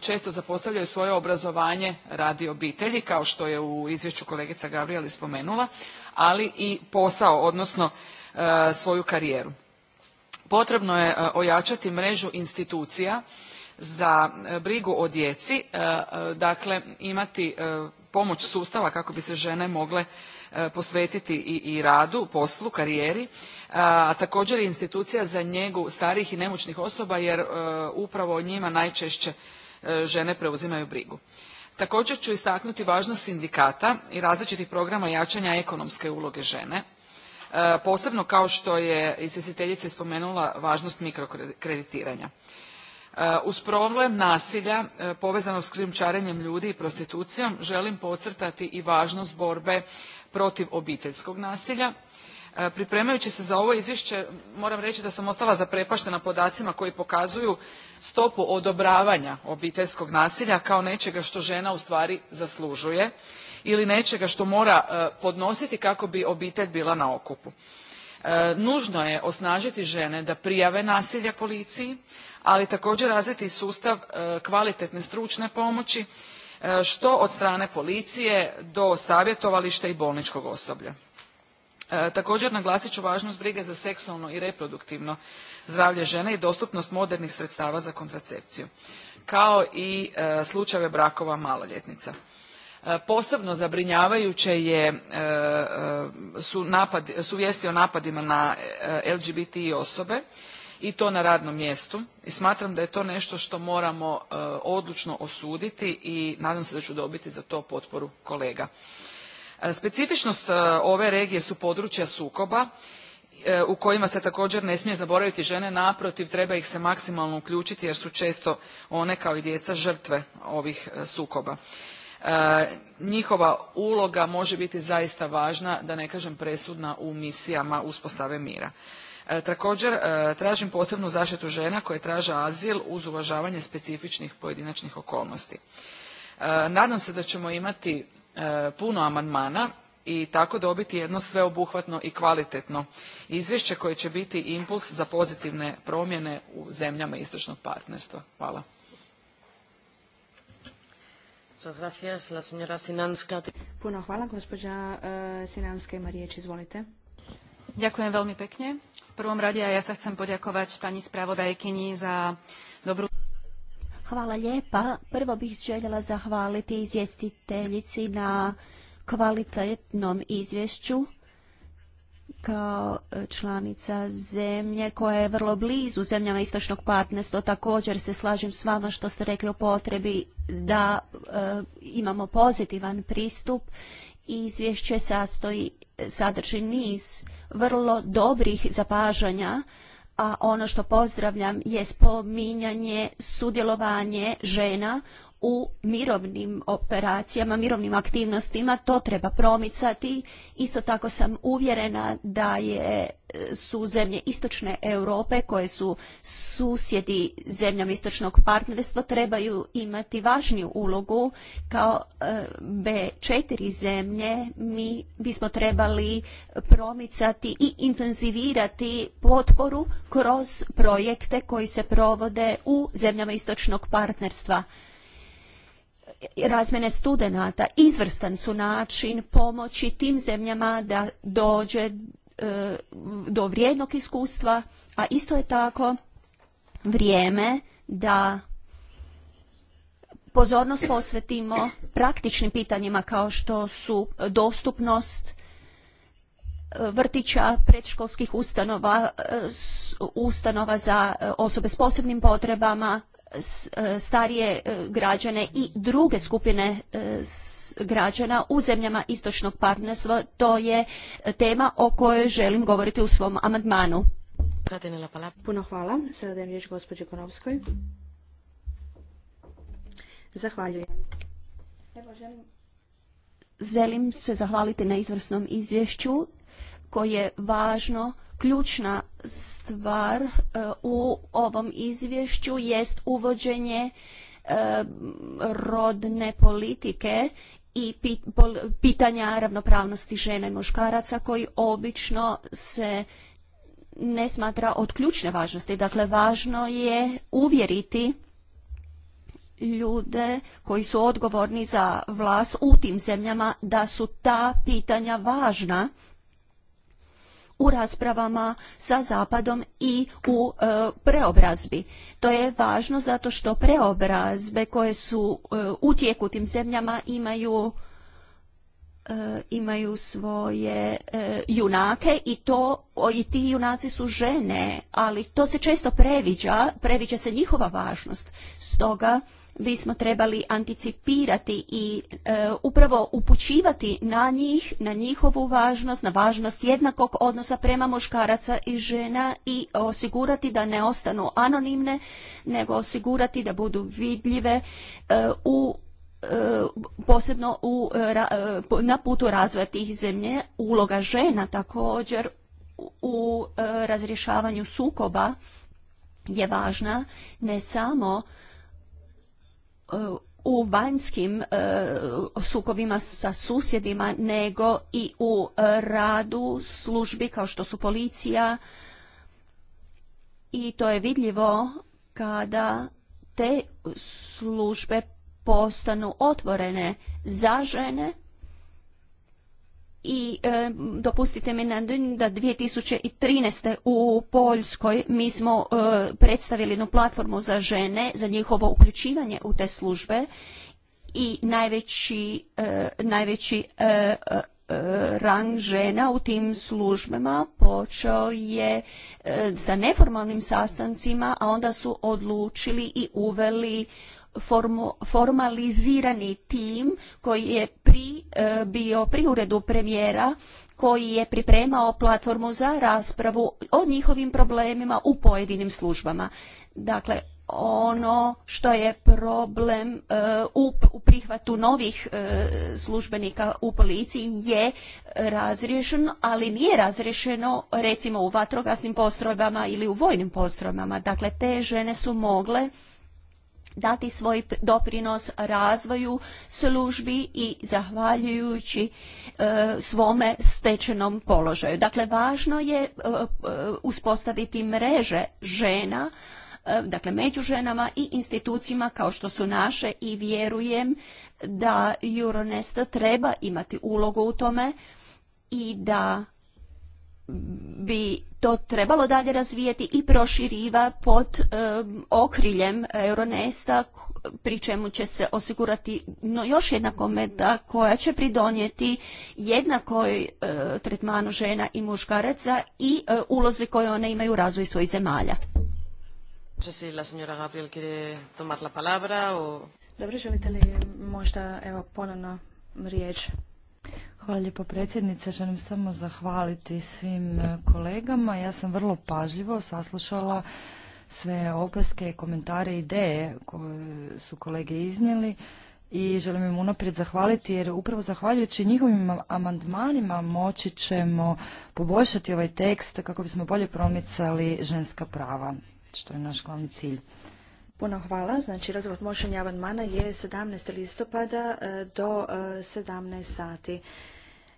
često zapostavljaju svoje obrazovanje radi obitelji, kao što je u izvješću kolegica Gabrijeli spomenula, ali i posao, odnosno svoju karijeru potrebno je e, ojačati mrežu institucija za e, brigu o djeci, e, dakle imati pomoć sustava kako bi se žene mogle posvetiti i radu, poslu, karijeri, a također i institucija za njegu starijih i nemoćnih osoba jer upravo o njima najčešće žene preuzimaju brigu. Također ću istaknuti važnost sindikata i različitih programa jačanja ekonomske uloge žene E, posebno kao što je izvjestiteljica spomenula važnost mikrokreditiranja. E, uz problem nasilja e, povezanog s krijumčarenjem ljudi i prostitucijom želim podcrtati i važnost borbe protiv obiteljskog nasilja. Pripremajući se za ovo izvješće moram reći da sam ostala zaprepaštena podacima koji pokazuju stopu odobravanja obiteljskog nasilja kao nečega što žena u stvari zaslužuje ili nečega što mora e, podnositi kako bi obitelj bila na okupu. E, nužno je osnažiti žene da prijave nasilje policiji, ali također razviti sustav e, kvalitetne stručne pomoći što od strane policije do savjetovališta i bolničkog osoblja. Također naglasit ću važnost brige za seksualno i reproduktivno zdravlje žene i dostupnost modernih sredstava za kontracepciju kao i slučajeve brakova maloljetnica. E, posebno zabrinjavajuće je, e, e, su, su vijesti o napadima na LGBT osobe i to na radnom mjestu i smatram da je to nešto što moramo odlučno osuditi i nadam se da ću dobiti za to potporu kolega. Specifičnost ove regije su područja sukoba u kojima se također ne smije zaboraviti žene, naprotiv treba ih se maksimalno uključiti jer su često one kao i djeca žrtve ovih sukoba. E, njihova uloga može biti zaista važna, da ne kažem presudna u misijama uspostave mira. E, također, e, tražim posebnu zaštitu žena koje traže azil uz uvažavanje specifičnih pojedinačnih okolnosti. Nadam se da ćemo imati puno amandmana i tako dobiti jedno sveobuhvatno i kvalitetno izvješće koje će biti impuls za pozitivne promjene u zemljama istočnog partnerstva. Hvala gracias, la señora Sinanska. Puno hvala, gospođa e, Sinanska ima riječ, izvolite. Ďakujem veľmi pekne. V prvom rade ja sa chcem poďakovať pani spravodajkyni za dobrú Hvala lijepa. Prvo bih željela zahvaliti izvjestiteljici na kvalitetnom izvješću kao članica zemlje koja je vrlo blizu zemljama istočnog partnerstva također se slažem s vama što ste rekli o potrebi da e, imamo pozitivan pristup izvješće sastoji sadrži niz vrlo dobrih zapažanja a ono što pozdravljam je spominjanje sudjelovanje žena u mirovnim operacijama, mirovnim aktivnostima, to treba promicati. Isto tako sam uvjerena da je, su zemlje istočne Europe koje su susjedi zemljama istočnog partnerstva trebaju imati važniju ulogu kao e, B4 zemlje mi bismo trebali promicati i intenzivirati potporu kroz projekte koji se provode u zemljama istočnog partnerstva razmjene studenata izvrstan su način pomoći tim zemljama da dođe e, do vrijednog iskustva, a isto je tako vrijeme da pozornost posvetimo praktičnim pitanjima kao što su dostupnost e, vrtića, predškolskih ustanova, e, ustanova za osobe s posebnim potrebama, E, starije e, građane i druge skupine e, građana u zemljama istočnog partnerstva. To je tema o kojoj želim govoriti u svom amandmanu. Puno hvala. Sada dajem gospođi Konovskoj. Zahvaljujem. želim se zahvaliti na izvrsnom izvješću koje je važno Ključna stvar e, u ovom izvješću jest uvođenje e, rodne politike i pitanja ravnopravnosti žena i muškaraca koji obično se ne smatra od ključne važnosti. Dakle, važno je uvjeriti ljude koji su odgovorni za vlast u tim zemljama da su ta pitanja važna u raspravama sa Zapadom i u e, preobrazbi. To je važno zato što preobrazbe koje su e, u tijeku tim zemljama imaju e, imaju svoje junake i to i ti junaci su žene, ali to se često previđa, previđa se njihova važnost. Stoga bismo trebali anticipirati i e, upravo upućivati na njih, na njihovu važnost, na važnost jednakog odnosa prema muškaraca i žena i osigurati da ne ostanu anonimne, nego osigurati da budu vidljive e, u e, posebno u, na putu razvoja tih zemlje, uloga žena također u, u razrješavanju sukoba je važna ne samo u vanjskim e, sukobima sa susjedima nego i u radu službi kao što su policija i to je vidljivo kada te službe postanu otvorene za žene i e, dopustite mi da 2013. u Poljskoj mi smo e, predstavili jednu platformu za žene, za njihovo uključivanje u te službe i najveći, e, najveći rang žena u tim službama počeo je sa neformalnim sastancima, a onda su odlučili i uveli formalizirani tim koji je pri, e, bio pri uredu premijera koji je pripremao platformu za raspravu o njihovim problemima u pojedinim službama. Dakle, ono što je problem e, u, prihvatu novih e, službenika u policiji je razriješeno, ali nije razriješeno recimo u vatrogasnim postrojbama ili u vojnim postrojbama. Dakle, te žene su mogle dati svoj doprinos razvoju službi i zahvaljujući e, svome stečenom položaju. Dakle, važno je e, e, uspostaviti mreže žena dakle među ženama i institucijama kao što su naše i vjerujem da Euronest treba imati ulogu u tome i da bi to trebalo dalje razvijeti i proširiva pod okriljem Euronesta, pri čemu će se osigurati no, još jedna kometa koja će pridonijeti jednakoj e, tretmanu žena i muškaraca i uloze ulozi koje one imaju u razvoju svojih zemalja. Dobro, želite li možda evo ponovno riječ? Hvala lijepo predsjednice. Želim samo zahvaliti svim e, kolegama. Ja sam vrlo pažljivo saslušala sve opaske, komentare, ideje koje su kolege iznijeli i želim im unaprijed zahvaliti jer upravo zahvaljujući njihovim amandmanima moći ćemo poboljšati ovaj tekst kako bismo bolje promicali ženska prava, što je naš glavni cilj. Puno hvala. Znači, razgovor mošenja amandmana je 17. listopada e, do 17. E, sati.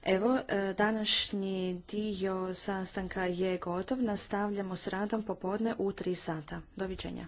Evo, e, današnji dio sastanka je gotov. Nastavljamo s radom popodne u 3 sata. Doviđenja.